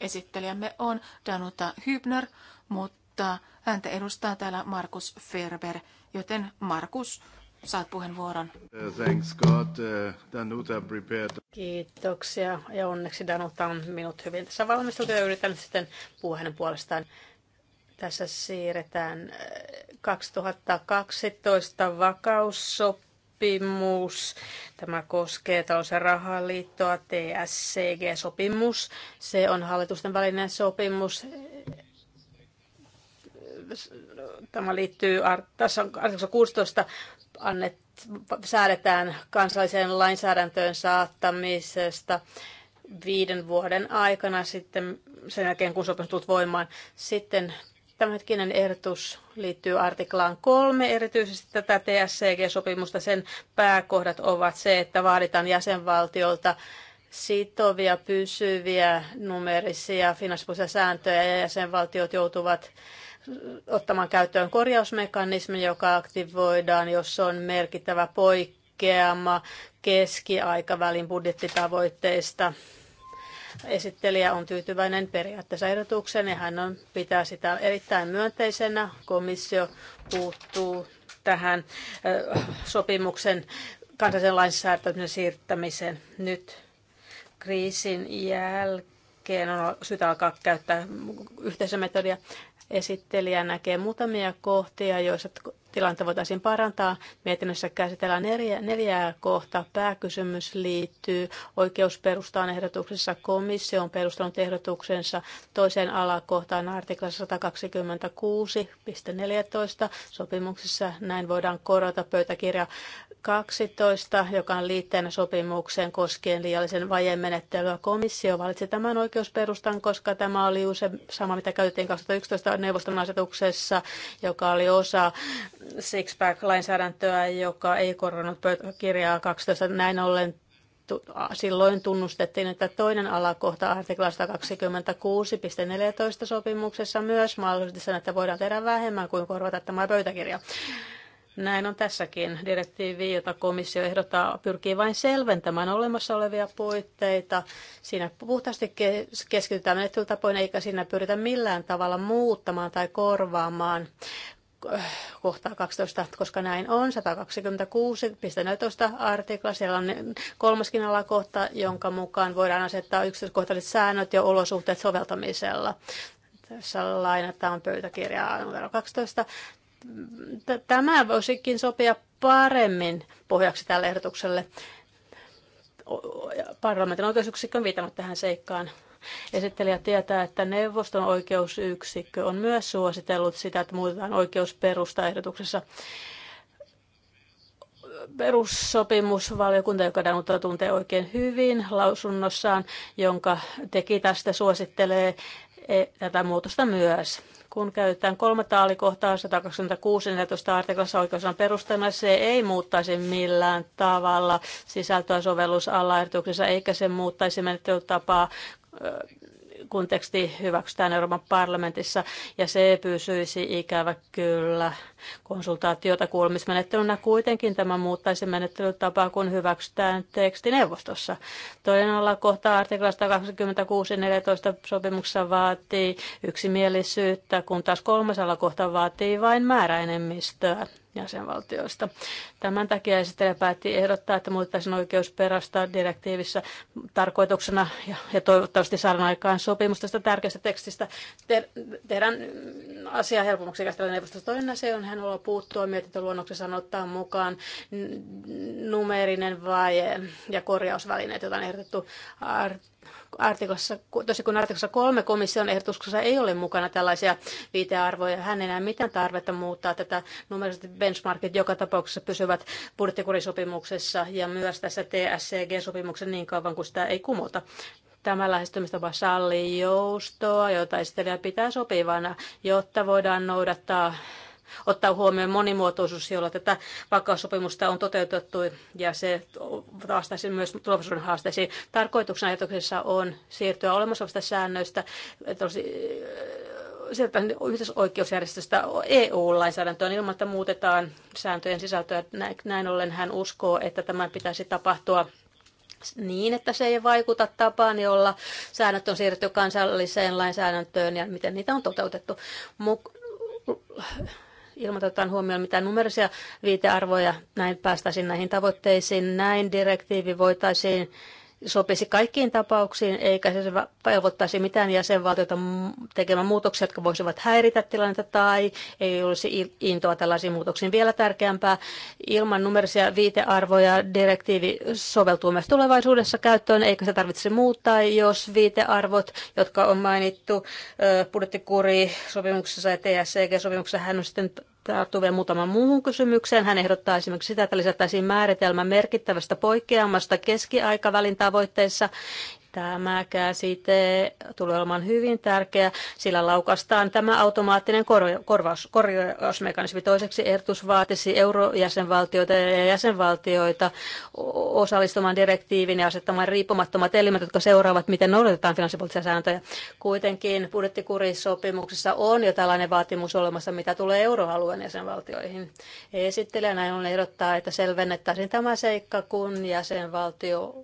Esittelijämme on Danuta Hybner, mutta mutta häntä edustaa täällä Markus Ferber, joten Markus, saat puheenvuoron. Uh, thanks God, uh, Danuta prepared. Kiitoksia ja onneksi Danuta on minut hyvin tässä valmisteltu ja yritän sitten puhua hänen puolestaan. Tässä siirretään 2012 uh, vakaussopimus. Tämä koskee talous- ja rahaliittoa TSCG-sopimus. Se on hallitusten välinen sopimus tämä liittyy, tässä on artikla 16 annet, säädetään kansalliseen lainsäädäntöön saattamisesta viiden vuoden aikana sitten sen jälkeen, kun sopimus tullut voimaan. Sitten tämänhetkinen ehdotus liittyy artiklaan kolme, erityisesti tätä TSCG-sopimusta. Sen pääkohdat ovat se, että vaaditaan jäsenvaltiolta sitovia, pysyviä, numerisia finanssipuolisia sääntöjä ja jäsenvaltiot joutuvat ottamaan käyttöön korjausmekanismi, joka aktivoidaan, jos on merkittävä poikkeama keskiaikavälin budjettitavoitteista. Esittelijä on tyytyväinen periaatteessa ehdotukseen ja hän on, pitää sitä erittäin myönteisenä. Komissio puuttuu tähän sopimuksen kansallisen lainsäädännön siirtämiseen nyt kriisin jälkeen on syytä alkaa käyttää yhteisömetodia esittelijä näkee muutamia kohtia, joissa tilannetta voitaisiin parantaa. Mietinnössä käsitellään neljä, neljää kohtaa. Pääkysymys liittyy oikeusperustaan ehdotuksessa. Komissio on perustanut ehdotuksensa toiseen alakohtaan artiklassa 126.14 sopimuksessa. Näin voidaan korota pöytäkirja 12, joka on liitteenä sopimukseen koskien liiallisen vajeen menettelyä. Komissio valitsi tämän oikeusperustan, koska tämä oli usein sama, mitä käytettiin 2011 neuvoston asetuksessa, joka oli osa Sixpack-lainsäädäntöä, joka ei korvannut kirjaa 12. Näin ollen silloin tunnustettiin, että toinen alakohta artiklasta 26.14 sopimuksessa myös mahdollisesti sen, että voidaan tehdä vähemmän kuin korvata tämä pöytäkirja. Näin on tässäkin. Direktiivi, jota komissio ehdottaa, pyrkii vain selventämään olemassa olevia puitteita. Siinä puhtaasti keskitytään menettelytapoihin, eikä siinä pyritä millään tavalla muuttamaan tai korvaamaan äh, kohtaa 12, koska näin on, 126.14 artikla, siellä on kolmaskin alakohta, jonka mukaan voidaan asettaa yksityiskohtaiset säännöt ja olosuhteet soveltamisella. Tässä lainataan pöytäkirjaa numero 12. Tämä voisikin sopia paremmin pohjaksi tälle ehdotukselle. Parlamentin oikeusyksikkö on viitannut tähän seikkaan. Esittelijä tietää, että neuvoston oikeusyksikkö on myös suositellut sitä, että muutetaan oikeusperusta ehdotuksessa perussopimusvaliokunta, joka Danuta tuntee oikein hyvin lausunnossaan, jonka teki tästä suosittelee e, tätä muutosta myös kun käytetään kolmatta alikohtaa 126 artiklassa oikeusan perusteena, se ei muuttaisi millään tavalla sisältöä sovellusalla, eikä se muuttaisi menettelytapaa kun teksti hyväksytään Euroopan parlamentissa ja se pysyisi ikävä kyllä konsultaatiota kuulemismenettelynä. Kuitenkin tämä muuttaisi menettelytapaa, kun hyväksytään teksti neuvostossa. Toinen alla kohta artiklasta 26.14 sopimuksessa vaatii yksimielisyyttä, kun taas kolmas alakohta vaatii vain määräenemmistöä jäsenvaltioista. Tämän takia esittelijä päätti ehdottaa, että muutettaisiin oikeus perastaa direktiivissä tarkoituksena ja, ja toivottavasti saadaan aikaan sopimus tästä tärkeästä tekstistä. Te, tehdään asia helpommaksi käsitellä neuvostossa. Toinen asia on hän olla puuttua mietintöluonnoksessa ottaa mukaan numerinen vaje ja korjausvälineet, joita on ehdotettu art- artikossa, tosi kun artikossa kolme komission ehdotuksessa ei ole mukana tällaisia viitearvoja, hän ei näe mitään tarvetta muuttaa tätä numeriset benchmarkit joka tapauksessa pysyvät budjettikurisopimuksessa ja myös tässä tscg sopimuksen niin kauan kuin sitä ei kumota. Tämä lähestymistapa sallii joustoa, jota esittelijä pitää sopivana, jotta voidaan noudattaa ottaa huomioon monimuotoisuus, jolla tätä vakaussopimusta on toteutettu ja se vastaisi myös tulevaisuuden haasteisiin. Tarkoituksena ajatuksessa on siirtyä olemassa olevista säännöistä tosi, äh, sieltä yhteisoikeusjärjestöstä EU-lainsäädäntöön ilman, että muutetaan sääntöjen sisältöä. Näin ollen hän uskoo, että tämän pitäisi tapahtua niin, että se ei vaikuta tapaan, jolla säännöt on siirretty kansalliseen lainsäädäntöön ja miten niitä on toteutettu. Ilmoitetaan huomioon mitä numerisia viitearvoja. Näin päästäisiin näihin tavoitteisiin. Näin direktiivi voitaisiin sopisi kaikkiin tapauksiin, eikä se velvoittaisi mitään jäsenvaltiota tekemään muutoksia, jotka voisivat häiritä tilannetta tai ei olisi intoa tällaisiin muutoksiin. Vielä tärkeämpää, ilman numerisia viitearvoja direktiivi soveltuu myös tulevaisuudessa käyttöön, eikä se tarvitse muuttaa, jos viitearvot, jotka on mainittu budjettikuri sopimuksessa ja TSCG-sopimuksessa, e hän on sitten tarttuu tulee muutama muuhun kysymykseen. Hän ehdottaa esimerkiksi sitä, että lisättäisiin määritelmä merkittävästä poikkeamasta keskiaikavälin tavoitteissa Tämä käsite tulee olemaan hyvin tärkeä, sillä laukastaan tämä automaattinen korvaus, korjausmekanismi. Toiseksi Ertus vaatisi eurojäsenvaltioita ja jäsenvaltioita osallistumaan direktiivin ja asettamaan riippumattomat elimet, jotka seuraavat, miten noudatetaan finanssipoliittisia sääntöjä. Kuitenkin budjettikurissopimuksessa on jo tällainen vaatimus olemassa, mitä tulee euroalueen jäsenvaltioihin. Esittelijä näin on ehdottaa, että selvennettäisiin tämä seikka, kun jäsenvaltio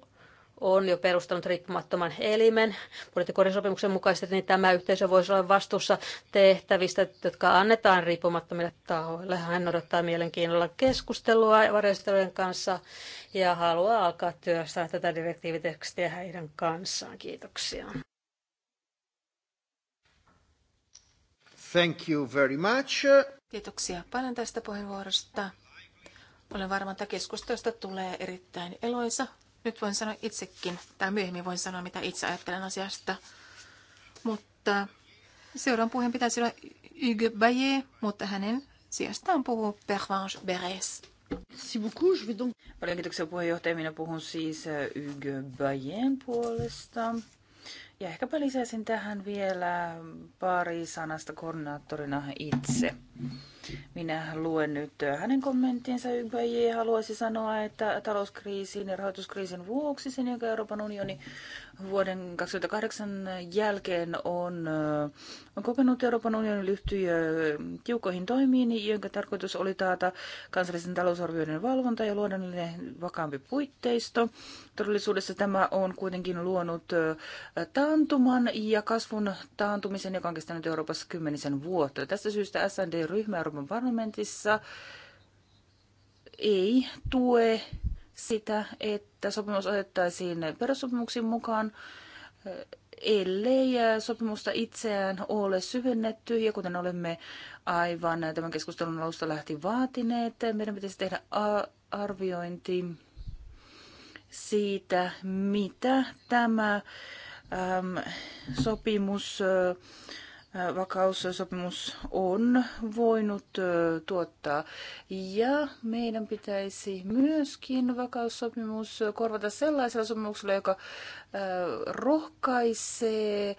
on jo perustanut riippumattoman elimen budjettikorin sopimuksen mukaisesti, niin tämä yhteisö voisi olla vastuussa tehtävistä, jotka annetaan riippumattomille tahoille. Hän odottaa mielenkiinnolla keskustelua varjoistelujen kanssa ja haluaa alkaa työstää tätä direktiivitekstiä heidän kanssaan. Kiitoksia. Thank you very much. Kiitoksia paljon tästä puheenvuorosta. Olen varma, että keskustelusta tulee erittäin eloisa, nyt voin sanoa itsekin, tai myöhemmin voin sanoa, mitä itse ajattelen asiasta. Mutta seuraavan puheen pitäisi olla Hugues Baye, mutta hänen sijastaan puhuu Pervange Beres. Paljon kiitoksia puheenjohtaja. Minä puhun siis äh, Hugues Bayen puolesta. Ja ehkäpä lisäisin tähän vielä pari sanasta koordinaattorina itse. Mm. Minä luen nyt hänen kommenttinsa. YBJ haluaisi sanoa, että talouskriisin ja rahoituskriisin vuoksi sen, joka Euroopan unioni vuoden 2008 jälkeen on, äh, on kokenut Euroopan unionin lyhtyi äh, tiukoihin toimiin, jonka tarkoitus oli taata kansallisen talousarvioiden valvonta ja luoda niille vakaampi puitteisto. Todellisuudessa tämä on kuitenkin luonut äh, taantuman ja kasvun taantumisen, joka on kestänyt Euroopassa kymmenisen vuotta. Tästä syystä SND-ryhmä Euroopan parlamentissa ei tue sitä, että sopimus otettaisiin perussopimuksiin mukaan, ellei sopimusta itseään ole syvennetty. Ja kuten olemme aivan tämän keskustelun alusta lähti vaatineet, meidän pitäisi tehdä arviointi siitä, mitä tämä äm, sopimus äh, vakaussopimus on voinut tuottaa. Ja meidän pitäisi myöskin vakaussopimus korvata sellaisella sopimuksella, joka rohkaisee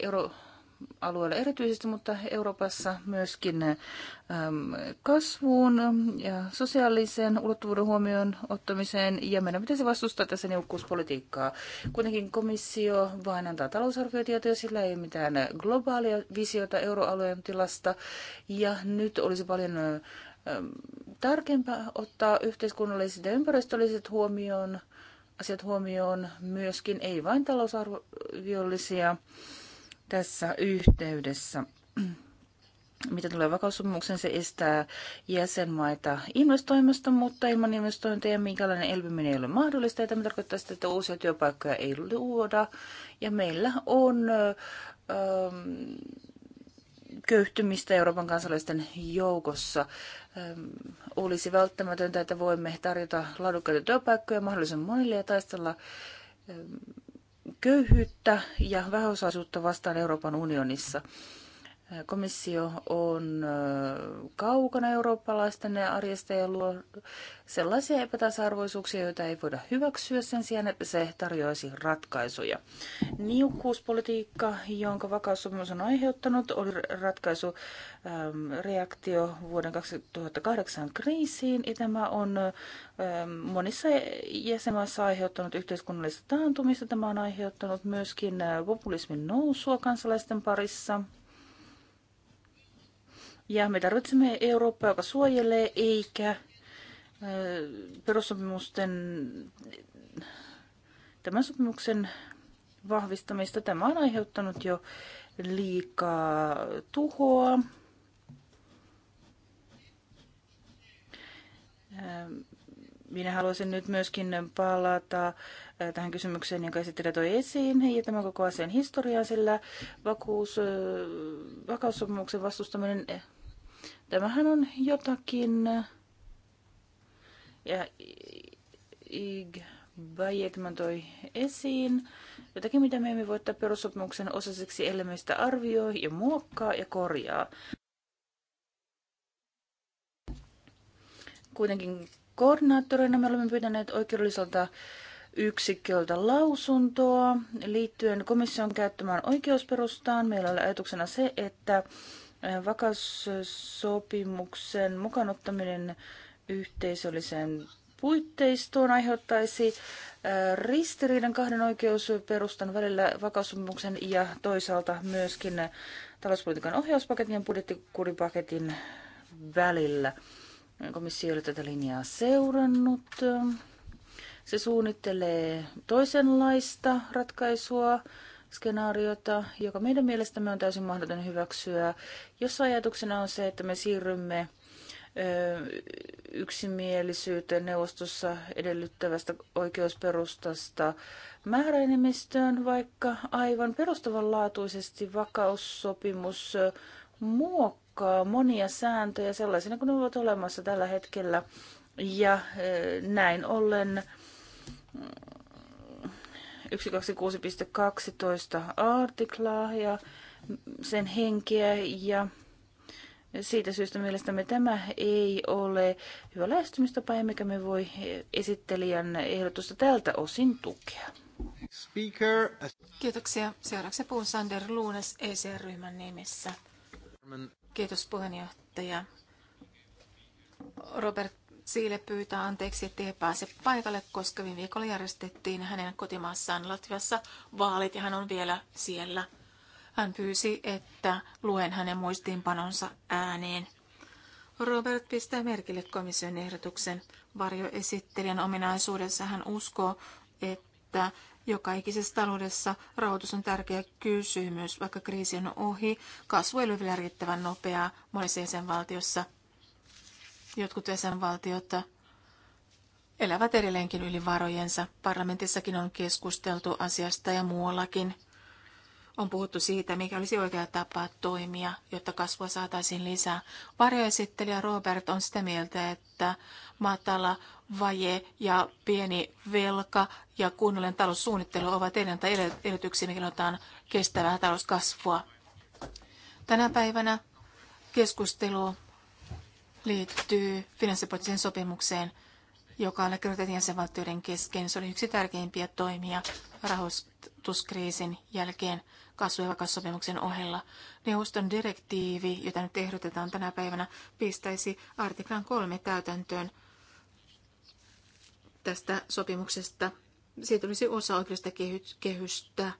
euro alueella erityisesti, mutta Euroopassa myöskin ähm, kasvuun ja sosiaalisen ulottuvuuden huomioon ottamiseen, ja meidän pitäisi vastustaa tässä niukkuuspolitiikkaa. Kuitenkin komissio vain antaa talousarviotietoja, sillä ei mitään globaalia visiota euroalueen tilasta, ja nyt olisi paljon ähm, tärkeämpää ottaa yhteiskunnalliset ja ympäristölliset huomioon, asiat huomioon myöskin, ei vain talousarviollisia tässä yhteydessä. Mitä tulee vakaussopimukseen, se estää jäsenmaita investoimasta, mutta ilman investointeja minkälainen elpyminen ei ole mahdollista. Ja tämä tarkoittaa sitä, että uusia työpaikkoja ei luoda. Ja meillä on ähm, köyhtymistä Euroopan kansalaisten joukossa. Ähm, olisi välttämätöntä, että voimme tarjota laadukkaita työpaikkoja mahdollisimman monille ja taistella ähm, köyhyyttä ja vähäosaisuutta vastaan Euroopan unionissa. Komissio on kaukana eurooppalaisten arjesta ja luo sellaisia epätasa-arvoisuuksia, joita ei voida hyväksyä sen sijaan, että se tarjoaisi ratkaisuja. Niukkuuspolitiikka, jonka vakaussopimus on aiheuttanut, oli ratkaisu ähm, reaktio vuoden 2008 kriisiin, ja tämä on ähm, monissa jäsenmaissa aiheuttanut yhteiskunnallista taantumista. Tämä on aiheuttanut myöskin äh, populismin nousua kansalaisten parissa ja me tarvitsemme Eurooppaa, joka suojelee, eikä perussopimusten, tämän sopimuksen vahvistamista. Tämä on aiheuttanut jo liikaa tuhoa. Minä haluaisin nyt myöskin palata tähän kysymykseen, jonka esittelijä toi esiin, ja tämän koko asian historiaa, sillä vakuus, vakaussopimuksen vastustaminen Tämähän on jotakin... Ja Ig Bayetman toi esiin, jotakin mitä me emme voi ottaa perussopimuksen osaseksi, ellei arvioi ja muokkaa ja korjaa. Kuitenkin koordinaattoreina me olemme pyytäneet oikeudelliselta yksiköltä lausuntoa liittyen komission käyttämään oikeusperustaan. Meillä oli ajatuksena se, että vakaussopimuksen mukaanottaminen yhteisölliseen puitteistoon aiheuttaisi ristiriidan kahden oikeusperustan välillä vakaussopimuksen ja toisaalta myöskin talouspolitiikan ohjauspaketin ja budjettikuripaketin välillä. Komissio oli tätä linjaa seurannut. Se suunnittelee toisenlaista ratkaisua skenaariota, joka meidän mielestämme on täysin mahdoton hyväksyä, jos ajatuksena on se, että me siirrymme yksimielisyyteen neuvostossa edellyttävästä oikeusperustasta määräenemmistöön, vaikka aivan perustavanlaatuisesti vakaussopimus muokkaa monia sääntöjä sellaisina kuin ne ovat olemassa tällä hetkellä. Ja näin ollen 126.12 artiklaa ja sen henkeä ja siitä syystä mielestämme tämä ei ole hyvä lähestymistapa, emmekä me voi esittelijän ehdotusta tältä osin tukea. Speaker. Kiitoksia. Seuraavaksi puhun Sander Luunes ECR-ryhmän nimissä. Kiitos puheenjohtaja. Robert Siile pyytää anteeksi, ettei he pääse paikalle, koska viime viikolla järjestettiin hänen kotimaassaan Latviassa vaalit ja hän on vielä siellä. Hän pyysi, että luen hänen muistiinpanonsa ääneen. Robert pistää merkille komission ehdotuksen. Varjoesittelijän ominaisuudessa hän uskoo, että joka ikisessä taloudessa rahoitus on tärkeä kysymys, vaikka kriisi on ohi. Kasvu ei ole vielä riittävän nopeaa monissa jäsenvaltiossa – Jotkut jäsenvaltiot elävät edelleenkin yli varojensa. Parlamentissakin on keskusteltu asiasta ja muuallakin. On puhuttu siitä, mikä olisi oikea tapa toimia, jotta kasvua saataisiin lisää. Varjoesittelijä Robert on sitä mieltä, että matala vaje ja pieni velka ja kunnollinen taloussuunnittelu ovat edellä edellytyksiä, mikä otetaan kestävää talouskasvua. Tänä päivänä keskustelu liittyy finanssipoliittiseen sopimukseen, joka allekirjoitettiin jäsenvaltioiden kesken. Se oli yksi tärkeimpiä toimia rahoituskriisin jälkeen kasvu- ja vakaussopimuksen ohella. Neuvoston direktiivi, jota nyt ehdotetaan tänä päivänä, pistäisi artiklan kolme täytäntöön tästä sopimuksesta. Siitä tulisi osa oikeudesta kehystä,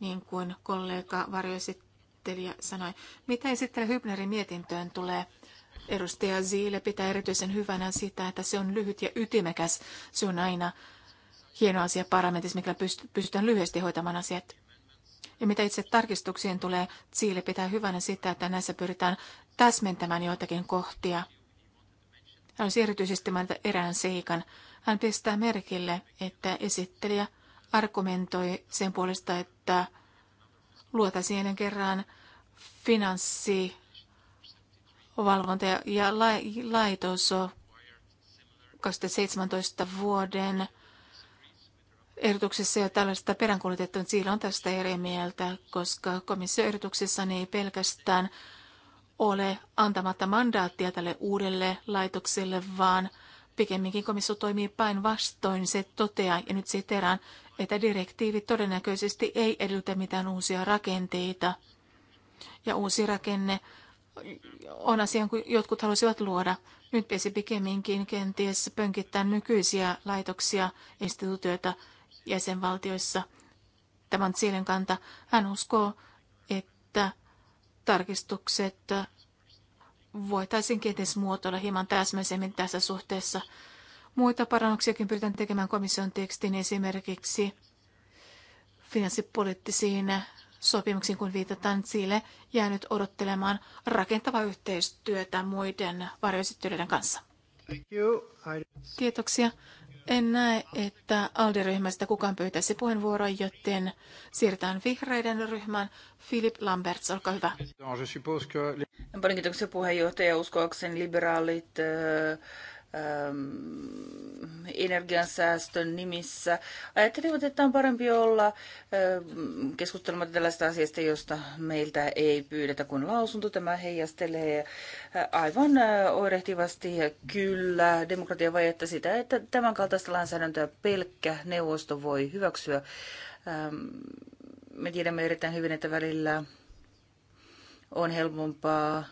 niin kuin kollega varjoesittelijä sanoi. Mitä sitten Hybnerin mietintöön tulee? Edustaja Ziile pitää erityisen hyvänä sitä, että se on lyhyt ja ytimekäs. Se on aina hieno asia parlamentissa, mikä pystytään lyhyesti hoitamaan asiat. Ja mitä itse tarkistuksiin tulee, Ziile pitää hyvänä sitä, että näissä pyritään täsmentämään joitakin kohtia. Hän olisi erityisesti mainita erään seikan. Hän pistää merkille, että esittelijä argumentoi sen puolesta, että luotaisiin kerran finanssi valvonta ja laitos 2017 vuoden ehdotuksessa ja tällaista peräänkuulutettu, että sillä on tästä eri mieltä, koska komission ehdotuksessa ei pelkästään ole antamatta mandaattia tälle uudelle laitokselle, vaan pikemminkin komissio toimii päinvastoin. Se toteaa, ja nyt siteraan, että direktiivi todennäköisesti ei edellytä mitään uusia rakenteita. Ja uusi rakenne on asia, kun jotkut halusivat luoda. Nyt pitäisi pikemminkin kenties pönkittää nykyisiä laitoksia, instituutioita jäsenvaltioissa. Tämä on Sielen kanta. Hän uskoo, että tarkistukset voitaisiin kenties muotoilla hieman täsmäisemmin tässä suhteessa. Muita parannuksiakin pyritään tekemään komission tekstin esimerkiksi finanssipoliittisiin sopimuksiin, kun viitataan Chile jäänyt odottelemaan rakentavaa yhteistyötä muiden varjoesittelyiden kanssa. Kiitoksia. En näe, että ALDE-ryhmästä kukaan pyytäisi puheenvuoroa, joten siirrytään vihreiden ryhmään. Philip Lamberts, olkaa hyvä. No, paljon kiitoksia puheenjohtaja. Uskoakseni liberaalit äh, Ähm, energiansäästön nimissä. Ajattelin, että on parempi olla ähm, keskustelematta tällaista asiasta, josta meiltä ei pyydetä kuin lausunto. Tämä heijastelee äh, aivan äh, oirehtivasti kyllä demokratiavajetta sitä, että tämän kaltaista lainsäädäntöä pelkkä neuvosto voi hyväksyä. Ähm, me tiedämme erittäin hyvin, että välillä on helpompaa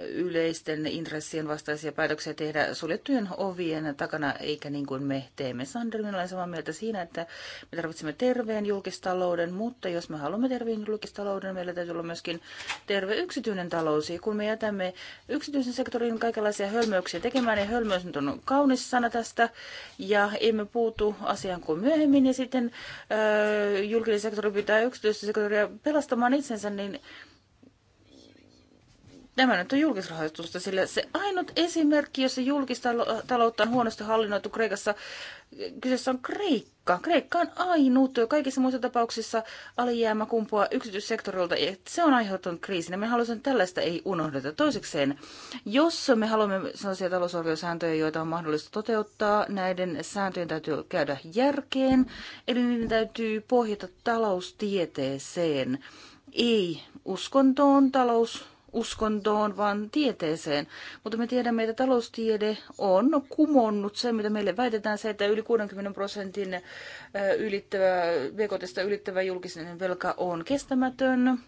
yleisten intressien vastaisia päätöksiä tehdä suljettujen ovien takana, eikä niin kuin me teemme. Sander, minä olen samaa mieltä siinä, että me tarvitsemme terveen julkistalouden, mutta jos me haluamme terveen julkistalouden, meillä täytyy olla myöskin terve yksityinen talous. Ja kun me jätämme yksityisen sektorin kaikenlaisia hölmöyksiä tekemään, niin hölmöys nyt on kaunis sana tästä, ja emme puutu asiaan kuin myöhemmin, ja sitten äh, julkinen sektori pitää yksityistä sektoria pelastamaan itsensä, niin äh, Nämä nyt on julkisrahoitusta, sillä se ainut esimerkki, jossa julkistaloutta on huonosti hallinnoitu Kreikassa, kyseessä on Kreikka. Kreikka on ainut. Kaikissa muissa tapauksissa alijäämä kumpua yksityissektorilta ja se on aiheuttanut kriisin. Me haluaisin, että tällaista ei unohdeta. Toisekseen, jos me haluamme sellaisia talousarviosääntöjä, joita on mahdollista toteuttaa, näiden sääntöjen täytyy käydä järkeen, eli niiden täytyy pohjata taloustieteeseen, ei uskontoon, talous uskontoon, vaan tieteeseen. Mutta me tiedämme, että taloustiede on kumonnut se, mitä meille väitetään, se, että yli 60 prosentin ylittävä, BKTstä ylittävä julkisen velka on kestämätön.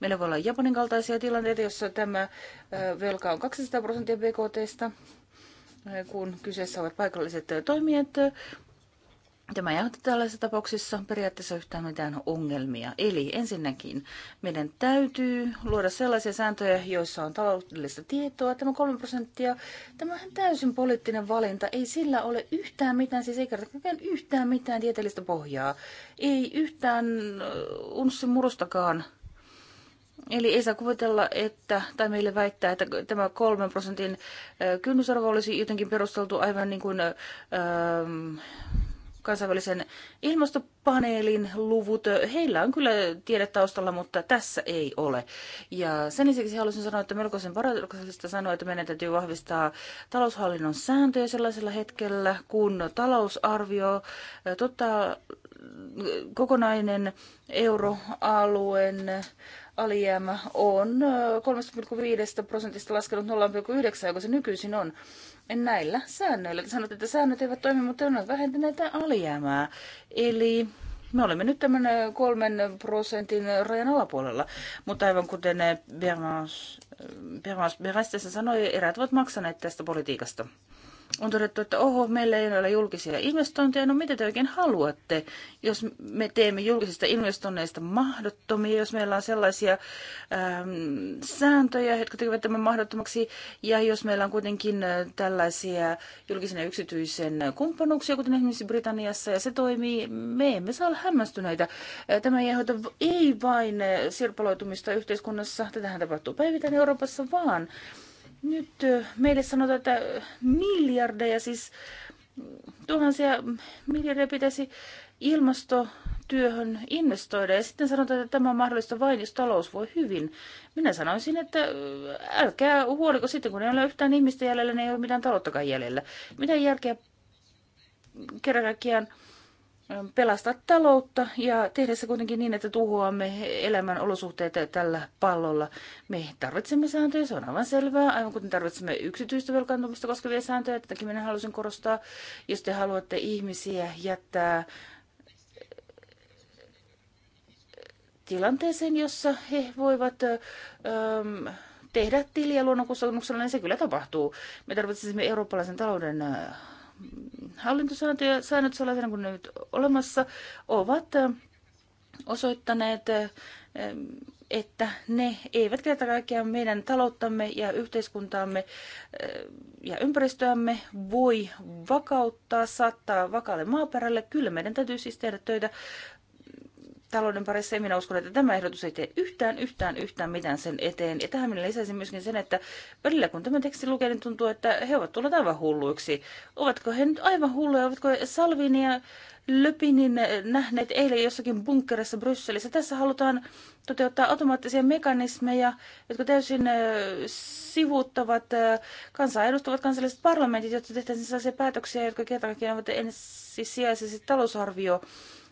Meillä voi olla Japanin kaltaisia tilanteita, jossa tämä velka on 200 prosenttia BKTstä kun kyseessä ovat paikalliset toimijat, Tämä ei aiheuta tällaisissa tapauksissa periaatteessa yhtään mitään ongelmia. Eli ensinnäkin meidän täytyy luoda sellaisia sääntöjä, joissa on taloudellista tietoa. Tämä 3 prosenttia, tämä on täysin poliittinen valinta. Ei sillä ole yhtään mitään, siis ei kertakaan yhtään mitään tieteellistä pohjaa. Ei yhtään äh, unssin murustakaan. Eli ei saa kuvitella, että, tai meille väittää, että tämä kolmen prosentin äh, kynnysarvo olisi jotenkin perusteltu aivan niin kuin... ähm, kansainvälisen ilmastopaneelin luvut. Heillä on kyllä tiede taustalla, mutta tässä ei ole. Ja sen lisäksi haluaisin sanoa, että melkoisen varoituksesta sanoa, että meidän täytyy vahvistaa taloushallinnon sääntöjä sellaisella hetkellä, kun talousarvio tota, kokonainen euroalueen alijäämä on 3,5 prosentista laskenut 0,9, joka se nykyisin on. En näillä säännöillä. Te sanotte, että säännöt eivät toimi, mutta ne ovat vähentäneet alijäämää. Eli me olemme nyt tämän kolmen prosentin rajan alapuolella, mutta aivan kuten Bermas Berastes sanoi, eräät ovat maksaneet tästä politiikasta on todettu, että oho, meillä ei ole julkisia investointeja. No mitä te oikein haluatte, jos me teemme julkisista investoinneista mahdottomia, jos meillä on sellaisia ähm, sääntöjä, jotka tekevät tämän mahdottomaksi, ja jos meillä on kuitenkin äh, tällaisia julkisen ja yksityisen kumppanuuksia, kuten esimerkiksi Britanniassa, ja se toimii, me emme saa olla hämmästyneitä. Äh, tämä ei aiheuta ei vain äh, sirpaloitumista yhteiskunnassa, tätähän tapahtuu päivittäin Euroopassa, vaan nyt meille sanotaan, että miljardeja, siis tuhansia miljardeja pitäisi ilmastotyöhön investoida. Ja sitten sanotaan, että tämä on mahdollista vain, jos talous voi hyvin. Minä sanoisin, että älkää huoliko sitten, kun ei ole yhtään ihmistä jäljellä, niin ei ole mitään talouttakaan jäljellä. Mitä järkeä kerran pelastaa taloutta ja tehdä se kuitenkin niin, että tuhoamme elämän olosuhteita tällä pallolla. Me tarvitsemme sääntöjä, se on aivan selvää, aivan kuten tarvitsemme yksityistä velkaantumista koskevia sääntöjä. Tätäkin minä halusin korostaa, jos te haluatte ihmisiä jättää tilanteeseen, jossa he voivat... Öö, tehdä tiliä luonnonkustannuksella, niin se kyllä tapahtuu. Me tarvitsisimme eurooppalaisen talouden äh, hallintosäännöt ja säännöt sellaisena kuin ne nyt olemassa ovat äh, osoittaneet, äh, että ne eivät kerta kaikkiaan meidän talouttamme ja yhteiskuntaamme äh, ja ympäristöämme voi vakauttaa, saattaa vakaalle maaperälle. Kyllä meidän täytyy siis tehdä töitä talouden parissa, ja minä uskon, että tämä ehdotus ei tee yhtään, yhtään, yhtään mitään sen eteen. Ja tähän minä lisäisin myöskin sen, että välillä kun tämä teksti lukee, niin tuntuu, että he ovat tulleet aivan hulluiksi. Ovatko he nyt aivan hulluja? Ovatko Salvini ja Löpinin nähneet eilen jossakin bunkkerissa Brysselissä? Tässä halutaan toteuttaa automaattisia mekanismeja, jotka täysin sivuuttavat kansaa edustavat kansalliset parlamentit, jotta tehtäisiin sellaisia päätöksiä, jotka kertaakin ovat ensisijaisesti talousarvio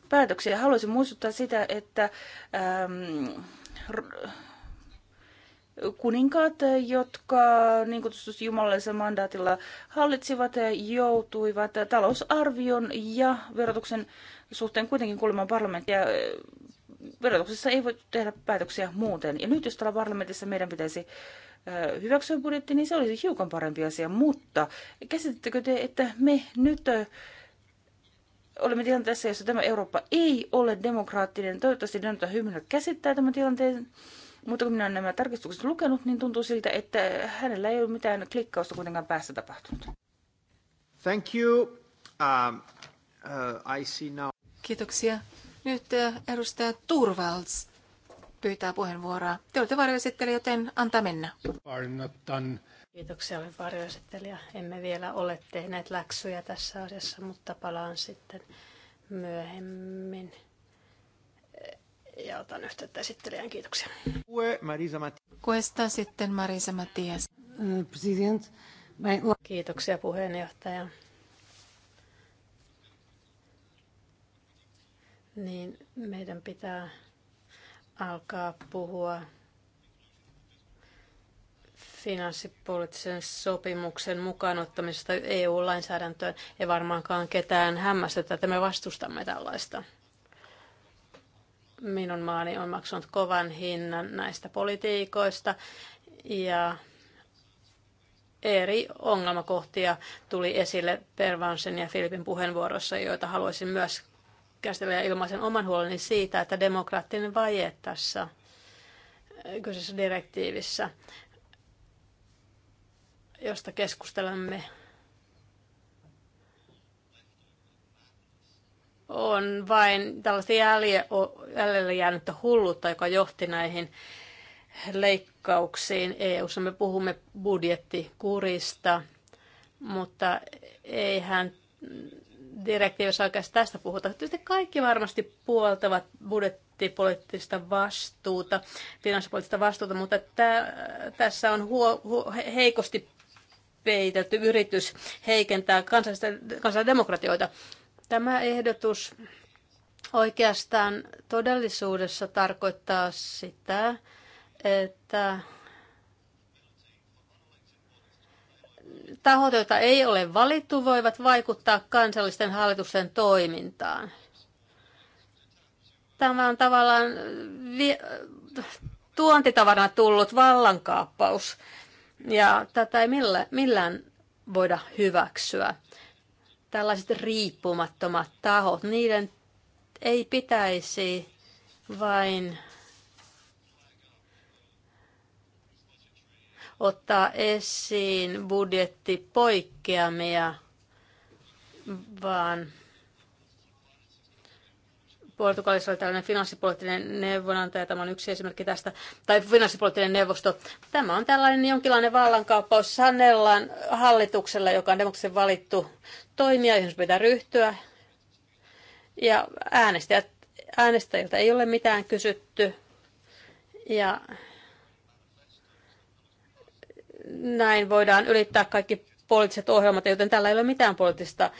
päätöksiä. Haluaisin muistuttaa sitä, että ähm, kuninkaat, jotka niin kutsutusti jumalallisella mandaatilla hallitsivat, joutuivat talousarvion ja verotuksen suhteen kuitenkin kuulemaan parlamenttia. Äh, verotuksessa ei voi tehdä päätöksiä muuten. Ja nyt jos täällä parlamentissa meidän pitäisi äh, hyväksyä budjetti, niin se olisi hiukan parempi asia. Mutta käsitettekö te, että me nyt äh, olemme tilanteessa, jossa tämä Eurooppa ei ole demokraattinen. Toivottavasti Danuta Hymylä käsittää tämän tilanteen. Mutta kun minä olen nämä tarkistukset lukenut, niin tuntuu siltä, että hänellä ei ole mitään klikkausta kuitenkaan päässä tapahtunut. Thank you. Um, uh, I see now. Kiitoksia. Nyt uh, edustaja Turvalds pyytää puheenvuoroa. Te olette varjoesittelijä, joten antaa mennä. not done. Kiitoksia, olen varjoesittelijä. Emme vielä ole tehneet läksyjä tässä asiassa, mutta palaan sitten myöhemmin ja otan yhteyttä esittelijään. Kiitoksia. Kuesta sitten Marisa Matias. Mm, president. Kiitoksia puheenjohtaja. Niin meidän pitää alkaa puhua finanssipoliittisen sopimuksen mukaanottamisesta EU-lainsäädäntöön ei varmaankaan ketään hämmästytä, että me vastustamme tällaista. Minun maani on maksanut kovan hinnan näistä politiikoista ja eri ongelmakohtia tuli esille Pervansen ja Filipin puheenvuorossa, joita haluaisin myös käsitellä ja ilmaisen oman huoleni siitä, että demokraattinen vaje tässä kyseisessä direktiivissä josta keskustelemme, on vain tällaista jäljellä jäänyttä hulluutta, joka johti näihin leikkauksiin eu Me puhumme budjettikurista, mutta eihän direktiivissä oikeastaan tästä puhuta. Tietysti kaikki varmasti puoltavat budjettipoliittista vastuuta, finanssipoliittista vastuuta, mutta tää, tässä on huo, huo, heikosti peitetty yritys heikentää kansallisdemokratioita. Tämä ehdotus oikeastaan todellisuudessa tarkoittaa sitä, että tahot, joita ei ole valittu, voivat vaikuttaa kansallisten hallitusten toimintaan. Tämä on tavallaan vi- tullut vallankaappaus. Ja tätä ei millä, millään voida hyväksyä. Tällaiset riippumattomat tahot, niiden ei pitäisi vain ottaa esiin budjettipoikkeamia, vaan Portugalissa oli tällainen finanssipoliittinen neuvonantaja, tämä on yksi esimerkki tästä, tai finanssipoliittinen neuvosto. Tämä on tällainen jonkinlainen vallankaappaus, Sanellan hallituksella, joka on demokraattisesti valittu toimija, johon pitää ryhtyä. Ja äänestäjät, äänestäjiltä ei ole mitään kysytty. Ja näin voidaan ylittää kaikki poliittiset ohjelmat, joten tällä ei ole mitään poliittista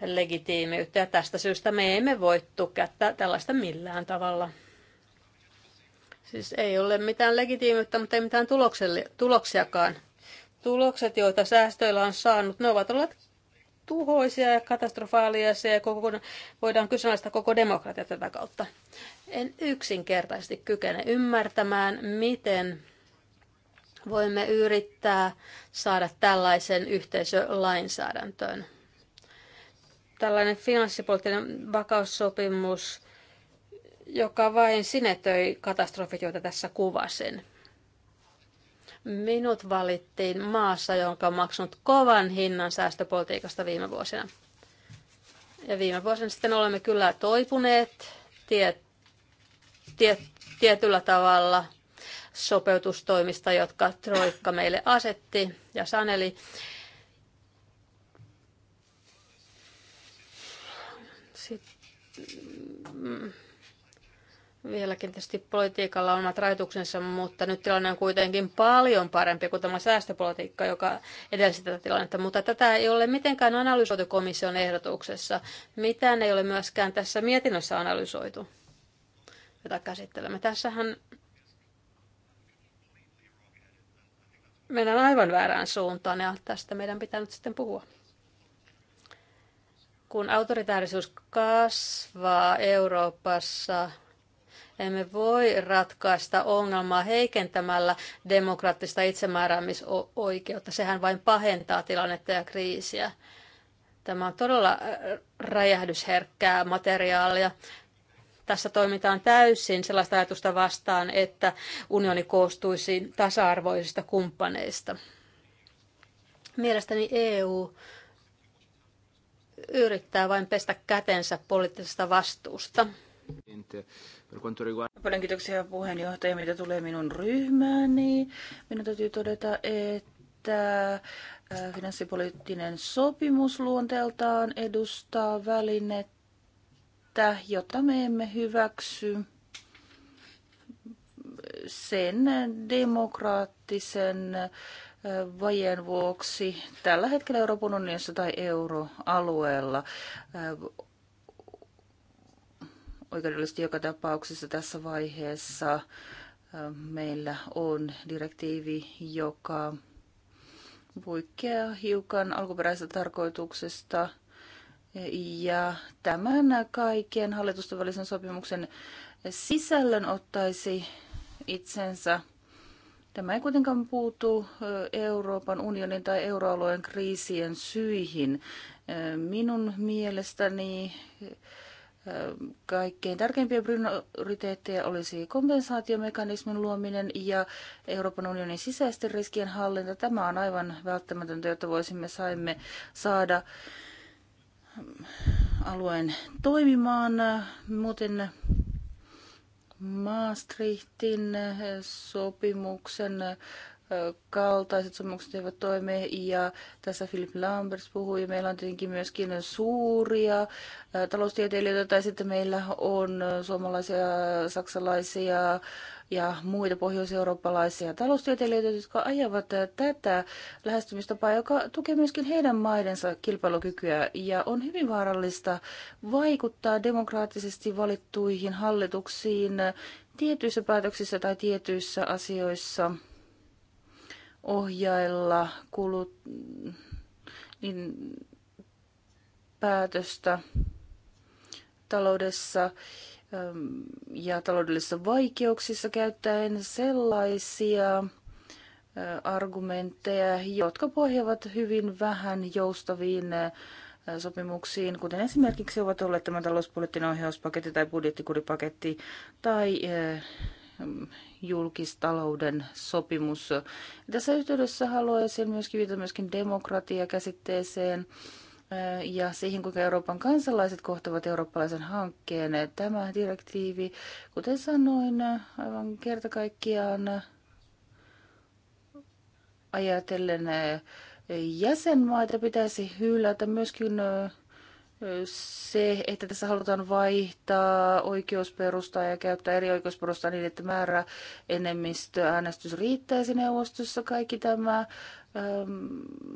legitiimiyttä ja tästä syystä me emme voi tukea tällaista millään tavalla. Siis ei ole mitään legitiimiyttä, mutta ei mitään tuloksiakaan. Tulokset, joita säästöillä on saanut, ne ovat olleet tuhoisia ja katastrofaalisia ja koko, voidaan kyseenalaistaa koko demokratia tätä kautta. En yksinkertaisesti kykene ymmärtämään, miten voimme yrittää saada tällaisen yhteisölainsäädäntöön tällainen finanssipoliittinen vakaussopimus, joka vain sinetöi katastrofit, joita tässä kuvasin. Minut valittiin maassa, jonka on maksanut kovan hinnan säästöpolitiikasta viime vuosina. Ja viime vuosina sitten olemme kyllä toipuneet tie, tie, tietyllä tavalla sopeutustoimista, jotka Troikka meille asetti ja saneli. Mm. Vieläkin tietysti politiikalla on omat rajoituksensa, mutta nyt tilanne on kuitenkin paljon parempi kuin tämä säästöpolitiikka, joka edelsi tätä tilannetta. Mutta tätä ei ole mitenkään analysoitu komission ehdotuksessa. Mitään ei ole myöskään tässä mietinnössä analysoitu, jota käsittelemme. Tässähän mennään aivan väärään suuntaan ja tästä meidän pitää nyt sitten puhua kun autoritaarisuus kasvaa Euroopassa, emme voi ratkaista ongelmaa heikentämällä demokraattista itsemääräämisoikeutta. Sehän vain pahentaa tilannetta ja kriisiä. Tämä on todella äh, räjähdysherkkää materiaalia. Tässä toimitaan täysin sellaista ajatusta vastaan, että unioni koostuisi tasa-arvoisista kumppaneista. Mielestäni EU yrittää vain pestä kätensä poliittisesta vastuusta. Paljon kiitoksia puheenjohtaja, mitä tulee minun niin Minun täytyy todeta, että äh, finanssipoliittinen sopimus luonteeltaan edustaa välinettä, jota me emme hyväksy sen demokraattisen vajeen vuoksi tällä hetkellä Euroopan unionissa tai euroalueella. Oikeudellisesti joka tapauksessa tässä vaiheessa meillä on direktiivi, joka poikkeaa hiukan alkuperäisestä tarkoituksesta. Ja tämän kaiken hallitusten välisen sopimuksen sisällön ottaisi itsensä Tämä ei kuitenkaan puutu Euroopan unionin tai euroalueen kriisien syihin. Minun mielestäni kaikkein tärkeimpiä prioriteetteja olisi kompensaatiomekanismin luominen ja Euroopan unionin sisäisten riskien hallinta. Tämä on aivan välttämätöntä, jotta voisimme saimme saada alueen toimimaan. Muuten Maastrichtin sopimuksen kaltaiset sopimukset eivät toimi ja tässä Philip Lambers puhui. Meillä on tietenkin myöskin suuria taloustieteilijöitä tai sitten meillä on suomalaisia, saksalaisia, ja muita pohjoiseurooppalaisia taloustieteilijöitä, jotka ajavat tätä lähestymistapaa, joka tukee myöskin heidän maidensa kilpailukykyä ja on hyvin vaarallista vaikuttaa demokraattisesti valittuihin hallituksiin tietyissä päätöksissä tai tietyissä asioissa ohjailla kulut, niin päätöstä taloudessa ja taloudellisissa vaikeuksissa käyttäen sellaisia argumentteja, jotka pohjavat hyvin vähän joustaviin sopimuksiin, kuten esimerkiksi ovat olleet tämä talouspoliittinen ohjauspaketti tai budjettikuripaketti tai julkistalouden sopimus. Tässä yhteydessä haluaisin myöskin viitata myöskin demokratia käsitteeseen ja siihen, kuinka Euroopan kansalaiset kohtavat eurooppalaisen hankkeen. Tämä direktiivi, kuten sanoin, aivan kerta kaikkiaan ajatellen jäsenmaita pitäisi hylätä myöskin se, että tässä halutaan vaihtaa oikeusperustaa ja käyttää eri oikeusperustaa niin, että määrä enemmistöäänestys riittäisi neuvostossa, kaikki tämä äm,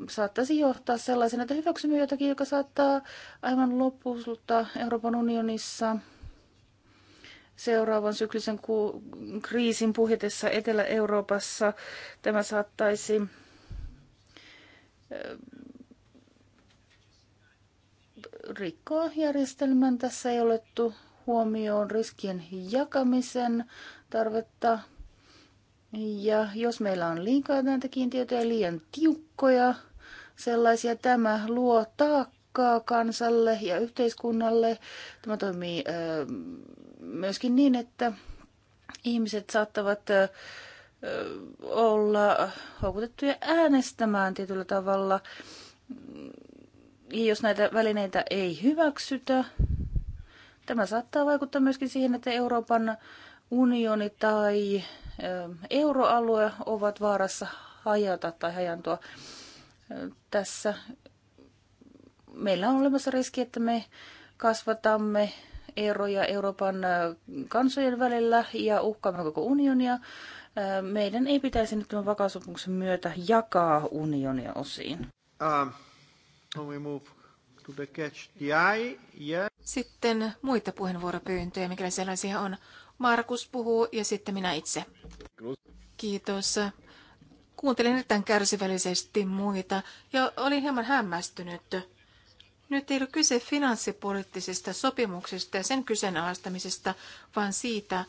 saattaisi johtaa sellaisen, että hyväksymme jotakin, joka saattaa aivan lopulta Euroopan unionissa seuraavan syklisen kriisin puhjetessa Etelä-Euroopassa. Tämä saattaisi äm, rikkoa järjestelmän. Tässä ei olettu huomioon riskien jakamisen tarvetta. Ja jos meillä on liikaa näitä kiintiöitä ja liian tiukkoja sellaisia, tämä luo taakkaa kansalle ja yhteiskunnalle. Tämä toimii myöskin niin, että ihmiset saattavat olla houkutettuja äänestämään tietyllä tavalla ja jos näitä välineitä ei hyväksytä, tämä saattaa vaikuttaa myöskin siihen, että Euroopan unioni tai euroalue ovat vaarassa hajata tai hajantua. Tässä meillä on olemassa riski, että me kasvatamme eroja Euroopan kansojen välillä ja uhkaamme koko unionia. Meidän ei pitäisi nyt tämän vakaussopimuksen myötä jakaa unionia osiin. Uh. Sitten muita puheenvuoropyyntöjä, mikä sellaisia on. Markus puhuu ja sitten minä itse. Kiitos. Kuuntelin erittäin kärsivällisesti muita ja olin hieman hämmästynyt. Nyt ei ole kyse finanssipoliittisesta sopimuksesta ja sen kyseenalaistamisesta, vaan siitä,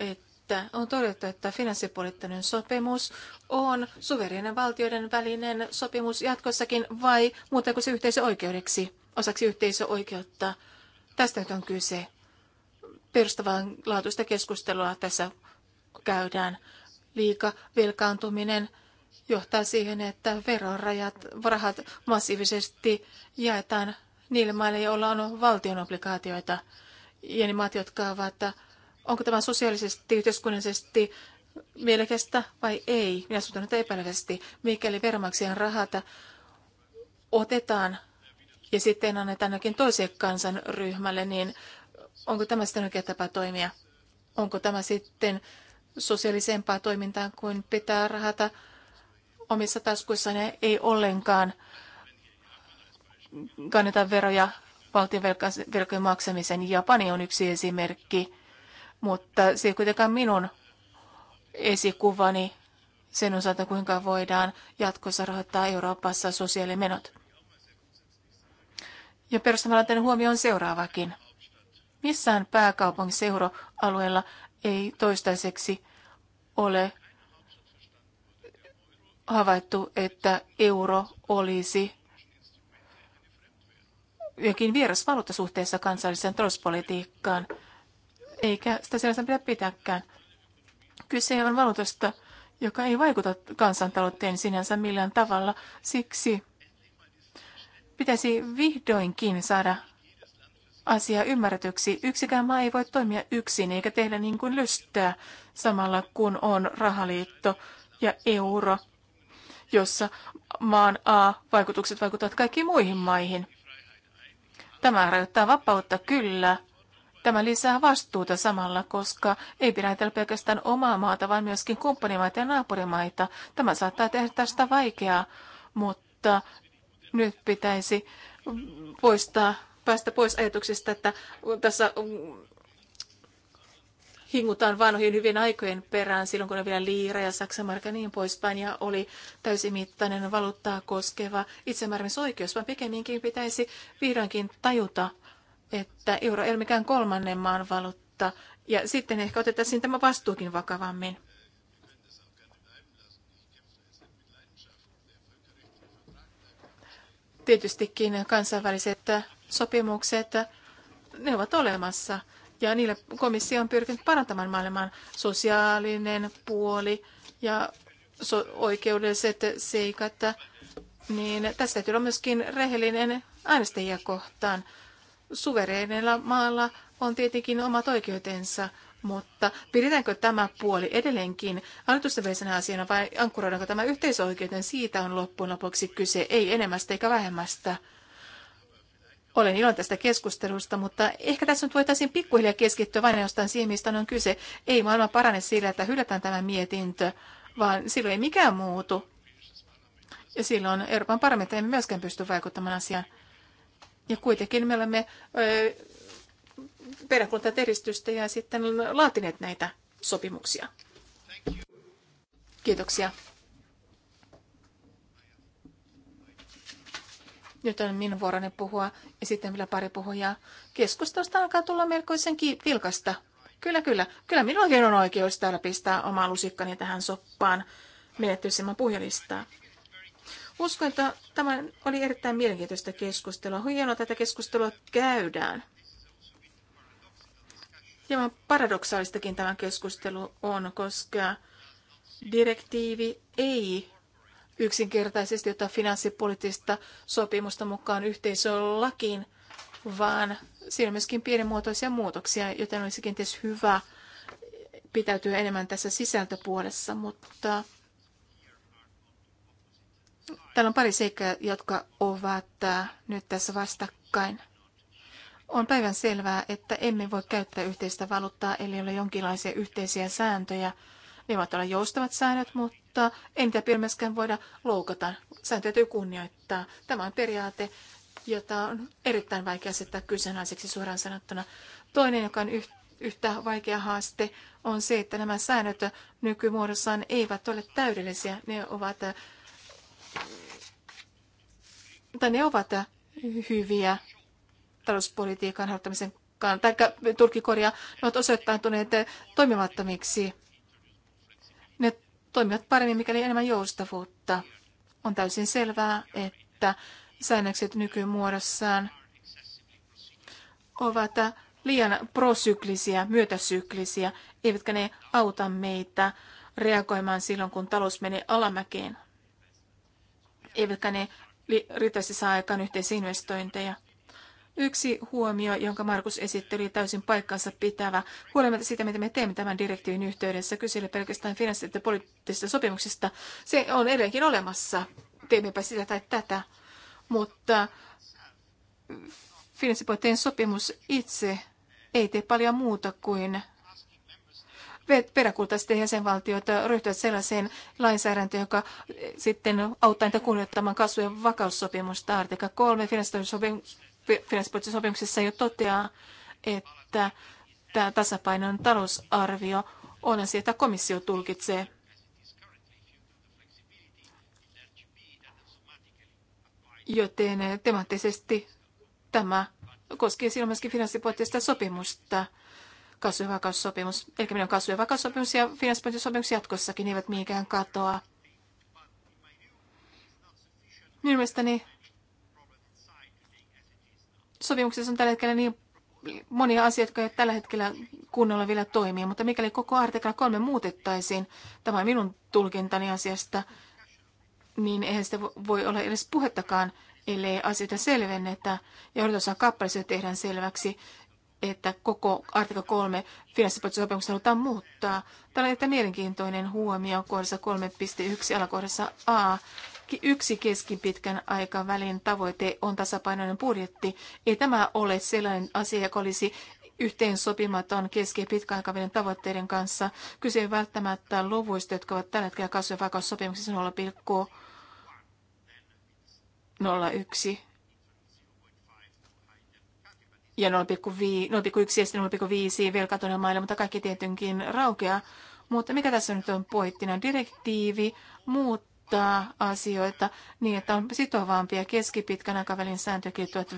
että että on todettu, että finanssipoliittinen sopimus on suverinen valtioiden välinen sopimus jatkossakin vai muuttaako se yhteisöoikeudeksi, osaksi yhteisöoikeutta. Tästä nyt on kyse. Perustavanlaatuista keskustelua tässä käydään. Liika velkaantuminen johtaa siihen, että verorajat, rahat massiivisesti jaetaan niille maille, joilla on valtion obligaatioita. Ja ne maat, jotka ovat onko tämä sosiaalisesti, yhteiskunnallisesti mielekästä vai ei. Minä sanon, että epäilevästi, mikäli veronmaksajan rahat otetaan ja sitten annetaan jokin toiseen kansanryhmälle, niin onko tämä sitten oikea tapa toimia? Onko tämä sitten sosiaalisempaa toimintaa kuin pitää rahata omissa taskuissaan ja ei ollenkaan kanneta veroja valtion velkojen maksamisen. Japani on yksi esimerkki mutta se ei kuitenkaan minun esikuvani sen osalta, kuinka voidaan jatkossa rahoittaa Euroopassa sosiaalimenot. Ja perustamalainen huomio on seuraavakin. Missään pääkaupunkiseuroalueella ei toistaiseksi ole havaittu, että euro olisi jokin vieras valuutta suhteessa kansalliseen talouspolitiikkaan eikä sitä sellaisen pidä pitääkään. Kyse on valuutasta, joka ei vaikuta kansantalouteen sinänsä millään tavalla. Siksi pitäisi vihdoinkin saada asia ymmärretyksi. Yksikään maa ei voi toimia yksin eikä tehdä niin kuin lystää samalla kun on rahaliitto ja euro, jossa maan A-vaikutukset vaikuttavat kaikkiin muihin maihin. Tämä rajoittaa vapautta kyllä, Tämä lisää vastuuta samalla, koska ei pidä ajatella pelkästään omaa maata, vaan myöskin kumppanimaita ja naapurimaita. Tämä saattaa tehdä tästä vaikeaa, mutta nyt pitäisi poistaa, päästä pois ajatuksista, että tässä mm, hingutaan vanhojen hyvien aikojen perään silloin, kun on vielä liira ja saksamarkka ja niin poispäin, ja oli täysimittainen valuuttaa koskeva itsemääräämisoikeus, vaan pikemminkin pitäisi vihdoinkin tajuta, että euro ei ole mikään kolmannen maan valuutta, ja sitten ehkä otettaisiin tämä vastuukin vakavammin. Tietystikin kansainväliset sopimukset, ne ovat olemassa, ja niillä komissio on pyrkinyt parantamaan maailman sosiaalinen puoli ja so- oikeudelliset seikat, niin tässä täytyy olla myöskin rehellinen äänestäjiä kohtaan suvereenilla maalla on tietenkin omat oikeutensa, mutta pidetäänkö tämä puoli edelleenkin hallitusten asiana vai ankkuroidaanko tämä yhteisoikeuden? Siitä on loppujen lopuksi kyse, ei enemmästä eikä vähemmästä. Olen iloinen tästä keskustelusta, mutta ehkä tässä nyt voitaisiin pikkuhiljaa keskittyä vain jostain siihen, mistä on kyse. Ei maailma parane sillä, että hylätään tämä mietintö, vaan silloin ei mikään muutu. Ja silloin Euroopan parlamentti ei myöskään pysty vaikuttamaan asiaan. Ja kuitenkin me olemme peräkuntat teristystä ja sitten laatineet näitä sopimuksia. Kiitoksia. Nyt on minun vuoroni puhua ja sitten vielä pari puhujaa. Keskustelusta alkaa tulla melkoisen vilkasta. Kyllä, kyllä. Kyllä minullakin on oikeus täällä pistää oma lusikkani tähän soppaan menettyisimman puhujalistaa. Uskon, että tämä oli erittäin mielenkiintoista keskustelua. Hienoa tätä keskustelua käydään. Hieman paradoksaalistakin tämä keskustelu on, koska direktiivi ei yksinkertaisesti ota finanssipoliittista sopimusta mukaan yhteisölakiin, vaan siinä on myöskin pienimuotoisia muutoksia, joten olisikin tietysti hyvä pitäytyä enemmän tässä sisältöpuolessa, mutta Täällä on pari seikkaa, jotka ovat äh, nyt tässä vastakkain. On päivän selvää, että emme voi käyttää yhteistä valuuttaa, eli ole jonkinlaisia yhteisiä sääntöjä. Ne voivat olla joustavat säännöt, mutta ei niitä myöskään voida loukata. Sääntöjä täytyy kunnioittaa. Tämä on periaate, jota on erittäin vaikea asettaa kyseenalaiseksi suoraan sanottuna. Toinen, joka on yhteistä yhtä vaikea haaste, on se, että nämä säännöt nykymuodossaan eivät ole täydellisiä. Ne ovat äh, tai ne ovat hyviä talouspolitiikan harjoittamisen kannalta, tai Turkikoria, ne ovat osoittautuneet toimimattomiksi. Ne toimivat paremmin, mikäli enemmän joustavuutta. On täysin selvää, että säännökset nykymuodossaan ovat liian prosyklisiä, myötäsyklisiä, eivätkä ne auta meitä reagoimaan silloin, kun talous menee alamäkeen eivätkä ne riittävästi saa aikaan yhteisinvestointeja. Yksi huomio, jonka Markus esitteli täysin paikkansa pitävä, huolimatta siitä, mitä me teemme tämän direktiivin yhteydessä, kyselle pelkästään finanssit- ja poliittisista sopimuksista, se on edelleenkin olemassa, teemmepä sitä tai tätä, mutta finanssipoliittinen sopimus itse ei tee paljon muuta kuin peräkultaisesti jäsenvaltioita ryhtyä sellaiseen lainsäädäntöön, joka sitten auttaa niitä kunnioittamaan kasvujen vakaussopimusta. Artikla 3 finanssipoliittisessa sopimuksessa jo toteaa, että tämä tasapainon talousarvio on asia, että komissio tulkitsee. Joten temaattisesti tämä koskee silloin myöskin finanssipoliittista sopimusta – kasvu- ja vakaussopimus, eli meillä on kasvu- ja vakaussopimus ja finanssipolitiikkasopimus jatkossakin, eivät mihinkään katoa. Minun mielestäni sopimuksessa on tällä hetkellä niin monia asioita, jotka eivät tällä hetkellä kunnolla vielä toimia, mutta mikäli koko artikla 3 muutettaisiin, tämä on minun tulkintani asiasta, niin eihän sitä voi olla edes puhettakaan, ellei asioita selvennetä ja odotusan kappaleessa tehdään selväksi, että koko artikla 3 finanssipoliittisessa halutaan muuttaa. Tämä on erittäin mielenkiintoinen huomio kohdassa 3.1 alakohdassa A. Yksi keskipitkän aikavälin tavoite on tasapainoinen budjetti. Ei tämä ole sellainen asia, joka olisi yhteen sopimaton keski- ja pitkäaikavälin tavoitteiden kanssa. Kyse ei välttämättä luvuista, jotka ovat tällä hetkellä kasvu- ja vakaussopimuksessa 0,01 ja 0,1 ja 0,5 velkatuneilla mailla, mutta kaikki tietenkin raukeaa. Mutta mikä tässä nyt on poittina? Direktiivi muuttaa asioita niin, että on sitovaampia keskipitkän aikavälin sääntöjä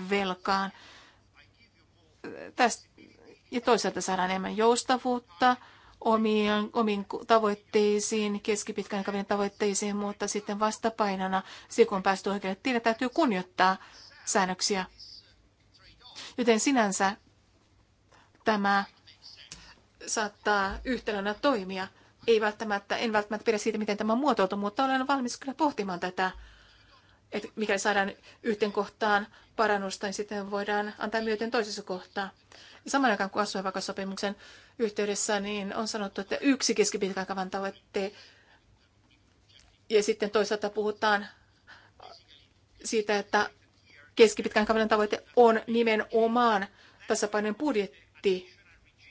velkaan. Tästä, ja toisaalta saadaan enemmän joustavuutta omien, omiin tavoitteisiin, keskipitkän aikavälin tavoitteisiin, mutta sitten vastapainona, kun päästy oikealle tielle, täytyy kunnioittaa säännöksiä Joten sinänsä tämä saattaa yhtälönä toimia. Ei välttämättä, en välttämättä pidä siitä, miten tämä muotoutuu, mutta olen valmis kyllä pohtimaan tätä, että mikäli saadaan yhteen kohtaan parannusta, niin sitten voidaan antaa myöten toisessa kohtaa. saman aikaan kuin asuinvakaussopimuksen yhteydessä, niin on sanottu, että yksi keskipitkän aikavälin tavoitte, ja sitten toisaalta puhutaan siitä, että keskipitkän kauden tavoite on nimenomaan tasapainoinen budjetti.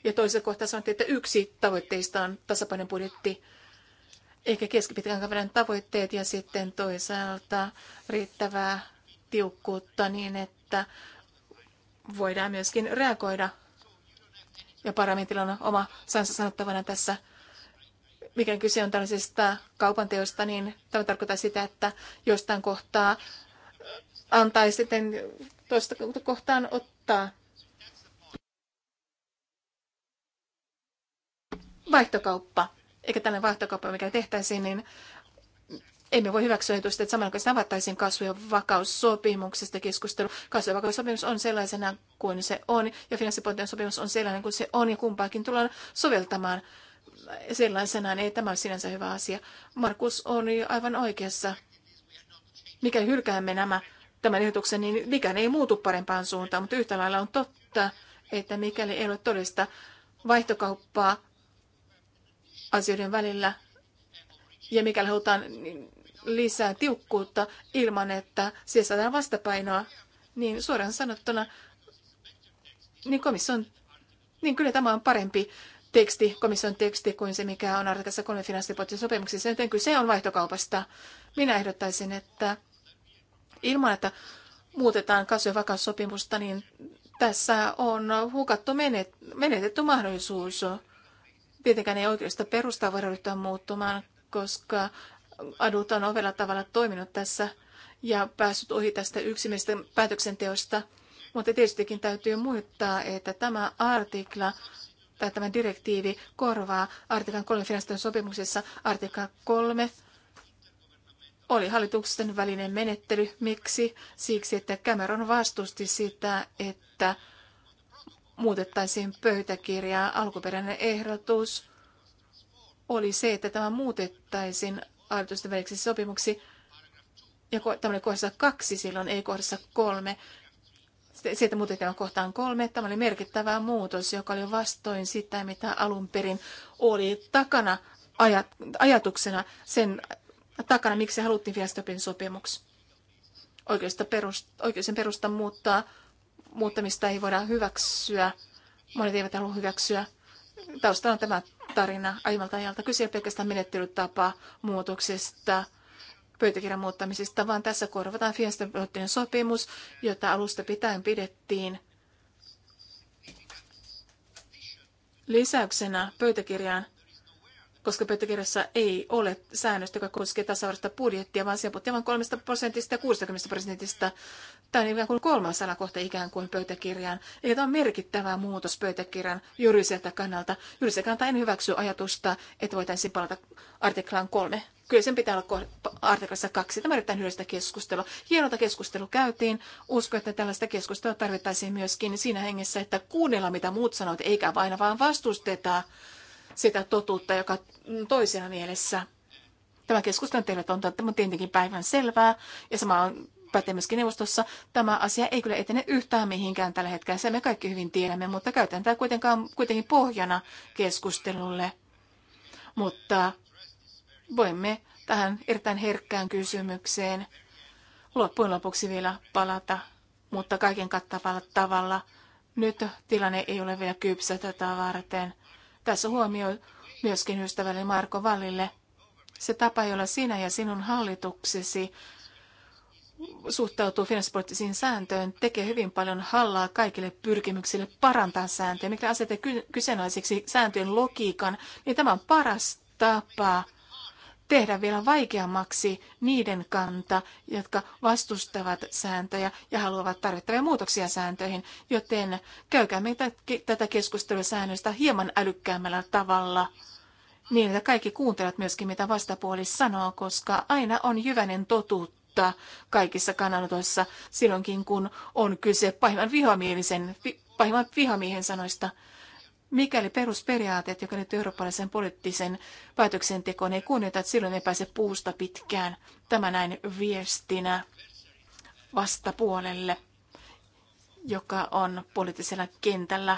Ja toisessa kohtaa sanottiin, että yksi tavoitteista on tasapainoinen budjetti, eikä keskipitkän kauden tavoitteet ja sitten toisaalta riittävää tiukkuutta niin, että voidaan myöskin reagoida. Ja parlamentilla on oma sansa sanottavana tässä mikä kyse on tällaisesta kaupanteosta, niin tämä tarkoittaa sitä, että jostain kohtaa antaa ja sitten toista kohtaan ottaa. Vaihtokauppa, eikä tällainen vaihtokauppa, mikä tehtäisiin, niin emme voi hyväksyä ajatusta, että samanaikaisesti avattaisiin kasvu- ja vakaussopimuksesta keskustelu. Kasvu- ja vakaussopimus on sellaisena kuin se on, ja finanssipolitiikan sopimus on sellainen kuin se on, ja kumpaakin tullaan soveltamaan sellaisena, Ei tämä ole sinänsä hyvä asia. Markus on aivan oikeassa. Mikä hylkäämme nämä tämän ehdotuksen, niin mikään ei muutu parempaan suuntaan, mutta yhtä lailla on totta, että mikäli ei ole todellista vaihtokauppaa asioiden välillä, ja mikäli halutaan lisää tiukkuutta ilman, että siihen saadaan vastapainoa, niin suoraan sanottuna, niin komission, niin kyllä tämä on parempi teksti, komission teksti, kuin se, mikä on artikassa kolme finanssipotin sopimuksessa, joten kyse on vaihtokaupasta. Minä ehdottaisin, että ilman, että muutetaan vakaussopimusta, niin tässä on hukattu menetetty mahdollisuus. Tietenkään ei oikeudesta perustaa voida ryhtyä muuttumaan, koska adut on ovella tavalla toiminut tässä ja päässyt ohi tästä yksimielisestä päätöksenteosta. Mutta tietystikin täytyy muistaa, että tämä artikla tai tämä direktiivi korvaa artiklan 3 finanssien sopimuksessa artikla 3 oli hallituksen välinen menettely. Miksi? Siksi, että Cameron vastusti sitä, että muutettaisiin pöytäkirjaa. Alkuperäinen ehdotus oli se, että tämä muutettaisiin hallitusten väliksi sopimuksi. Ja tämä oli kohdassa kaksi silloin, ei kohdassa kolme. Sieltä muutettiin kohtaan kolme. Tämä oli merkittävä muutos, joka oli vastoin sitä, mitä alun perin oli takana ajatuksena sen takana, miksi haluttiin Fiestopin sopimus. Oikeusta perust, oikeuden perusta muuttaa, muuttamista ei voida hyväksyä. Monet eivät halua hyväksyä. Taustalla on tämä tarina aiemmalta ajalta. Kyse ei pelkästään menettelytapa muutoksesta, pöytäkirjan muuttamisesta, vaan tässä korvataan Fiestopin sopimus, jota alusta pitäen pidettiin lisäyksenä pöytäkirjaan koska pöytäkirjassa ei ole säännöstä, joka koskee tasavarasta budjettia, vaan siellä puhuttiin vain 3 prosentista ja 60 prosentista. Tämä on ikään kuin kolmas alakohta ikään kuin pöytäkirjaan. Eli tämä on merkittävä muutos pöytäkirjan juridiselta kannalta. Juridiselta kannalta en hyväksy ajatusta, että voitaisiin palata artiklaan kolme kyllä sen pitää olla artiklassa kaksi. Tämä erittäin hyödyllistä keskustelua. Hienolta keskustelu käytiin. Uskon, että tällaista keskustelua tarvittaisiin myöskin siinä hengessä, että kuunnella mitä muut sanovat, eikä vain vaan vastusteta sitä totuutta, joka toisena mielessä. Tämä keskustelu on tervetonta, tämä on tietenkin päivän selvää ja sama on pätee myöskin neuvostossa. Tämä asia ei kyllä etene yhtään mihinkään tällä hetkellä, se me kaikki hyvin tiedämme, mutta käytän tämä kuitenkaan, kuitenkin pohjana keskustelulle. Mutta voimme tähän erittäin herkkään kysymykseen loppujen lopuksi vielä palata, mutta kaiken kattavalla tavalla. Nyt tilanne ei ole vielä kypsä tätä varten. Tässä huomio myöskin ystävälle Marko Vallille se tapa, jolla sinä ja sinun hallituksesi suhtautuu finanssipoliittisiin sääntöön, tekee hyvin paljon hallaa kaikille pyrkimyksille parantaa sääntöjä. Mikä asetetaan kyseenalaiseksi sääntöjen logiikan, niin tämä on paras tapa tehdä vielä vaikeammaksi niiden kanta, jotka vastustavat sääntöjä ja haluavat tarvittavia muutoksia sääntöihin, joten käykäämme tätä keskustelua säännöistä hieman älykkäämmällä tavalla. Niin, että kaikki kuuntelevat myöskin, mitä vastapuoli sanoo, koska aina on hyvänen totuutta kaikissa kannanotoissa silloinkin, kun on kyse pahimman pahimman vihamiehen sanoista – Mikäli perusperiaatteet, joka nyt eurooppalaisen poliittisen päätöksentekoon ei kunnioita, että silloin ei pääse puusta pitkään. Tämä näin viestinä vastapuolelle, joka on poliittisella kentällä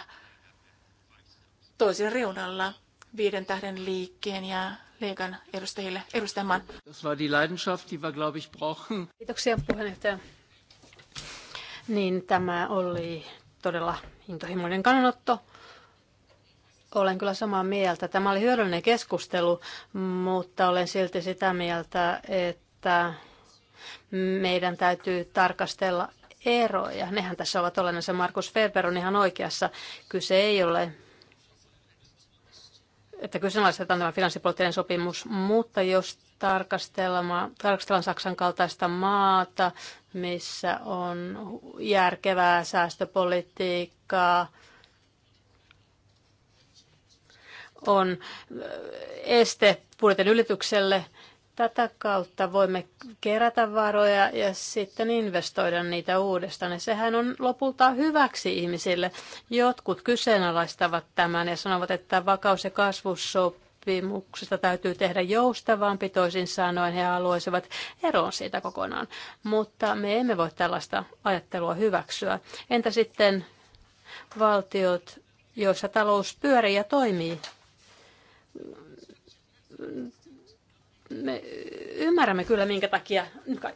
toisella reunalla viiden tähden liikkeen ja leikan edustajille edustamaan. Kiitoksia puheenjohtaja. Niin, tämä oli todella intohimoinen kannanotto. Olen kyllä samaa mieltä. Tämä oli hyödyllinen keskustelu, mutta olen silti sitä mieltä, että meidän täytyy tarkastella eroja. Nehän tässä ovat olennaisia. Markus Ferber on ihan oikeassa. Kyse ei ole että kyseenalaistetaan tämä finanssipoliittinen sopimus, mutta jos tarkastellaan, tarkastellaan Saksan kaltaista maata, missä on järkevää säästöpolitiikkaa, on este budjetin ylitykselle. Tätä kautta voimme kerätä varoja ja sitten investoida niitä uudestaan. Ja sehän on lopulta hyväksi ihmisille. Jotkut kyseenalaistavat tämän ja sanovat, että vakaus- ja kasvussopimuksesta täytyy tehdä joustavampi. Toisin sanoen he haluaisivat eroon siitä kokonaan. Mutta me emme voi tällaista ajattelua hyväksyä. Entä sitten valtiot, joissa talous pyörii ja toimii me ymmärrämme kyllä, minkä takia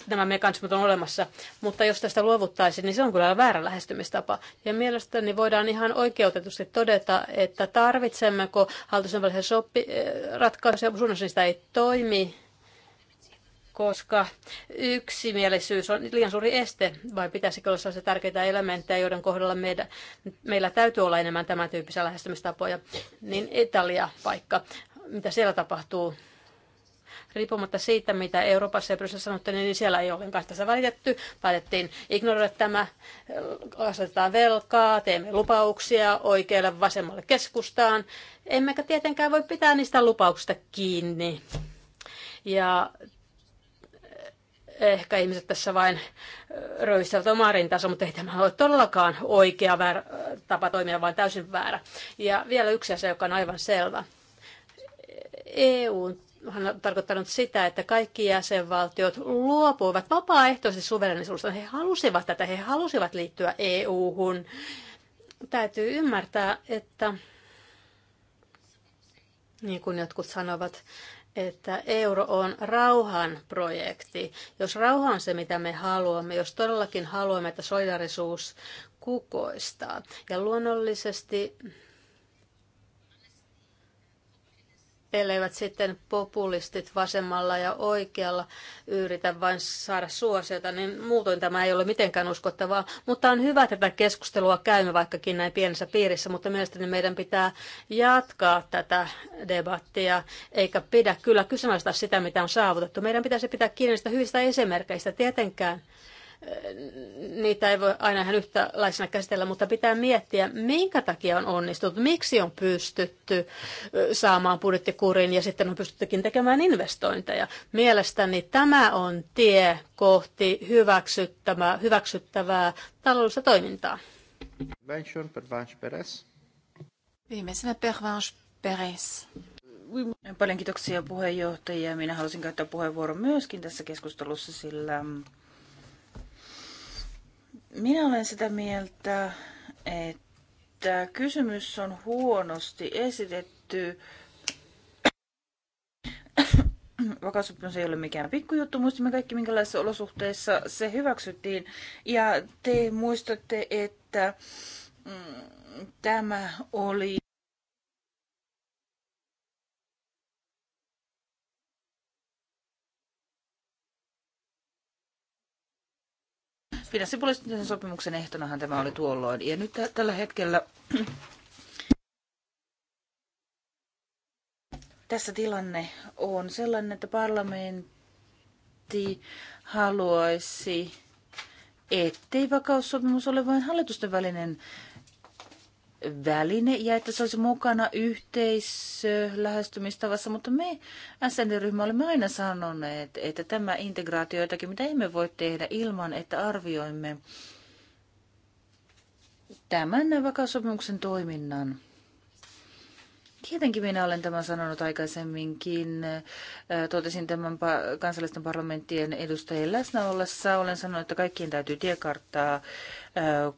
nämä mekanismit on olemassa, mutta jos tästä luovuttaisiin, niin se on kyllä väärä lähestymistapa. Ja mielestäni voidaan ihan oikeutetusti todeta, että tarvitsemmeko hallituksen välisen sopi- eh, ratkaisuja, sun sitä ei toimi, koska yksimielisyys on liian suuri este, vai pitäisikö olla sellaisia tärkeitä elementtejä, joiden kohdalla meidän, meillä täytyy olla enemmän tämän tyyppisiä lähestymistapoja, niin Italia paikka, mitä siellä tapahtuu, riippumatta siitä, mitä Euroopassa ja Brysselissä sanottiin, niin siellä ei ollenkaan tässä välitetty. Päätettiin ignoroida tämä, asetetaan velkaa, teemme lupauksia oikealle vasemmalle keskustaan. Emmekä tietenkään voi pitää niistä lupauksista kiinni. Ja ehkä ihmiset tässä vain röystävät omaa rintansa, mutta ei tämä ole todellakaan oikea väärä, tapa toimia, vaan täysin väärä. Ja vielä yksi asia, joka on aivan selvä. EU e on tarkoittanut sitä, että kaikki jäsenvaltiot luopuivat vapaaehtoisesti suverenisuudesta. He halusivat tätä, he halusivat liittyä EU-hun. Täytyy ymmärtää, että niin kuin jotkut sanovat, että euro on rauhan projekti. Jos rauha on se, mitä me haluamme, jos todellakin haluamme, että solidarisuus kukoistaa. Ja luonnollisesti elleivät sitten populistit vasemmalla ja oikealla yritä vain saada suosiota, niin muutoin tämä ei ole mitenkään uskottavaa. Mutta on hyvä, tätä keskustelua käymme vaikkakin näin pienessä piirissä, mutta mielestäni meidän pitää jatkaa tätä debattia, eikä pidä kyllä kyseenalaistaa sitä, mitä on saavutettu. Meidän pitäisi pitää kiinni niistä hyvistä esimerkkeistä tietenkään niitä ei voi aina ihan yhtälaisena käsitellä, mutta pitää miettiä, minkä takia on onnistunut, miksi on pystytty saamaan budjettikuriin ja sitten on pystyttykin tekemään investointeja. Mielestäni tämä on tie kohti hyväksyttävää, hyväksyttävää taloudellista toimintaa. Viimeisenä Pervanche Peres. Paljon kiitoksia puheenjohtajia. Minä halusin käyttää puheenvuoron myöskin tässä keskustelussa, sillä mm, minä olen sitä mieltä, että kysymys on huonosti esitetty. Vakaussopimus ei ole mikään pikkujuttu. Muistimme kaikki, minkälaisissa olosuhteissa se hyväksyttiin. Ja te muistatte, että mm, tämä oli finanssipoliittisen sopimuksen ehtonahan tämä oli tuolloin. Ja nyt tällä hetkellä tässä tilanne on sellainen, että parlamentti haluaisi, ettei vakaussopimus ole vain hallitusten välinen väline ja että se olisi mukana yhteislähestymistavassa, mutta me SND-ryhmä olemme aina sanoneet, että tämä integraatio jotakin, mitä emme voi tehdä ilman, että arvioimme tämän vakaussopimuksen toiminnan. Tietenkin minä olen tämän sanonut aikaisemminkin. Totesin tämän kansallisten parlamenttien edustajien läsnä ollessa. Olen sanonut, että kaikkien täytyy tiekarttaa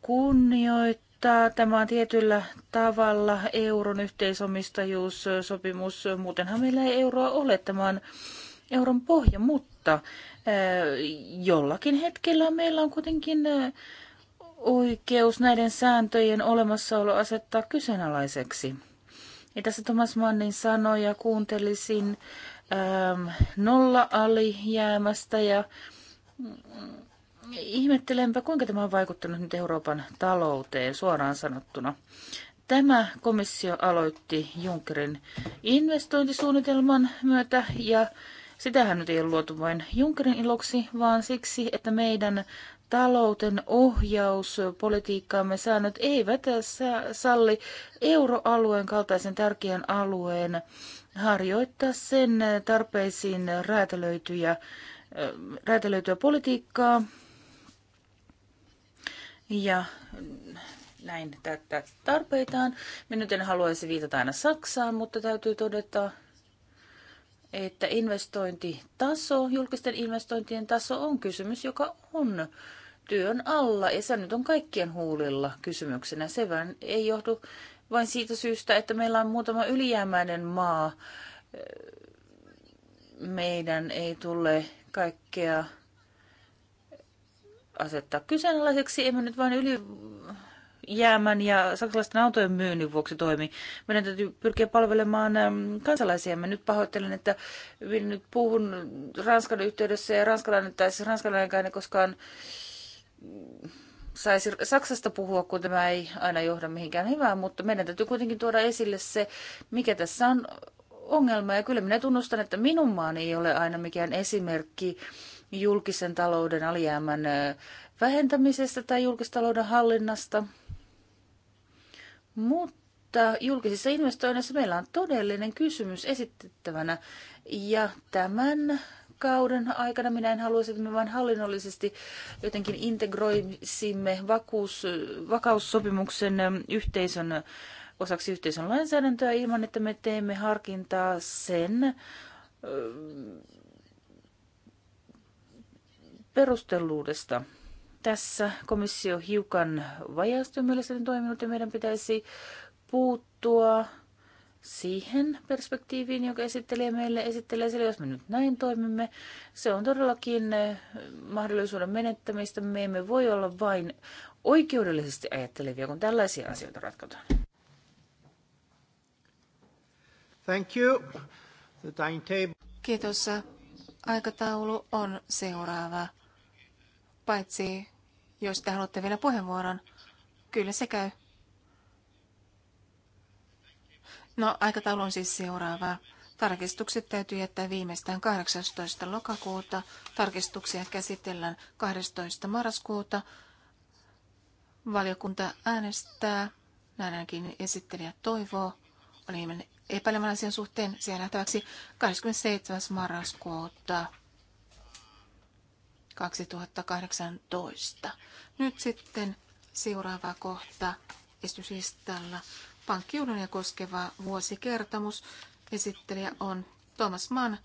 kunnioittaa mutta tämä on tietyllä tavalla euron yhteisomistajuussopimus. Muutenhan meillä ei euroa ole. Tämä on euron pohja, mutta eh, jollakin hetkellä meillä on kuitenkin eh, oikeus näiden sääntöjen olemassaolo asettaa kyseenalaiseksi. Ja tässä Thomas Mannin sanoja kuuntelisin ähm, nolla-alijäämästä ja Ihmettelenpä, kuinka tämä on vaikuttanut nyt Euroopan talouteen suoraan sanottuna. Tämä komissio aloitti Junckerin investointisuunnitelman myötä ja sitähän nyt ei ole luotu vain Junckerin iloksi, vaan siksi, että meidän talouten ohjauspolitiikkaamme säännöt eivät salli euroalueen kaltaisen tärkeän alueen harjoittaa sen tarpeisiin räätälöityjä, räätälöityä politiikkaa, ja näin tätä tarpeitaan. Minä nyt en haluaisi viitata aina Saksaan, mutta täytyy todeta, että investointitaso, julkisten investointien taso on kysymys, joka on työn alla. Ja se nyt on kaikkien huulilla kysymyksenä. Se vain ei johdu vain siitä syystä, että meillä on muutama ylijäämäinen maa. Meidän ei tule kaikkea asettaa kyseenalaiseksi. Emme nyt vain yli jäämän ja saksalaisten autojen myynnin vuoksi toimi. Meidän täytyy pyrkiä palvelemaan ähm, kansalaisia. Mä nyt pahoittelen, että minä nyt puhun Ranskan yhteydessä ja ranskalainen tai siis ranskalainen ei koskaan saisi Saksasta puhua, kun tämä ei aina johda mihinkään hyvään, mutta meidän täytyy kuitenkin tuoda esille se, mikä tässä on ongelma. Ja kyllä minä tunnustan, että minun maani ei ole aina mikään esimerkki julkisen talouden alijäämän vähentämisestä tai julkistalouden hallinnasta. Mutta julkisissa investoinneissa meillä on todellinen kysymys esitettävänä ja tämän kauden aikana minä en haluaisi, että me vain hallinnollisesti jotenkin integroisimme vakuus, vakaussopimuksen yhteisön osaksi yhteisön lainsäädäntöä ilman, että me teemme harkintaa sen perustelluudesta. Tässä komissio hiukan vajaasti mielestäni toiminut ja meidän pitäisi puuttua siihen perspektiiviin, joka esittelee meille esittelee, sille, jos me nyt näin toimimme, se on todellakin eh, mahdollisuuden menettämistä. Me emme voi olla vain oikeudellisesti ajattelevia, kun tällaisia asioita ratkotaan. Thank you. The table. Kiitos. Aikataulu on seuraava paitsi jos te haluatte vielä puheenvuoron, kyllä se käy. No, aikataulu on siis seuraava. Tarkistukset täytyy jättää viimeistään 18. lokakuuta. Tarkistuksia käsitellään 12. marraskuuta. Valiokunta äänestää, näin ainakin esittelijä toivoo, on hieman epäilemän asian suhteen, siellä nähtäväksi 27. marraskuuta. 2018. Nyt sitten seuraava kohta esityslistalla. Pankkiunionia koskeva vuosikertomus. Esittelijä on Thomas Mann.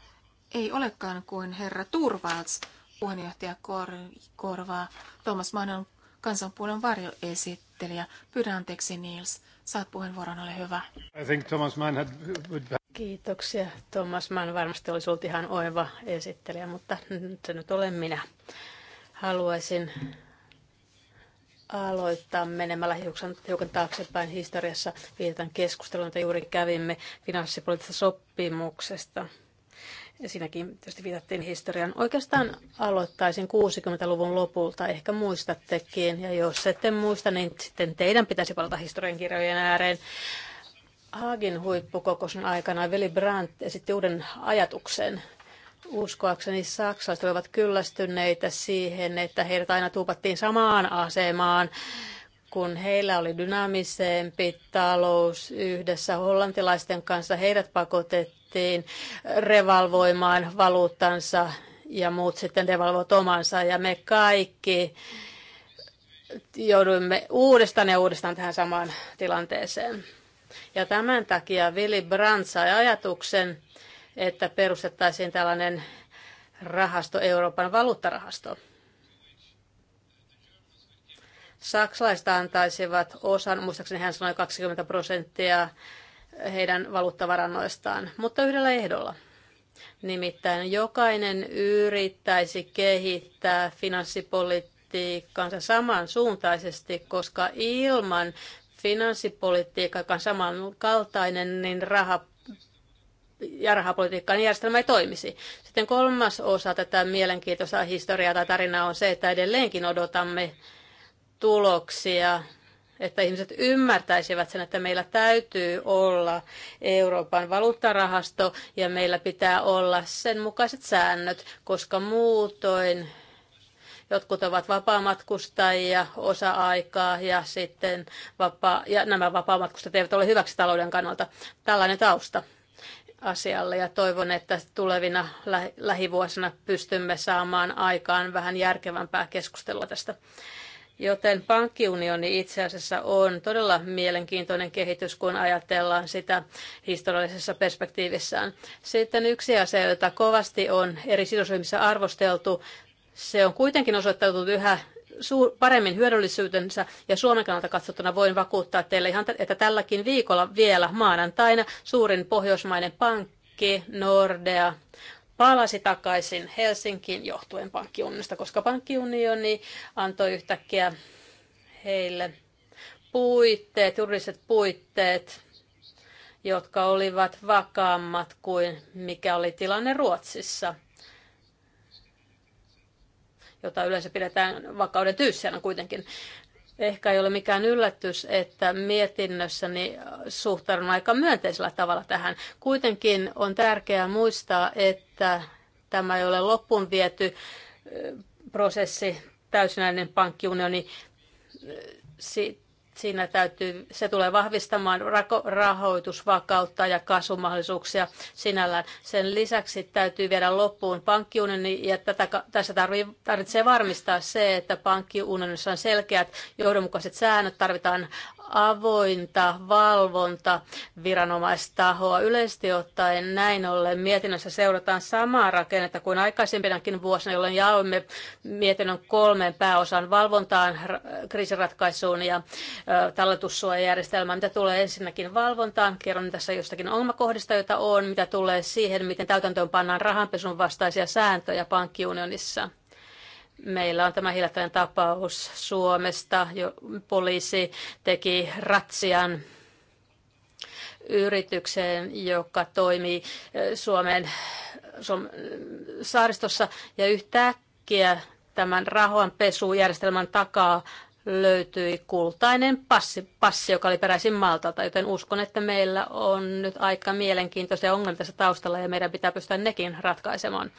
Ei olekaan kuin herra Turvalds. Puheenjohtaja kor- korvaa. Thomas Mann on kansanpuolen varjoesittelijä. Pyydän anteeksi Niels. Saat puheenvuoron, ole hyvä. I think Thomas Mann had... Kiitoksia. Thomas Mann varmasti olisi ollut ihan oiva esittelijä, mutta nyt se nyt olen minä. Haluaisin aloittaa menemällä hiukan, hiukan taaksepäin historiassa. Viitän keskusteluun, jota juuri kävimme finanssipoliittisesta sopimuksesta. Ja siinäkin tietysti viitattiin historian. Oikeastaan aloittaisin 60-luvun lopulta, ehkä muistattekin, ja jos ette muista, niin sitten teidän pitäisi palata historiankirjojen ääreen. Haagin huippukokousen aikana Veli Brandt esitti uuden ajatuksen. Uskoakseni saksalaiset olivat kyllästyneitä siihen, että heidät aina tuupattiin samaan asemaan, kun heillä oli dynaamisempi talous yhdessä hollantilaisten kanssa. Heidät pakotettiin revalvoimaan valuuttansa ja muut sitten devalvoivat omansa ja me kaikki jouduimme uudestaan ja uudestaan tähän samaan tilanteeseen. Ja tämän takia Willy Brandt sai ajatuksen, että perustettaisiin tällainen rahasto, Euroopan valuuttarahasto. Saksalaiset antaisivat osan, muistaakseni hän sanoi 20 prosenttia heidän valuuttavarannoistaan, mutta yhdellä ehdolla. Nimittäin jokainen yrittäisi kehittää finanssipolitiikkaansa samansuuntaisesti, koska ilman finanssipolitiikka, joka on samankaltainen, niin raha ja rahapolitiikkaan niin järjestelmä ei toimisi. Sitten kolmas osa tätä mielenkiintoista historiaa tai tarinaa on se, että edelleenkin odotamme tuloksia, että ihmiset ymmärtäisivät sen, että meillä täytyy olla Euroopan valuuttarahasto ja meillä pitää olla sen mukaiset säännöt, koska muutoin Jotkut ovat vapaamatkustajia osa-aikaa ja sitten vapaa, ja nämä vapaamatkustajat eivät ole hyväksi talouden kannalta. Tällainen tausta asialle ja toivon, että tulevina lä- lähivuosina pystymme saamaan aikaan vähän järkevämpää keskustelua tästä. Joten pankkiunioni itse asiassa on todella mielenkiintoinen kehitys, kun ajatellaan sitä historiallisessa perspektiivissään. Sitten yksi asia, jota kovasti on eri sidosryhmissä arvosteltu, se on kuitenkin osoittautunut yhä paremmin hyödyllisyytensä ja Suomen kannalta katsottuna voin vakuuttaa teille ihan, että tälläkin viikolla vielä maanantaina suurin pohjoismainen pankki Nordea palasi takaisin Helsinkiin johtuen pankkiunnista, koska pankkiunioni antoi yhtäkkiä heille puitteet, juridiset puitteet, jotka olivat vakaammat kuin mikä oli tilanne Ruotsissa – jota yleensä pidetään vakauden tyyssänä kuitenkin. Ehkä ei ole mikään yllätys, että mietinnössäni suhtaudun aika myönteisellä tavalla tähän. Kuitenkin on tärkeää muistaa, että tämä ei ole loppuun viety prosessi, täysinäinen pankkiunioni. Siitä Siinä täytyy, se tulee vahvistamaan rahoitusvakautta ja kasvumahdollisuuksia sinällään. Sen lisäksi täytyy viedä loppuun pankkiunioni ja tätä, tässä tarvitsee varmistaa se, että pankkiunionissa on selkeät johdonmukaiset säännöt, tarvitaan avointa valvonta viranomaistahoa. Yleisesti ottaen näin ollen mietinnössä seurataan samaa rakennetta kuin aikaisempinakin vuosina, jolloin jaoimme mietinnön kolmeen pääosan valvontaan, kriisiratkaisuun ja talletussuojajärjestelmään. Mitä tulee ensinnäkin valvontaan, kerron tässä jostakin ongelmakohdista, joita on, mitä tulee siihen, miten täytäntöön pannaan rahanpesun vastaisia sääntöjä pankkiunionissa. Meillä on tämä hiljattain tapaus Suomesta, jo poliisi teki ratsian yritykseen, joka toimii Suomen saaristossa ja yhtäkkiä tämän rahoanpesujärjestelmän takaa löytyi kultainen passi, passi joka oli peräisin Maltalta, joten uskon, että meillä on nyt aika mielenkiintoisia ongelmia tässä taustalla ja meidän pitää pystyä nekin ratkaisemaan.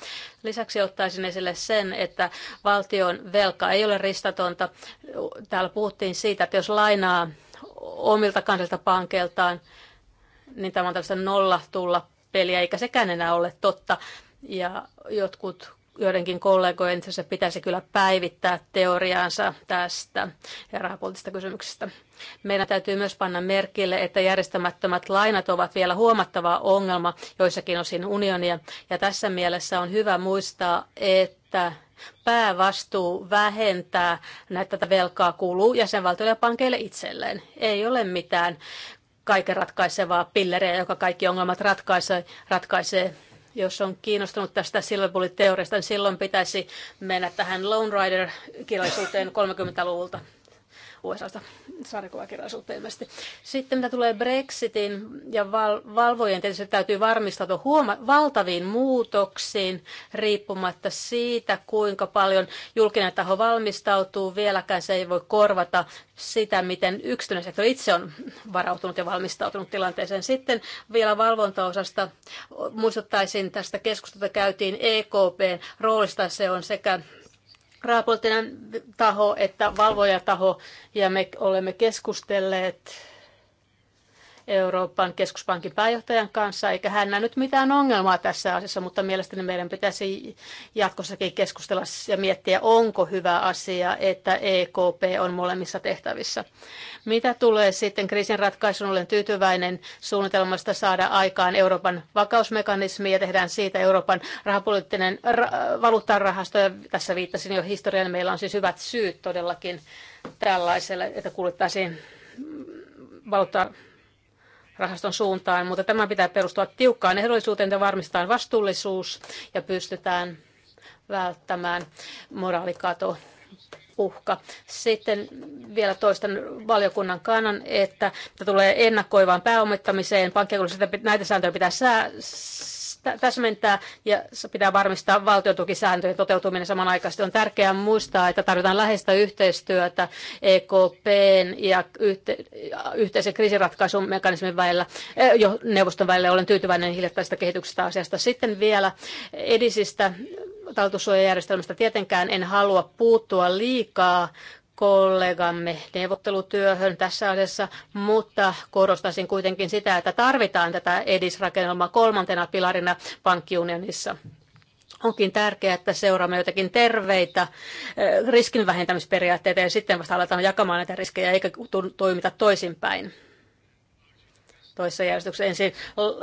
Lisäksi ottaisin esille sen, että valtion velka ei ole ristatonta. Täällä puhuttiin siitä, että jos lainaa omilta kansilta pankeiltaan, niin tämä on tällaista nolla tulla peliä, eikä sekään enää ole totta. Ja jotkut joidenkin kollegojen se pitäisi kyllä päivittää teoriaansa tästä ja rahapoliittisista kysymyksistä. Meidän täytyy myös panna merkille, että järjestämättömät lainat ovat vielä huomattava ongelma joissakin osin unionia. Ja tässä mielessä on hyvä muistaa, että päävastuu vähentää näitä tätä velkaa kuluu jäsenvaltioille ja pankeille itselleen. Ei ole mitään kaiken ratkaisevaa pillereä, joka kaikki ongelmat ratkaisee. ratkaisee jos on kiinnostunut tästä Bullet teoriasta niin silloin pitäisi mennä tähän Lone Rider-kirjallisuuteen 30-luvulta. USAsta sarjakuvakirjallisuutta ilmeisesti. Sitten mitä tulee Brexitin ja val- valvojen, tietysti täytyy varmistautua huoma- valtaviin muutoksiin riippumatta siitä, kuinka paljon julkinen taho valmistautuu. Vieläkään se ei voi korvata sitä, miten yksityinen sektori itse on varautunut ja valmistautunut tilanteeseen. Sitten vielä valvontaosasta muistuttaisin tästä keskustelusta käytiin EKPn roolista. Se on sekä raporttinen taho että valvojataho ja me olemme keskustelleet Euroopan keskuspankin pääjohtajan kanssa, eikä näe nyt mitään ongelmaa tässä asiassa, mutta mielestäni meidän pitäisi jatkossakin keskustella ja miettiä, onko hyvä asia, että EKP on molemmissa tehtävissä. Mitä tulee sitten kriisin ratkaisuun, olen tyytyväinen suunnitelmasta saada aikaan Euroopan vakausmekanismi ja tehdään siitä Euroopan rahapoliittinen ra- valuuttarahasto. Ja tässä viittasin jo historian, meillä on siis hyvät syyt todellakin tällaiselle, että kuljettaisiin valuuttaa rahaston suuntaan, mutta tämä pitää perustua tiukkaan ehdollisuuteen, että varmistetaan vastuullisuus ja pystytään välttämään moraalikato uhka. Sitten vielä toistan valiokunnan kannan, että tulee ennakoivaan pääomittamiseen. Pankkiakulissa näitä sääntöjä pitää sää, täsmentää ja pitää varmistaa valtiotukisääntöjen toteutuminen samanaikaisesti. On tärkeää muistaa, että tarvitaan läheistä yhteistyötä EKPn ja yhte, yhteisen kriisiratkaisun mekanismin välillä, e, jo neuvoston välillä. Olen tyytyväinen hiljattaisesta kehityksestä asiasta. Sitten vielä edisistä taltusuojajärjestelmästä tietenkään en halua puuttua liikaa kollegamme neuvottelutyöhön tässä asiassa, mutta korostaisin kuitenkin sitä, että tarvitaan tätä edisrakennelmaa kolmantena pilarina pankkiunionissa. Onkin tärkeää, että seuraamme jotakin terveitä eh, riskin vähentämisperiaatteita ja sitten vasta aletaan jakamaan näitä riskejä eikä toimita toisinpäin. Toisessa järjestyksessä ensin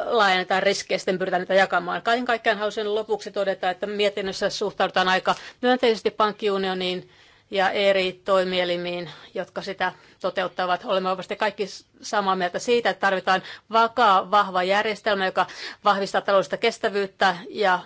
laajennetaan riskejä, sitten pyritään niitä jakamaan. Kaiken kaikkiaan haluaisin lopuksi todeta, että mietinnössä suhtaudutaan aika myönteisesti pankkiunioniin ja eri toimielimiin, jotka sitä toteuttavat. Olemme varmasti kaikki samaa mieltä siitä, että tarvitaan vakaa, vahva järjestelmä, joka vahvistaa taloudellista kestävyyttä ja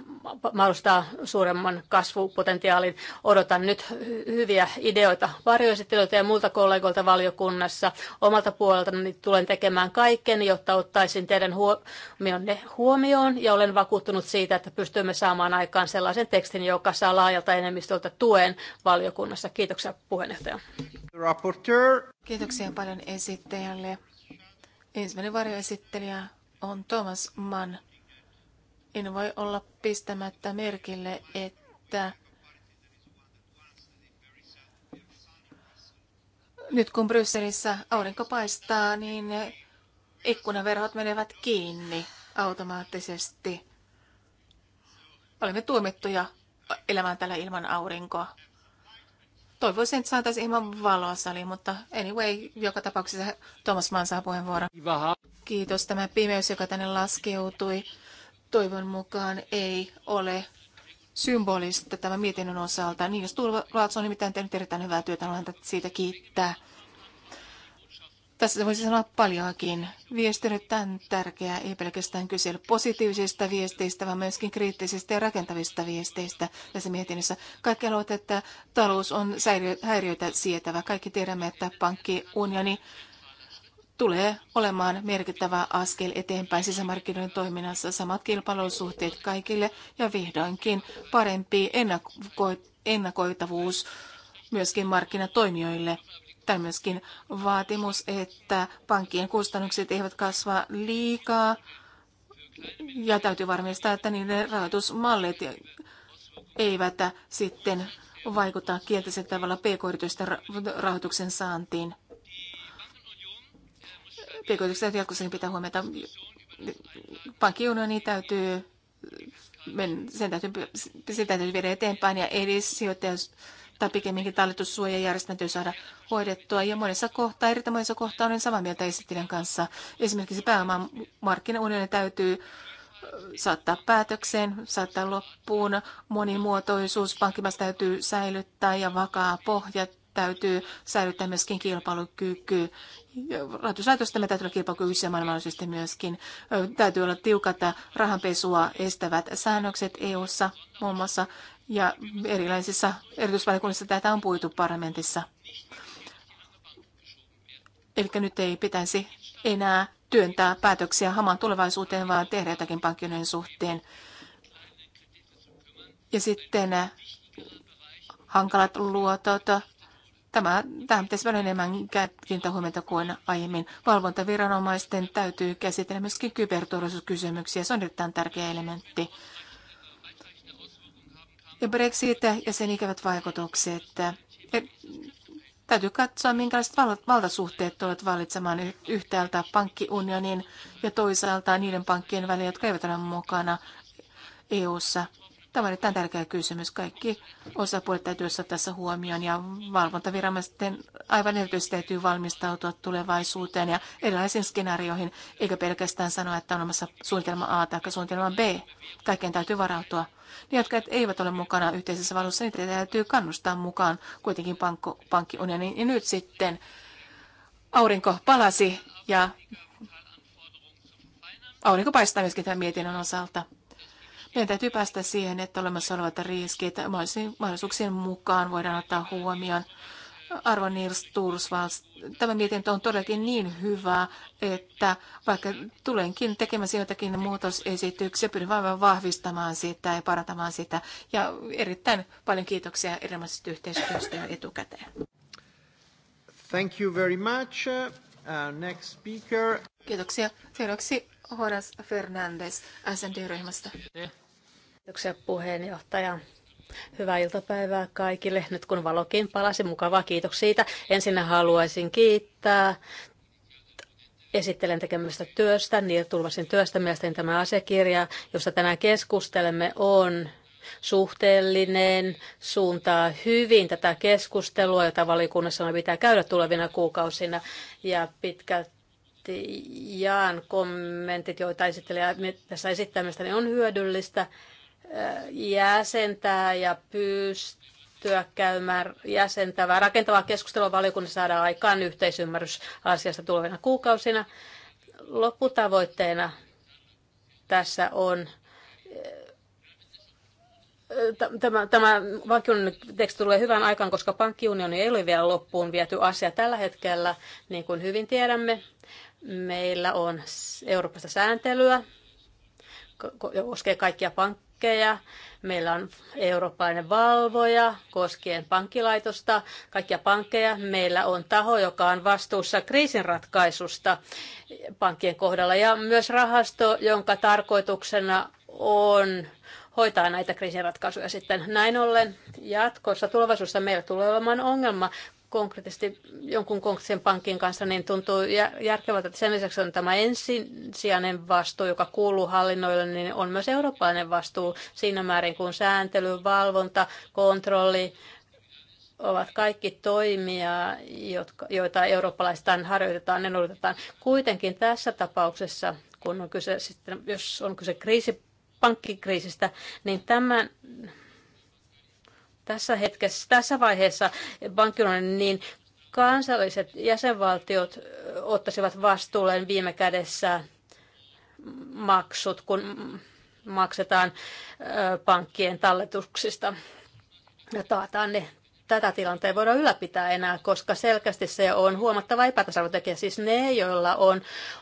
mahdollistaa suuremman kasvupotentiaalin. Odotan nyt hyviä ideoita varjoesittelyiltä ja muilta kollegoilta valiokunnassa. Omalta puoleltani niin tulen tekemään kaiken, jotta ottaisin teidän huomionne huomioon ja olen vakuuttunut siitä, että pystymme saamaan aikaan sellaisen tekstin, joka saa laajalta enemmistöltä tuen valiokunnassa. Kiitoksia puheenjohtaja. Kiitoksia paljon esittäjälle. Ensimmäinen varjoesittelijä on Thomas Mann. En voi olla pistämättä merkille, että nyt kun Brysselissä aurinko paistaa, niin ikkunaverhot menevät kiinni automaattisesti. Olemme tuomittuja elämään täällä ilman aurinkoa. Toivoisin, että saataisiin ihan valoa saliin, mutta anyway, joka tapauksessa Thomas Mann saa puheenvuoron. Kiitos. Tämä pimeys, joka tänne laskeutui, toivon mukaan ei ole symbolista tämän mietinnön osalta. Niin, jos Tulvaats on nimittäin tehnyt erittäin hyvää työtä, niin haluan siitä kiittää. Tässä voisi sanoa paljonkin. Viesti on tämän tärkeää, ei pelkästään kyse positiivisista viesteistä, vaan myöskin kriittisistä ja rakentavista viesteistä tässä mietinnössä. Kaikki haluavat, että talous on häiriöitä sietävä. Kaikki tiedämme, että pankkiunioni tulee olemaan merkittävä askel eteenpäin sisämarkkinoiden toiminnassa samat kilpailusuhteet kaikille ja vihdoinkin parempi ennakoitavuus myöskin markkinatoimijoille Tämä myöskin vaatimus, että pankkien kustannukset eivät kasva liikaa ja täytyy varmistaa, että niiden rahoitusmallit eivät sitten vaikuta kielteisellä tavalla pk-yritysten rahoituksen saantiin. Pk-yritykset jatkossakin pitää huomata, pankkiunioni täytyy sen täytyy, sen täytyy viedä eteenpäin ja edistää tai pikemminkin talletussuojajärjestelmät täytyy saada hoidettua. Ja monessa kohtaa, erittäin monessa kohtaa olen samaa mieltä esittelijän kanssa. Esimerkiksi pääomamarkkinaunioni täytyy saattaa päätökseen, saattaa loppuun. Monimuotoisuus pankkimassa täytyy säilyttää ja vakaa pohja täytyy säilyttää myöskin kilpailukyky. Rahoituslaitosta täytyy olla kilpailukykyisiä maailmanlaajuisesti myöskin. Täytyy olla tiukat rahanpesua estävät säännökset EU-ssa muun muassa ja erilaisissa erityisvaliokunnissa tätä on puitu parlamentissa. Eli nyt ei pitäisi enää työntää päätöksiä hamaan tulevaisuuteen, vaan tehdä jotakin pankkiunionin suhteen. Ja sitten äh, hankalat luotot. Tämä, tähän pitäisi paljon enemmän kiinnittää huomiota kuin aiemmin. Valvontaviranomaisten täytyy käsitellä myöskin kyberturvallisuuskysymyksiä. Se on erittäin tärkeä elementti. Ja Brexit ja sen ikävät vaikutukset. Täytyy katsoa, minkälaiset valtasuhteet tulevat valitsemaan yhtäältä pankkiunionin ja toisaalta niiden pankkien välillä, jotka eivät ole mukana EU-ssa. Tämä on erittäin tärkeä kysymys. Kaikki osapuolet täytyy ottaa tässä huomioon ja valvontaviranomaisten aivan erityisesti täytyy valmistautua tulevaisuuteen ja erilaisiin skenaarioihin, eikä pelkästään sanoa, että on olemassa suunnitelma A tai suunnitelma B. Kaikkeen täytyy varautua. Ne, jotka eivät ole mukana yhteisessä valossa, niitä täytyy kannustaa mukaan kuitenkin pankko, pankkiunioniin. Ja nyt sitten aurinko palasi ja aurinko paistaa myöskin tämän mietinnön osalta. Meidän täytyy päästä siihen, että olemassa olevat riskit mahdollisuuksien mukaan voidaan ottaa huomioon. Arvo Nils Tursvals, tämä mietintö on todellakin niin hyvä, että vaikka tulenkin tekemään jotakin muutosesityksiä, pyrin vain vahvistamaan sitä ja parantamaan sitä. Ja erittäin paljon kiitoksia erilaisesta yhteistyöstä jo etukäteen. Thank you very much. Uh, next speaker. Kiitoksia. Seuraavaksi Horas Fernandes SND-ryhmästä. Yeah. Kiitoksia puheenjohtaja. Hyvää iltapäivää kaikille. Nyt kun valokin palasi, mukavaa. Kiitos siitä. Ensinnä haluaisin kiittää esittelen tekemästä työstä, Niin Tulvasin työstä. Mielestäni tämä asiakirja, josta tänään keskustelemme, on suhteellinen, suuntaa hyvin tätä keskustelua, jota valiokunnassa me pitää käydä tulevina kuukausina ja pitkälti jaan kommentit, joita esittelijä tässä esittämistä, niin on hyödyllistä jäsentää ja pystyä käymään jäsentävää rakentavaa keskustelua valiokunnassa saadaan aikaan yhteisymmärrys asiasta tulevina kuukausina. Lopputavoitteena tässä on eh, Tämä, tämä vankilun teksti tulee hyvän aikaan, koska pankkiunioni ei ole vielä loppuun viety asia tällä hetkellä. Niin kuin hyvin tiedämme, meillä on Euroopasta sääntelyä, koskee kaikkia pank- pankkeja, Meillä on eurooppalainen valvoja koskien pankkilaitosta, kaikkia pankkeja. Meillä on taho, joka on vastuussa kriisinratkaisusta pankkien kohdalla ja myös rahasto, jonka tarkoituksena on hoitaa näitä kriisinratkaisuja sitten. Näin ollen jatkossa tulevaisuudessa meillä tulee olemaan ongelma konkreettisesti jonkun konkreettisen pankin kanssa, niin tuntuu järkevältä, että sen lisäksi on tämä ensisijainen vastuu, joka kuuluu hallinnoille, niin on myös eurooppalainen vastuu siinä määrin, kun sääntely, valvonta, kontrolli ovat kaikki toimia, jotka, joita eurooppalaistaan harjoitetaan ja noudatetaan. Kuitenkin tässä tapauksessa, kun on kyse, sitten, jos on kyse kriisi, pankkikriisistä, niin tämän tässä hetkessä, tässä vaiheessa pankkiunionin, niin kansalliset jäsenvaltiot ottaisivat vastuulleen viime kädessä maksut, kun maksetaan pankkien talletuksista ja taataan ne tätä tilanteen voida ylläpitää enää, koska selkeästi se on huomattava epätasarvotekijä. Siis ne, joilla on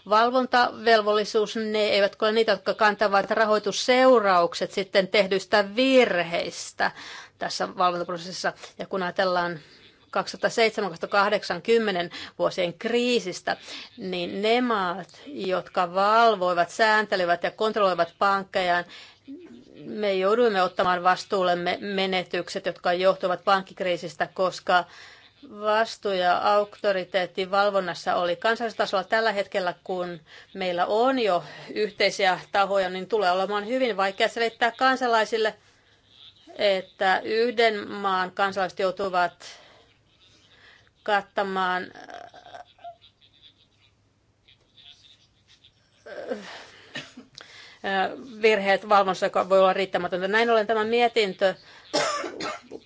valvontavelvollisuus, ne eivät ole niitä, jotka kantavat rahoitusseuraukset sitten tehdyistä virheistä tässä valvontaprosessissa. Ja kun ajatellaan 2007-2080 vuosien kriisistä, niin ne maat, jotka valvoivat, sääntelivät ja kontrolloivat pankkejaan, me jouduimme ottamaan vastuullemme menetykset, jotka johtuvat pankkikriisistä, koska vastuu ja auktoriteetti valvonnassa oli kansallistasolla tällä hetkellä, kun meillä on jo yhteisiä tahoja, niin tulee olemaan hyvin vaikea selittää kansalaisille, että yhden maan kansalaiset joutuvat kattamaan virheet valvonnassa, joka voi olla riittämätöntä. Näin ollen tämä mietintö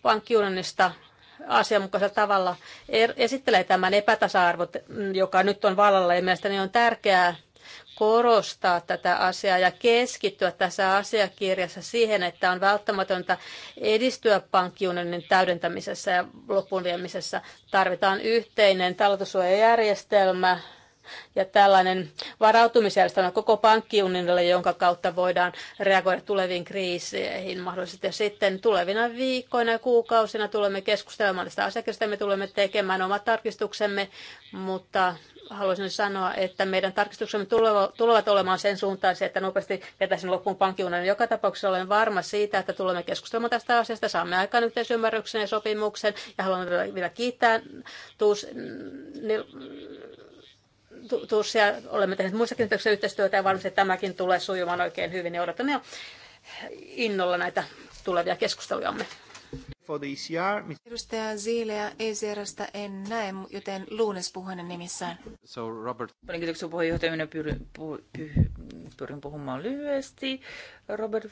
pankkiunionista asianmukaisella tavalla er- esittelee tämän epätasa arvot joka nyt on vallalla ja mielestäni on tärkeää korostaa tätä asiaa ja keskittyä tässä asiakirjassa siihen, että on välttämätöntä edistyä pankkiunionin täydentämisessä ja lopun viemisessä. Tarvitaan yhteinen talletussuojajärjestelmä, ja tällainen varautumisjärjestelmä koko pankkiunionille, jonka kautta voidaan reagoida tuleviin kriiseihin mahdollisesti. Ja sitten tulevina viikkoina ja kuukausina tulemme keskustelemaan tästä asiakirjasta, me tulemme tekemään omat tarkistuksemme, mutta haluaisin sanoa, että meidän tarkistuksemme tulevat olemaan sen suuntaisia, että nopeasti vetäisin loppuun pankkiunan. Joka tapauksessa olen varma siitä, että tulemme keskustelemaan tästä asiasta, saamme aikaan yhteisymmärryksen ja sopimuksen. Ja haluan vielä kiittää Tuus tuossa olemme tehneet muissakin yhteistyötä ja varmasti tämäkin tulee sujumaan oikein hyvin ja niin odotamme jo innolla näitä tulevia keskustelujamme. For the ECR. Edustaja e en näe, joten Luunes puhuu hänen nimissään. So Robert. Paljon kiitoksia puheenjohtaja. Minä pyrin, pu, py, pyrin puhumaan lyhyesti. Robert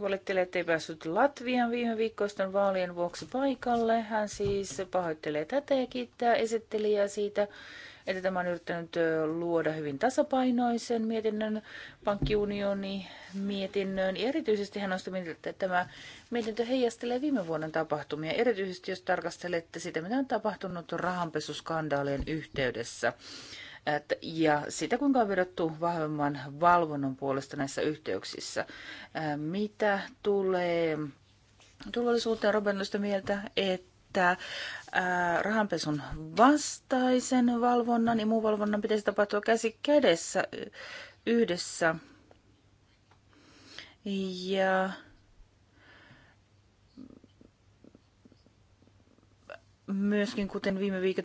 valittelee, ettei päässyt Latvian viime viikkoisten vaalien vuoksi paikalle. Hän siis pahoittelee tätä ja kiittää esittelijää siitä, että tämä on yrittänyt luoda hyvin tasapainoisen mietinnön pankkiunioni mietinnön. Ja erityisesti hän on sitä mieltä, että tämä mietintö heijastelee viime vuoden tapahtumia, erityisesti jos tarkastelette sitä, mitä on tapahtunut rahanpesuskandaalien yhteydessä. Et, ja sitä, kuinka on vedottu vahvemman valvonnan puolesta näissä yhteyksissä. Mitä tulee turvallisuuteen, Robin mieltä, että että rahanpesun vastaisen valvonnan ja muun valvonnan pitäisi tapahtua käsi kädessä yhdessä. Ja myöskin, kuten viime, viikot,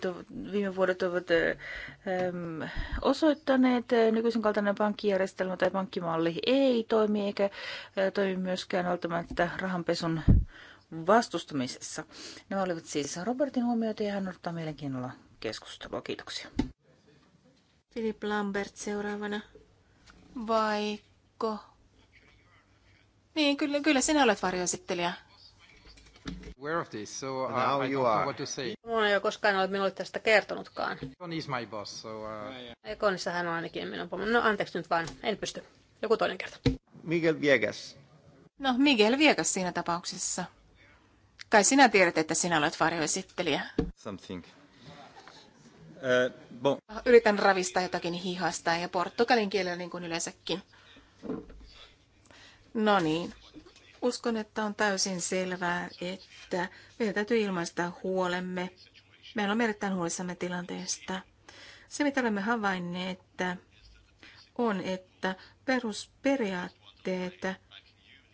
viime vuodet ovat ähm, osoittaneet, nykyisen kaltainen pankkijärjestelmä tai pankkimalli ei toimi eikä äh, toimi myöskään välttämättä rahanpesun vastustamisessa. Nämä olivat siis Robertin huomioita ja hän ottaa mielenkiinnolla keskustelua. Kiitoksia. Philip Lambert seuraavana. Vaiko? Niin, kyllä, kyllä sinä olet varjoesittelijä. Aware of this, so uh, Now I you are. what to say. Mä ole koskaan ollut minulle tästä kertonutkaan. Econ is my boss, so... Uh... Econissa hän on ainakin minun pomo. No anteeksi nyt vaan, en pysty. Joku toinen kerta. Miguel Viegas. No, Miguel Viegas siinä tapauksessa. Kai sinä tiedät, että sinä olet varjoesittelijä. Something. Uh, bon. Yritän ravistaa jotakin hihasta ja portugalin kielellä niin kuin yleensäkin. No niin. Uskon, että on täysin selvää, että meidän täytyy ilmaista huolemme. Meillä on erittäin huolissamme tilanteesta. Se, mitä olemme havainneet, on, että perusperiaatteet,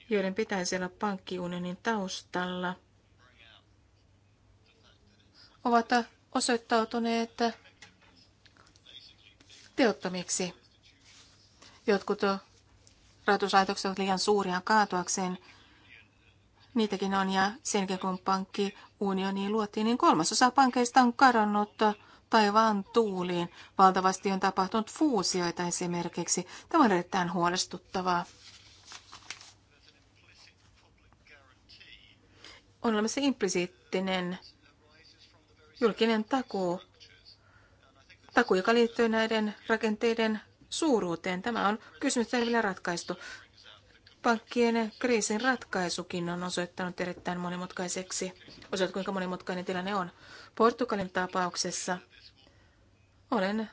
joiden pitäisi olla pankkiunionin taustalla – ovat osoittautuneet teottomiksi. Jotkut rahoituslaitokset ovat liian suuria kaatuakseen. Niitäkin on, ja senkin kun pankki pankkiunioniin luotiin, niin kolmasosa pankeista on kadonnut taivaan tuuliin. Valtavasti on tapahtunut fuusioita esimerkiksi. Tämä on erittäin huolestuttavaa. On olemassa implisiittinen julkinen takuu, takuu, joka liittyy näiden rakenteiden suuruuteen. Tämä on kysymys ei vielä ratkaistu. Pankkien kriisin ratkaisukin on osoittanut erittäin monimutkaiseksi. Osoit, kuinka monimutkainen tilanne on. Portugalin tapauksessa olen,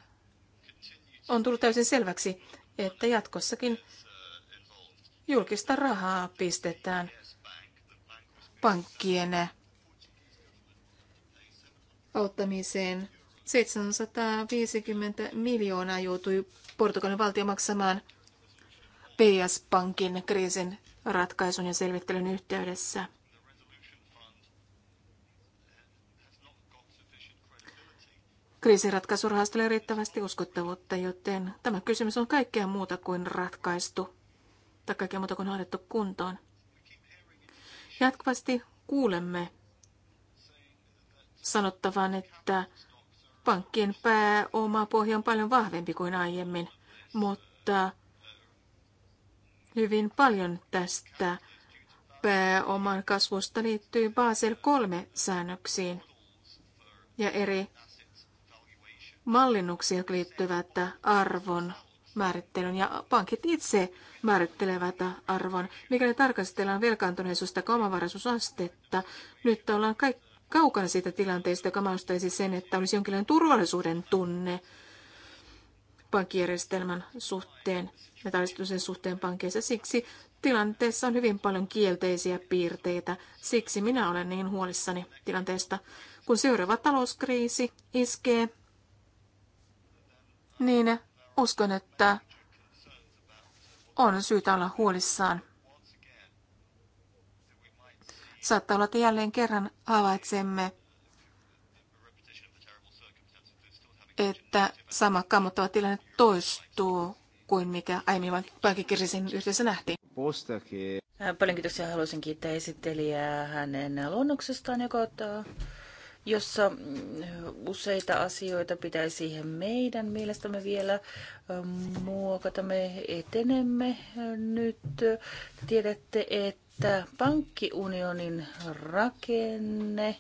on tullut täysin selväksi, että jatkossakin julkista rahaa pistetään pankkien auttamiseen. 750 miljoonaa joutui Portugalin valtio maksamaan PS-pankin kriisin ratkaisun ja selvittelyn yhteydessä. Kriisiratkaisurahastolle riittävästi uskottavuutta, joten tämä kysymys on kaikkea muuta kuin ratkaistu tai kaikkea muuta kuin hoidettu kuntoon. Jatkuvasti kuulemme sanottavan, että pankkien pääomapohja on paljon vahvempi kuin aiemmin, mutta hyvin paljon tästä pääoman kasvusta liittyy Basel 3 säännöksiin ja eri mallinnuksia, liittyvät arvon määrittelyn ja pankit itse määrittelevät arvon. Mikäli tarkastellaan velkaantuneisuus- tai omavaraisuusastetta, nyt ollaan kaikki kaukana siitä tilanteesta, joka mahdollistaisi sen, että olisi jonkinlainen turvallisuuden tunne pankkijärjestelmän suhteen ja sen suhteen pankkeissa. Siksi tilanteessa on hyvin paljon kielteisiä piirteitä. Siksi minä olen niin huolissani tilanteesta. Kun seuraava talouskriisi iskee, niin uskon, että on syytä olla huolissaan Saattaa olla, että jälleen kerran havaitsemme, että sama kammottava tilanne toistuu kuin mikä aiemmin pankkikirjaisen yhteydessä nähtiin. Paljon kiitoksia. Haluaisin kiittää esittelijää hänen luonnoksestaan, joka jossa mm, useita asioita pitäisi siihen meidän mielestämme vielä mm, muokata. Me etenemme nyt. Tiedätte, että että pankkiunionin rakenne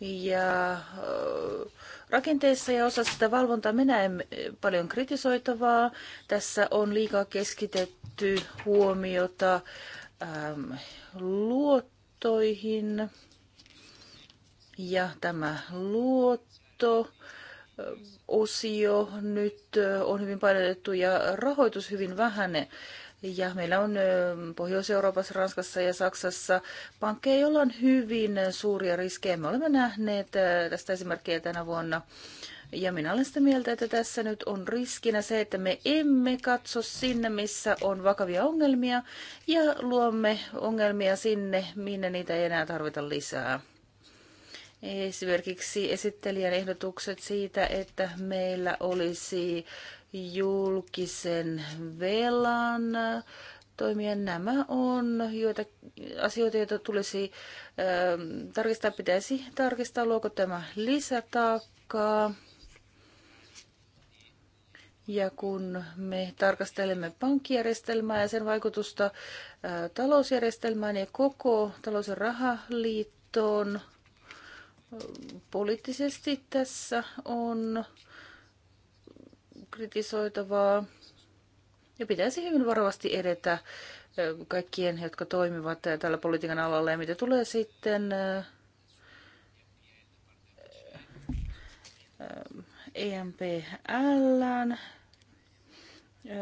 ja rakenteessa ja osassa sitä valvontaa minä en paljon kritisoitavaa. Tässä on liikaa keskitetty huomiota ähm, luottoihin ja tämä luotto osio nyt on hyvin painotettu ja rahoitus hyvin vähän ja meillä on Pohjois-Euroopassa, Ranskassa ja Saksassa pankkeja, joilla on hyvin suuria riskejä. Me olemme nähneet tästä esimerkkejä tänä vuonna. Ja minä olen sitä mieltä, että tässä nyt on riskinä se, että me emme katso sinne, missä on vakavia ongelmia, ja luomme ongelmia sinne, minne niitä ei enää tarvita lisää. Esimerkiksi esittelijän ehdotukset siitä, että meillä olisi julkisen velan toimia. Nämä on joita, asioita, joita tulisi ö, ähm, tarkistaa. Pitäisi tarkistaa, luoko tämä lisätaakkaa. Ja kun me tarkastelemme pankkijärjestelmää ja sen vaikutusta ö, äh, talousjärjestelmään ja koko talous- ja rahaliittoon, poliittisesti tässä on ö, kritisoitavaa. Ja pitäisi hyvin varovasti edetä kaikkien, jotka toimivat tällä politiikan alalla. Ja mitä tulee sitten EMPL,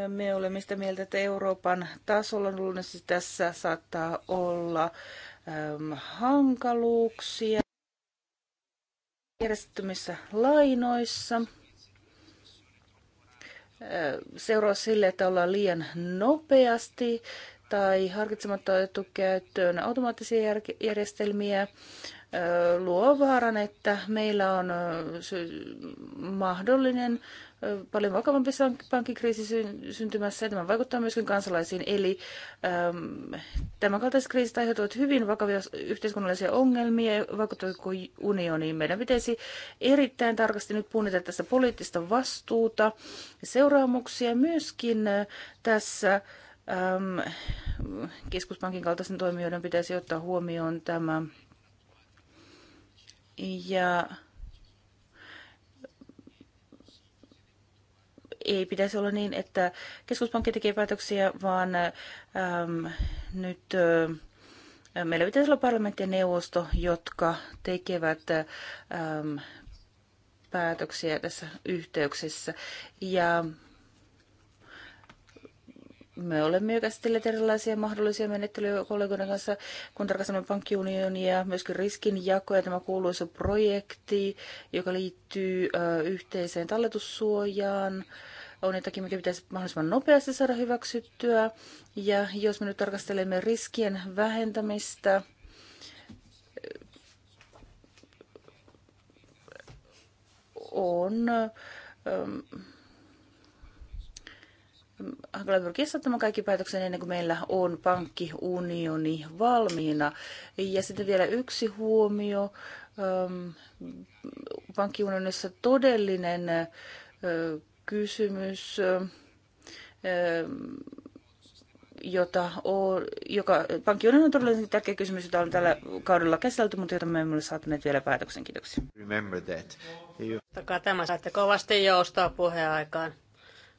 me olemme sitä mieltä, että Euroopan tasolla luonnollisesti tässä saattaa olla äm, hankaluuksia järjestettömissä lainoissa seuraa sille, että ollaan liian nopeasti tai harkitsematta otettu käyttöön automaattisia järjestelmiä luo vaaran, että meillä on mahdollinen paljon vakavampi pankkikriisi syntymässä. Tämä vaikuttaa myöskin kansalaisiin. Eli äm, tämänkaltaiset kriisit aiheuttavat hyvin vakavia yhteiskunnallisia ongelmia ja vaikuttavat unioniin. Meidän pitäisi erittäin tarkasti nyt punnita tässä poliittista vastuuta ja seuraamuksia myöskin tässä keskuspankin kaltaisen toimijoiden pitäisi ottaa huomioon tämä ja ei pitäisi olla niin, että keskuspankki tekee päätöksiä, vaan äm, nyt ä, äh, meillä pitäisi olla parlamentti ja neuvosto, jotka tekevät äm, päätöksiä tässä yhteyksessä. Ja me olemme jo käsitelleet erilaisia mahdollisia menettelyjä kollegoiden kanssa, kun tarkastamme pankkiunionia, myöskin ja tämä kuuluisa projekti, joka liittyy yhteiseen talletussuojaan on jotakin, mikä pitäisi mahdollisimman nopeasti saada hyväksyttyä. Ja jos me nyt tarkastelemme riskien vähentämistä, on ähm, hankala pyrkiä saattamaan kaikki päätöksen ennen kuin meillä on pankkiunioni valmiina. Ja sitten vielä yksi huomio. Ähm, pankkiunionissa todellinen äh, kysymys, eh, jota on, joka, pankki on todella tärkeä kysymys, jota on tällä kaudella käsitelty, mutta jota me emme ole saattaneet vielä päätöksen. Kiitoksia. Remember that. You... tämä, saatte kovasti joustaa puheaikaan.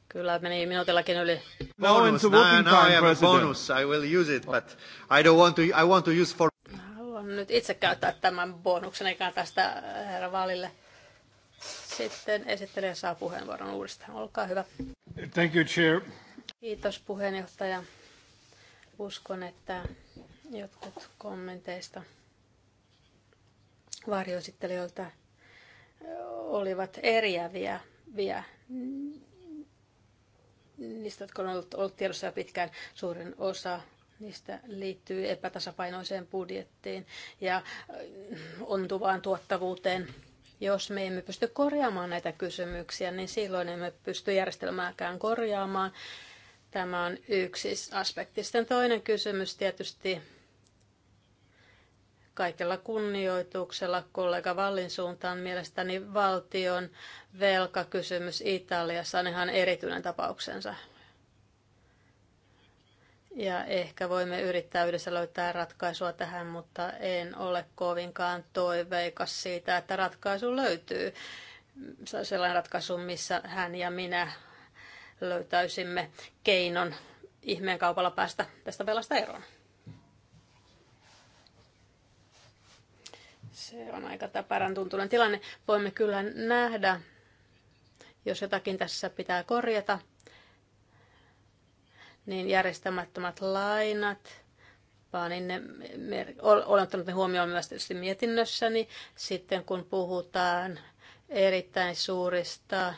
Kyllä meni minuutillakin yli. No, it's a working no, time, no, I bonus. I will use it, but I don't want to, I want to use for... Haluan nyt itse käyttää tämän bonuksen, eikä tästä herra Valille. Sitten esittelijä saa puheenvuoron uudestaan. Olkaa hyvä. Thank you, Chair. Kiitos puheenjohtaja. Uskon, että jotkut kommenteista varjoesittelijöiltä olivat eriäviä vielä niistä, jotka on ollut, ollut tiedossa jo pitkään, suurin osa niistä liittyy epätasapainoiseen budjettiin ja äh, ontuvaan tuottavuuteen jos me emme pysty korjaamaan näitä kysymyksiä, niin silloin emme pysty järjestelmääkään korjaamaan. Tämä on yksi aspekti. Sitten toinen kysymys tietysti kaikella kunnioituksella kollega Vallin suuntaan mielestäni valtion velkakysymys Italiassa on ihan erityinen tapauksensa. Ja ehkä voimme yrittää yhdessä löytää ratkaisua tähän, mutta en ole kovinkaan toiveikas siitä, että ratkaisu löytyy. Sellainen ratkaisu, missä hän ja minä löytäisimme keinon ihmeen kaupalla päästä tästä velasta eroon. Se on aika täpärän tuntunen tilanne. Voimme kyllä nähdä, jos jotakin tässä pitää korjata – niin järjestämättömät lainat, vaan niin me, olen ottanut ne huomioon myös tietysti mietinnössäni, sitten kun puhutaan erittäin suurista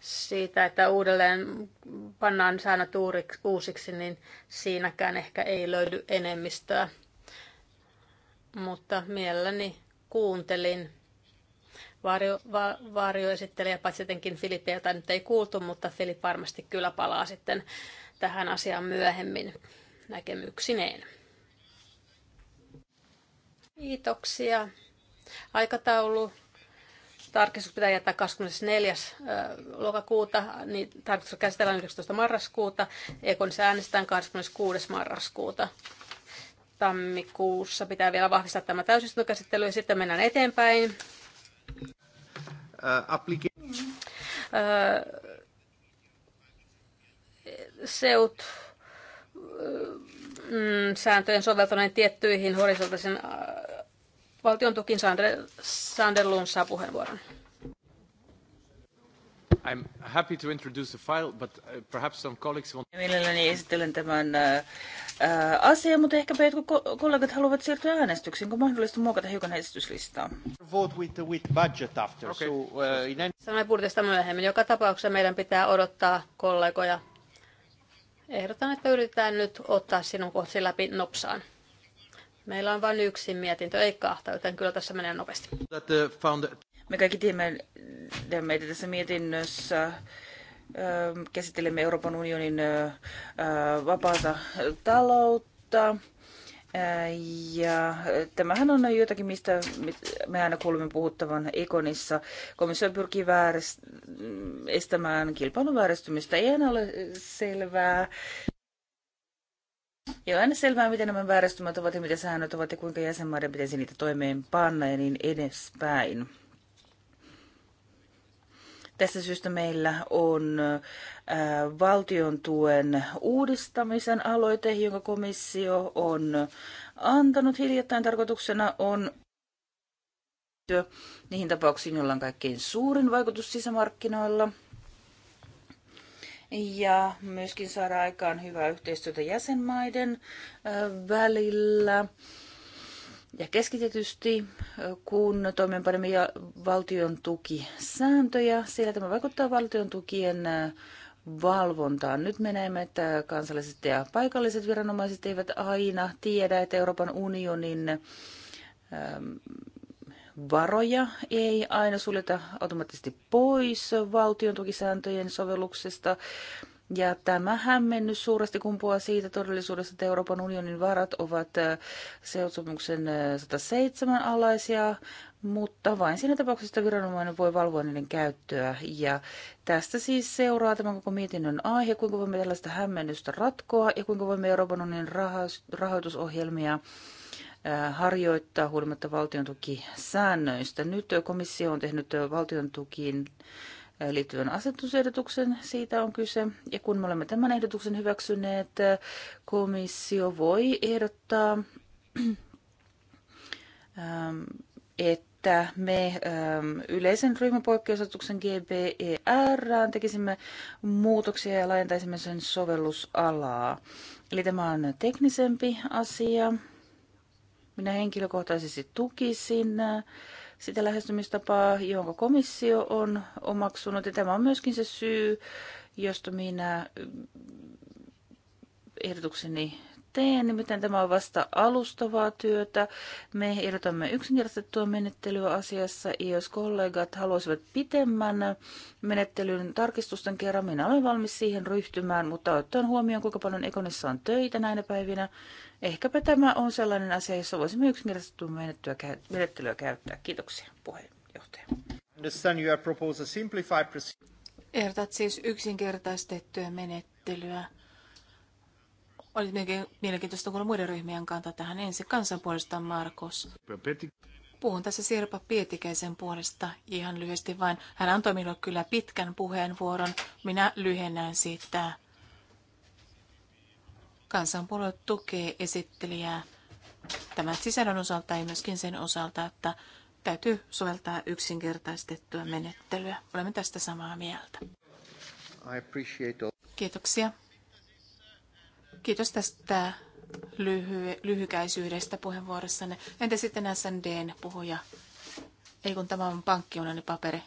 siitä, että uudelleen pannaan säännöt uusiksi, niin siinäkään ehkä ei löydy enemmistöä. Mutta mielelläni kuuntelin varjo, va, varjoesittelijä, paitsi tietenkin Filippi, jota nyt ei kuultu, mutta Filip varmasti kyllä palaa sitten tähän asiaan myöhemmin näkemyksineen. Kiitoksia. Aikataulu. Tarkistus pitää jättää 24. lokakuuta, niin tarkistus käsitellään 19. marraskuuta, ekonissa äänestetään 26. marraskuuta tammikuussa pitää vielä vahvistaa tämä täysistuntokäsittely ja sitten mennään eteenpäin. Äh, äh, seut äh, mm, sääntöjen soveltaminen tiettyihin horisontaisen valtion tukin sääntelyn saa puheenvuoron. I'm happy to introduce file, but uh, perhaps some colleagues want... Mielelläni esittelen tämän äh, äh, asian, mutta ehkäpä jotkut kollegat haluavat siirtyä äänestyksiin, kun mahdollista muokata hiukan esityslistaa. Vote with with budget after. Okay. So, uh, in any... Sanoin budjetista myöhemmin. Joka tapauksessa meidän pitää odottaa kollegoja. Ehdotan, että yritetään nyt ottaa sinun kohtasi läpi nopsaan. Meillä on vain yksi mietintö, ei kahta, joten kyllä tässä menee nopeasti. Uh, me kaikki tiedämme, että tässä mietinnössä käsittelemme Euroopan unionin vapaata taloutta. Ja tämähän on jotakin, mistä me aina kuulemme puhuttavan Ekonissa. Komissio pyrkii väärist- estämään kilpailun vääristymistä. Ei aina ole selvää. Ei ole aina selvää, miten nämä vääristymät ovat ja mitä säännöt ovat ja kuinka jäsenmaiden pitäisi niitä toimeenpanna ja niin edespäin. Tästä syystä meillä on valtion tuen uudistamisen aloite, jonka komissio on antanut hiljattain. Tarkoituksena on niihin tapauksiin, joilla on kaikkein suurin vaikutus sisämarkkinoilla. Ja myöskin saada aikaan hyvää yhteistyötä jäsenmaiden välillä ja keskitetysti, kun toimeenpanemme valtion tukisääntöjä, sillä tämä vaikuttaa valtion tukien valvontaan. Nyt me näemme, että kansalliset ja paikalliset viranomaiset eivät aina tiedä, että Euroopan unionin varoja ei aina suljeta automaattisesti pois valtion tukisääntöjen sovelluksesta. Ja tämä hämmennys suuresti kumpuaa siitä todellisuudesta, että Euroopan unionin varat ovat äh, seutsopimuksen 107 äh, alaisia, mutta vain siinä tapauksessa, että viranomainen voi valvoa niiden käyttöä. Ja tästä siis seuraa tämän koko mietinnön aihe, kuinka voimme tällaista hämmennystä ratkoa ja kuinka voimme Euroopan unionin rahoitusohjelmia äh, harjoittaa huolimatta valtion tukisäännöistä. Nyt komissio on tehnyt valtion tukiin liittyvän asetusehdotuksen. Siitä on kyse. Ja kun me olemme tämän ehdotuksen hyväksyneet, komissio voi ehdottaa, ähm, että me ähm, yleisen ryhmäpoikkeusasetuksen GBER tekisimme muutoksia ja laajentaisimme sen sovellusalaa. Eli tämä on teknisempi asia. Minä henkilökohtaisesti tukisin sitä lähestymistapaa, jonka komissio on omaksunut. Ja tämä on myöskin se syy, josta minä mm, ehdotukseni teen. Nimittäin niin tämä on vasta alustavaa työtä. Me ehdotamme yksinkertaistettua menettelyä asiassa, ja jos kollegat haluaisivat pitemmän menettelyn tarkistusten kerran, minä olen valmis siihen ryhtymään, mutta ottaen huomioon, kuinka paljon Ekonissa on töitä näinä päivinä, ehkäpä tämä on sellainen asia, jossa voisimme yksinkertaistettua menettelyä käyttää. Kiitoksia, puheenjohtaja. Ehdotat siis yksinkertaistettua menettelyä. Oli mielenkiintoista kuulla muiden ryhmien kantaa tähän ensin kansan puolesta Markus. Puhun tässä Sirpa Pietikäisen puolesta ihan lyhyesti vain. Hän antoi minulle kyllä pitkän puheenvuoron. Minä lyhennän sitä. Kansanpuolue tukee esittelijää tämän sisällön osalta ja myöskin sen osalta, että täytyy soveltaa yksinkertaistettua menettelyä. Olemme tästä samaa mieltä. Kiitoksia. Kiitos tästä lyhy- lyhykäisyydestä puheenvuorossanne. Entä sitten SNDn puhuja? Ei kun tämä on pankkiunionin paperi.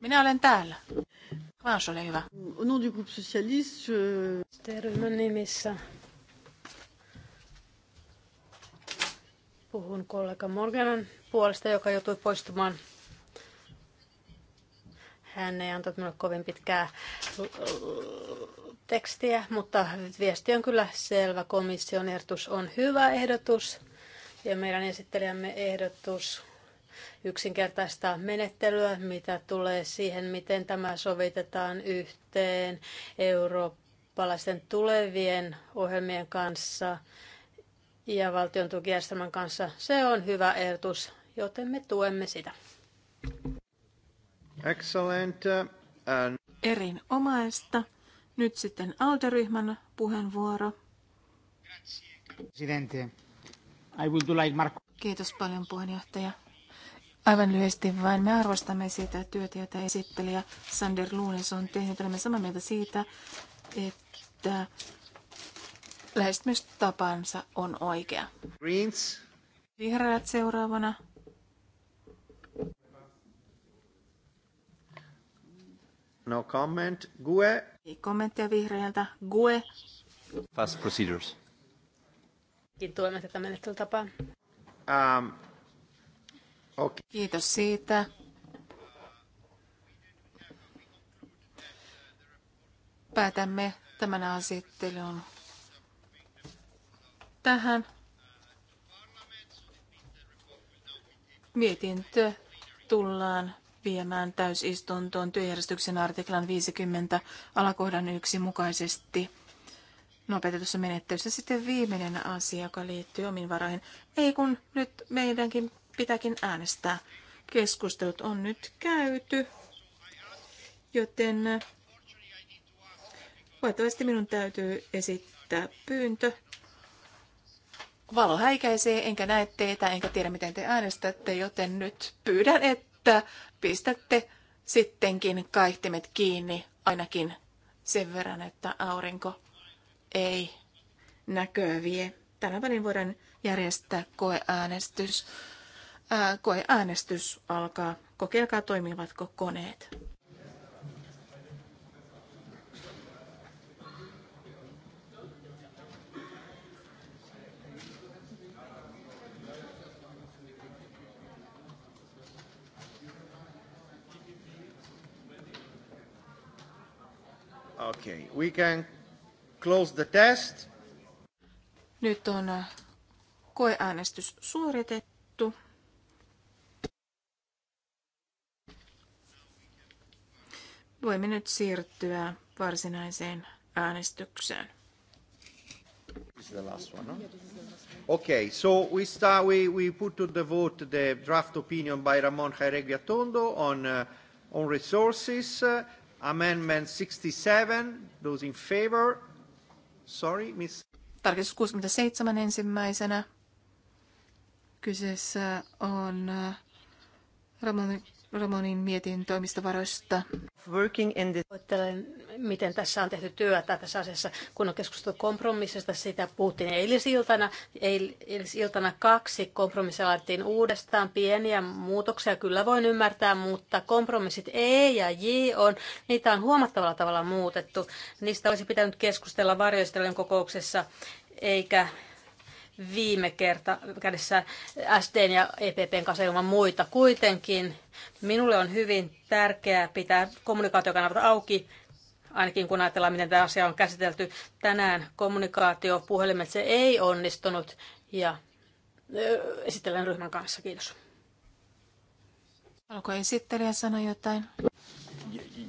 Minä olen täällä. Vans, ole hyvä. Au du groupe socialiste, nimissä puhun kollega Morganan puolesta, joka joutui poistumaan. Hän ei antanut minulle kovin pitkää tekstiä, mutta viesti on kyllä selvä. Komission ehdotus on hyvä ehdotus ja meidän esittelijämme ehdotus yksinkertaistaa menettelyä, mitä tulee siihen, miten tämä sovitetaan yhteen eurooppalaisten tulevien ohjelmien kanssa ja valtion tukijärjestelmän kanssa. Se on hyvä ehdotus, joten me tuemme sitä. Excellent. Uh, and... Erinomaista. Nyt sitten Alderyhmän puheenvuoro. Presidente. I would like Marco. Kiitos paljon puheenjohtaja. Aivan lyhyesti vain me arvostamme sitä työtä, jota esittelijä Sander Luunes on tehnyt. Olemme samaa mieltä siitä, että lähestymistapansa on oikea. Greens. Vihreät seuraavana. No comment. GUE. Ei kommenttia vihreältä. GUE. Fast procedures. Kiitos niin tätä menettelytapaa. Um, okay. Kiitos siitä. Päätämme tämän asettelun tähän. Mietintö tullaan viemään täysistuntoon työjärjestyksen artiklan 50 alakohdan yksi mukaisesti nopeutetussa menettelyssä. Sitten viimeinen asia, joka liittyy omiin varoihin. Ei kun nyt meidänkin pitääkin äänestää. Keskustelut on nyt käyty, joten voittavasti minun täytyy esittää pyyntö. Valo häikäisee, enkä näe teitä, enkä tiedä miten te äänestätte, joten nyt pyydän, että pistätte sittenkin kaihtimet kiinni ainakin sen verran, että aurinko ei näköä vie. Tänä välin voidaan järjestää koeäänestys. Ää, koeäänestys alkaa. Kokeilkaa toimivatko koneet. Okay, we can close the test. Nyt on äh, koeäänestys suoritettu. Voimme nyt siirtyä varsinaiseen äänestykseen. This is the last one, no? Okay, so we start, we, we put to the vote the draft opinion by Ramon Jairegui Atondo on, uh, on resources. Uh, Amendment 67, those in favor. Sorry, miss. Tarkistus 67 ensimmäisenä. Kyseessä on äh, Ramon Ramonin mietin toimistovaroista. Working in this... miten tässä on tehty työtä tässä asiassa. Kun on keskusteltu kompromissista, sitä puhuttiin eilisiltana. Eilisiltana kaksi kompromissia laitettiin uudestaan. Pieniä muutoksia kyllä voin ymmärtää, mutta kompromissit E ja J on, niitä on huomattavalla tavalla muutettu. Niistä olisi pitänyt keskustella varjoistelujen kokouksessa, eikä viime kerta kädessä SDn ja EPPn kanssa ilman muita. Kuitenkin minulle on hyvin tärkeää pitää kommunikaatiokanavat auki, ainakin kun ajatellaan, miten tämä asia on käsitelty. Tänään kommunikaatio se ei onnistunut ja esittelen ryhmän kanssa. Kiitos. Haluatko esittelijä sanoa jotain?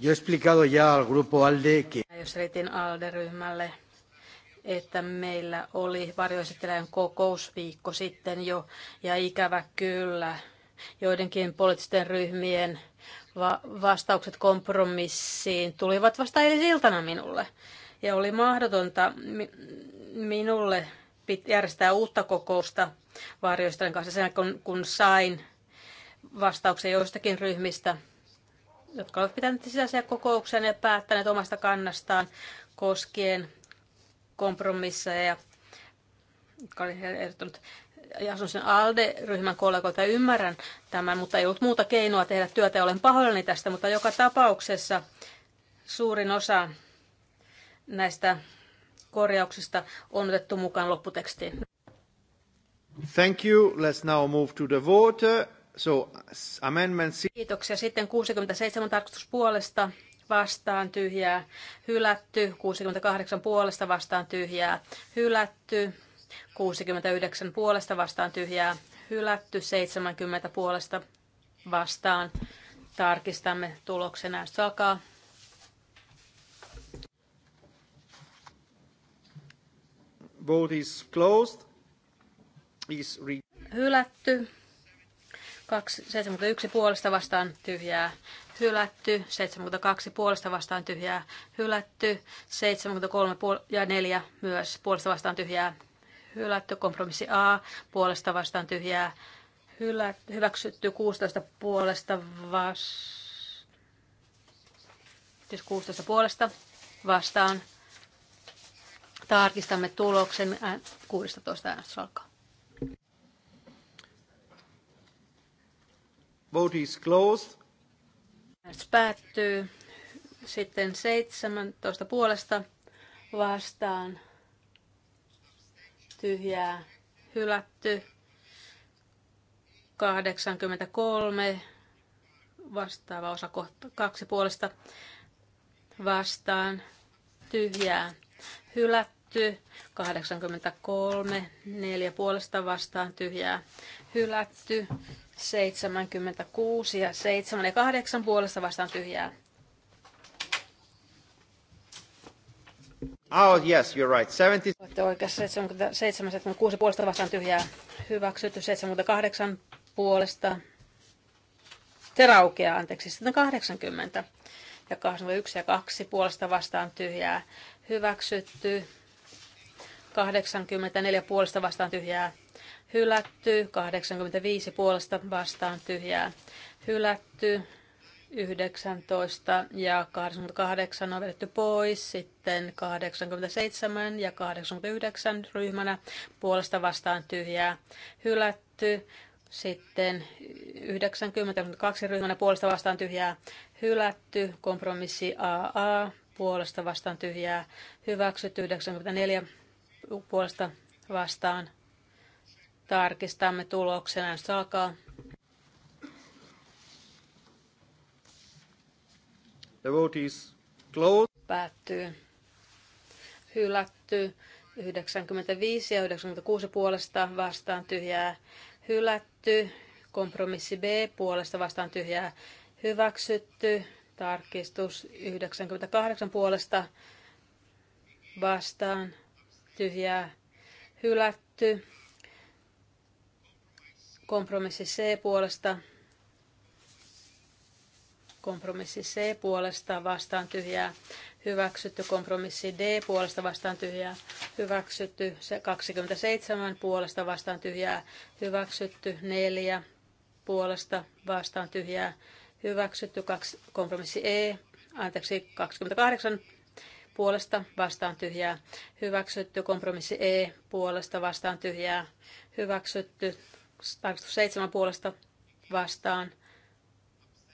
Yo he explicado ya al grupo ALDE que... Jos selitin ALDE-ryhmälle, että meillä oli varjoesittelijän kokousviikko sitten jo, ja ikävä kyllä joidenkin poliittisten ryhmien va- vastaukset kompromissiin tulivat vasta eilisiltana minulle. Ja oli mahdotonta mi- minulle järjestää uutta kokousta varjoistelijan kanssa sen, kun, kun sain vastauksia joistakin ryhmistä, jotka ovat pitäneet sisäisiä kokouksia ja päättäneet omasta kannastaan koskien kompromisseja, ja, jotka oli ehdottanut Jasosen ALDE-ryhmän kollegoilta ymmärrän tämän, mutta ei ollut muuta keinoa tehdä työtä ja olen pahoillani tästä, mutta joka tapauksessa suurin osa näistä korjauksista on otettu mukaan lopputekstiin. Thank you. Let's now move to the vote. So, amendment... Kiitoksia. Sitten 67 tarkastuspuolesta vastaan tyhjää, hylätty, 68 puolesta vastaan tyhjää, hylätty, 69 puolesta vastaan tyhjää, hylätty, 70 puolesta vastaan. Tarkistamme tuloksen sakaa. Vote is closed. Is re- hylätty. 271 puolesta vastaan tyhjää hylätty, 72 puolesta vastaan tyhjää hylätty, 73 puol- ja 4 myös puolesta vastaan tyhjää hylätty, kompromissi A puolesta vastaan tyhjää hylätty, hyväksytty 16 puolesta vastaan. Siis 16 puolesta vastaan. Tarkistamme tuloksen 16 äänestys alkaa. Vote is closed. Äänestys päättyy. Sitten 17 puolesta vastaan tyhjää hylätty. 83 vastaava osa kohta, kaksi puolesta vastaan tyhjää hylätty. 83 neljä puolesta vastaan tyhjää hylätty. 76 ja 7 ja 8 puolesta vastaan tyhjää. Oh, yes, you're right. 70... Olette oikeassa. 77, 76 puolesta vastaan tyhjää. Hyväksytty 78 puolesta. Se raukeaa, anteeksi. Sitten 80 ja 81 ja 2 puolesta vastaan tyhjää. Hyväksytty 84 puolesta vastaan tyhjää hylätty, 85 puolesta vastaan tyhjää hylätty, 19 ja 88 on vedetty pois, sitten 87 ja 89 ryhmänä puolesta vastaan tyhjää hylätty, sitten 92 ryhmänä puolesta vastaan tyhjää hylätty, kompromissi AA puolesta vastaan tyhjää hyväksytty, 94 puolesta vastaan Tarkistamme tuloksen. Äänestys alkaa. The vote is closed. Päättyy. Hylätty. 95 ja 96 puolesta vastaan tyhjää. Hylätty. Kompromissi B puolesta vastaan tyhjää. Hyväksytty. Tarkistus 98 puolesta vastaan tyhjää. Hylätty. Kompromissi C puolesta. Kompromissi C puolesta vastaan tyhjää hyväksytty. Kompromissi D puolesta vastaan tyhjää hyväksytty. 27 puolesta vastaan tyhjää hyväksytty. 4 puolesta vastaan tyhjää hyväksytty. Kompromissi E, anteeksi 28 puolesta vastaan tyhjää hyväksytty. Kompromissi E puolesta vastaan tyhjää hyväksytty. Tarkistus puolesta vastaan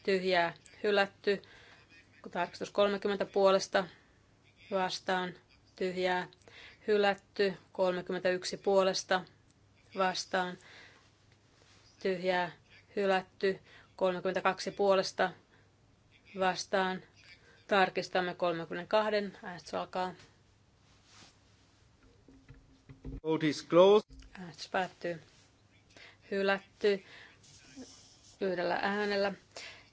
tyhjää hylätty. Tarkistus 30 puolesta vastaan tyhjää hylätty. 31 puolesta vastaan tyhjää hylätty. 32 puolesta vastaan. Tarkistamme 32. Äänestys alkaa. Vote is closed. Äänestys päättyy hylätty yhdellä äänellä.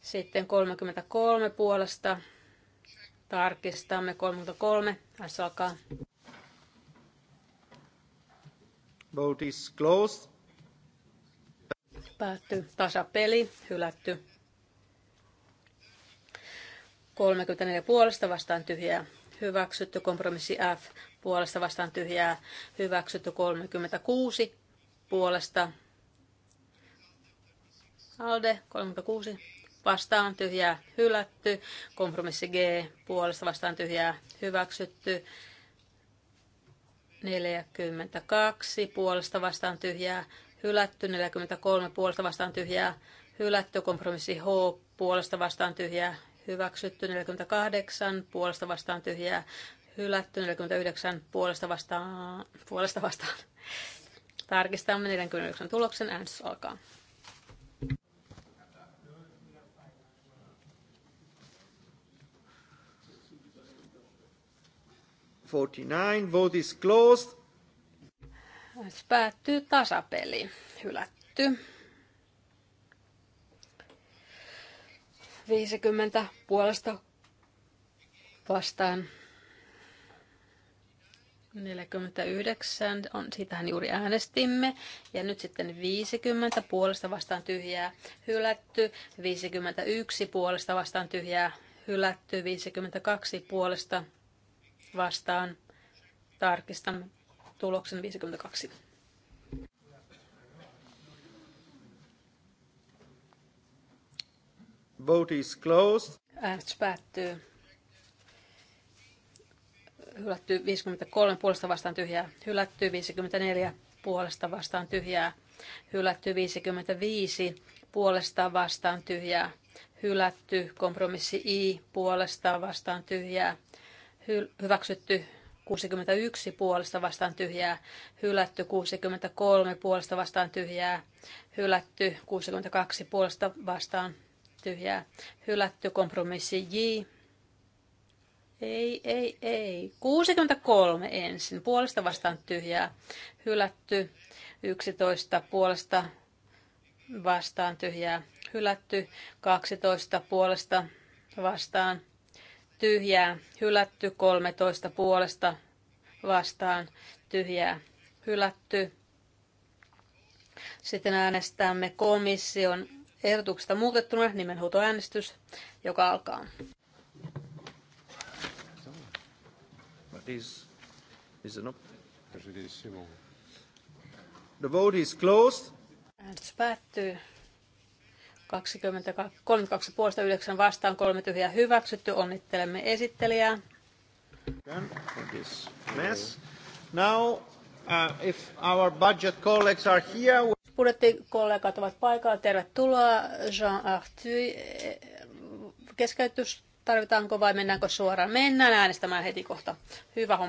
Sitten 33 puolesta tarkistamme 33. Tässä alkaa. Vote is closed. Päättyy tasapeli, hylätty. 34 puolesta vastaan tyhjää, hyväksytty kompromissi F, puolesta vastaan tyhjää, hyväksytty 36, puolesta Alde 36 vastaan tyhjää hylätty. Kompromissi G puolesta vastaan tyhjää hyväksytty. 42 puolesta vastaan tyhjää hylätty. 43 puolesta vastaan tyhjää hylätty. Kompromissi H puolesta vastaan tyhjää hyväksytty. 48 puolesta vastaan tyhjää hylätty. 49 puolesta vastaan, puolesta vastaan. Tarkistamme 49 tuloksen. Äänestys alkaa. 49. Vote is closed. päättyy tasapeli. Hylätty. 50 puolesta vastaan 49, on, sitähän juuri äänestimme. Ja nyt sitten 50 puolesta vastaan tyhjää hylätty, 51 puolesta vastaan tyhjää hylätty, 52 puolesta vastaan. Tarkistamme tuloksen 52. Vote is closed. Äänestys päättyy. Hylätty 53 puolesta vastaan tyhjää. Hylätty 54 puolesta vastaan tyhjää. Hylätty 55 puolesta vastaan tyhjää. Hylätty kompromissi I puolesta vastaan tyhjää hyväksytty 61 puolesta vastaan tyhjää, hylätty 63 puolesta vastaan tyhjää, hylätty 62 puolesta vastaan tyhjää, hylätty kompromissi J. Ei, ei, ei. 63 ensin, puolesta vastaan tyhjää, hylätty 11 puolesta vastaan tyhjää, hylätty 12 puolesta vastaan tyhjää, hylätty 13 puolesta vastaan, tyhjää, hylätty. Sitten äänestämme komission ehdotuksesta muutettuna nimenhuutoäänestys, joka alkaa. Is, is The vote is closed. Äänestys päättyy. 32.9 vastaan, kolme tyhjää hyväksytty. Onnittelemme esittelijää. Uh, Budjettikollegat ovat paikalla. Tervetuloa Jean Arthuy. Keskeytys tarvitaanko vai mennäänkö suoraan? Mennään äänestämään heti kohta. Hyvä homma.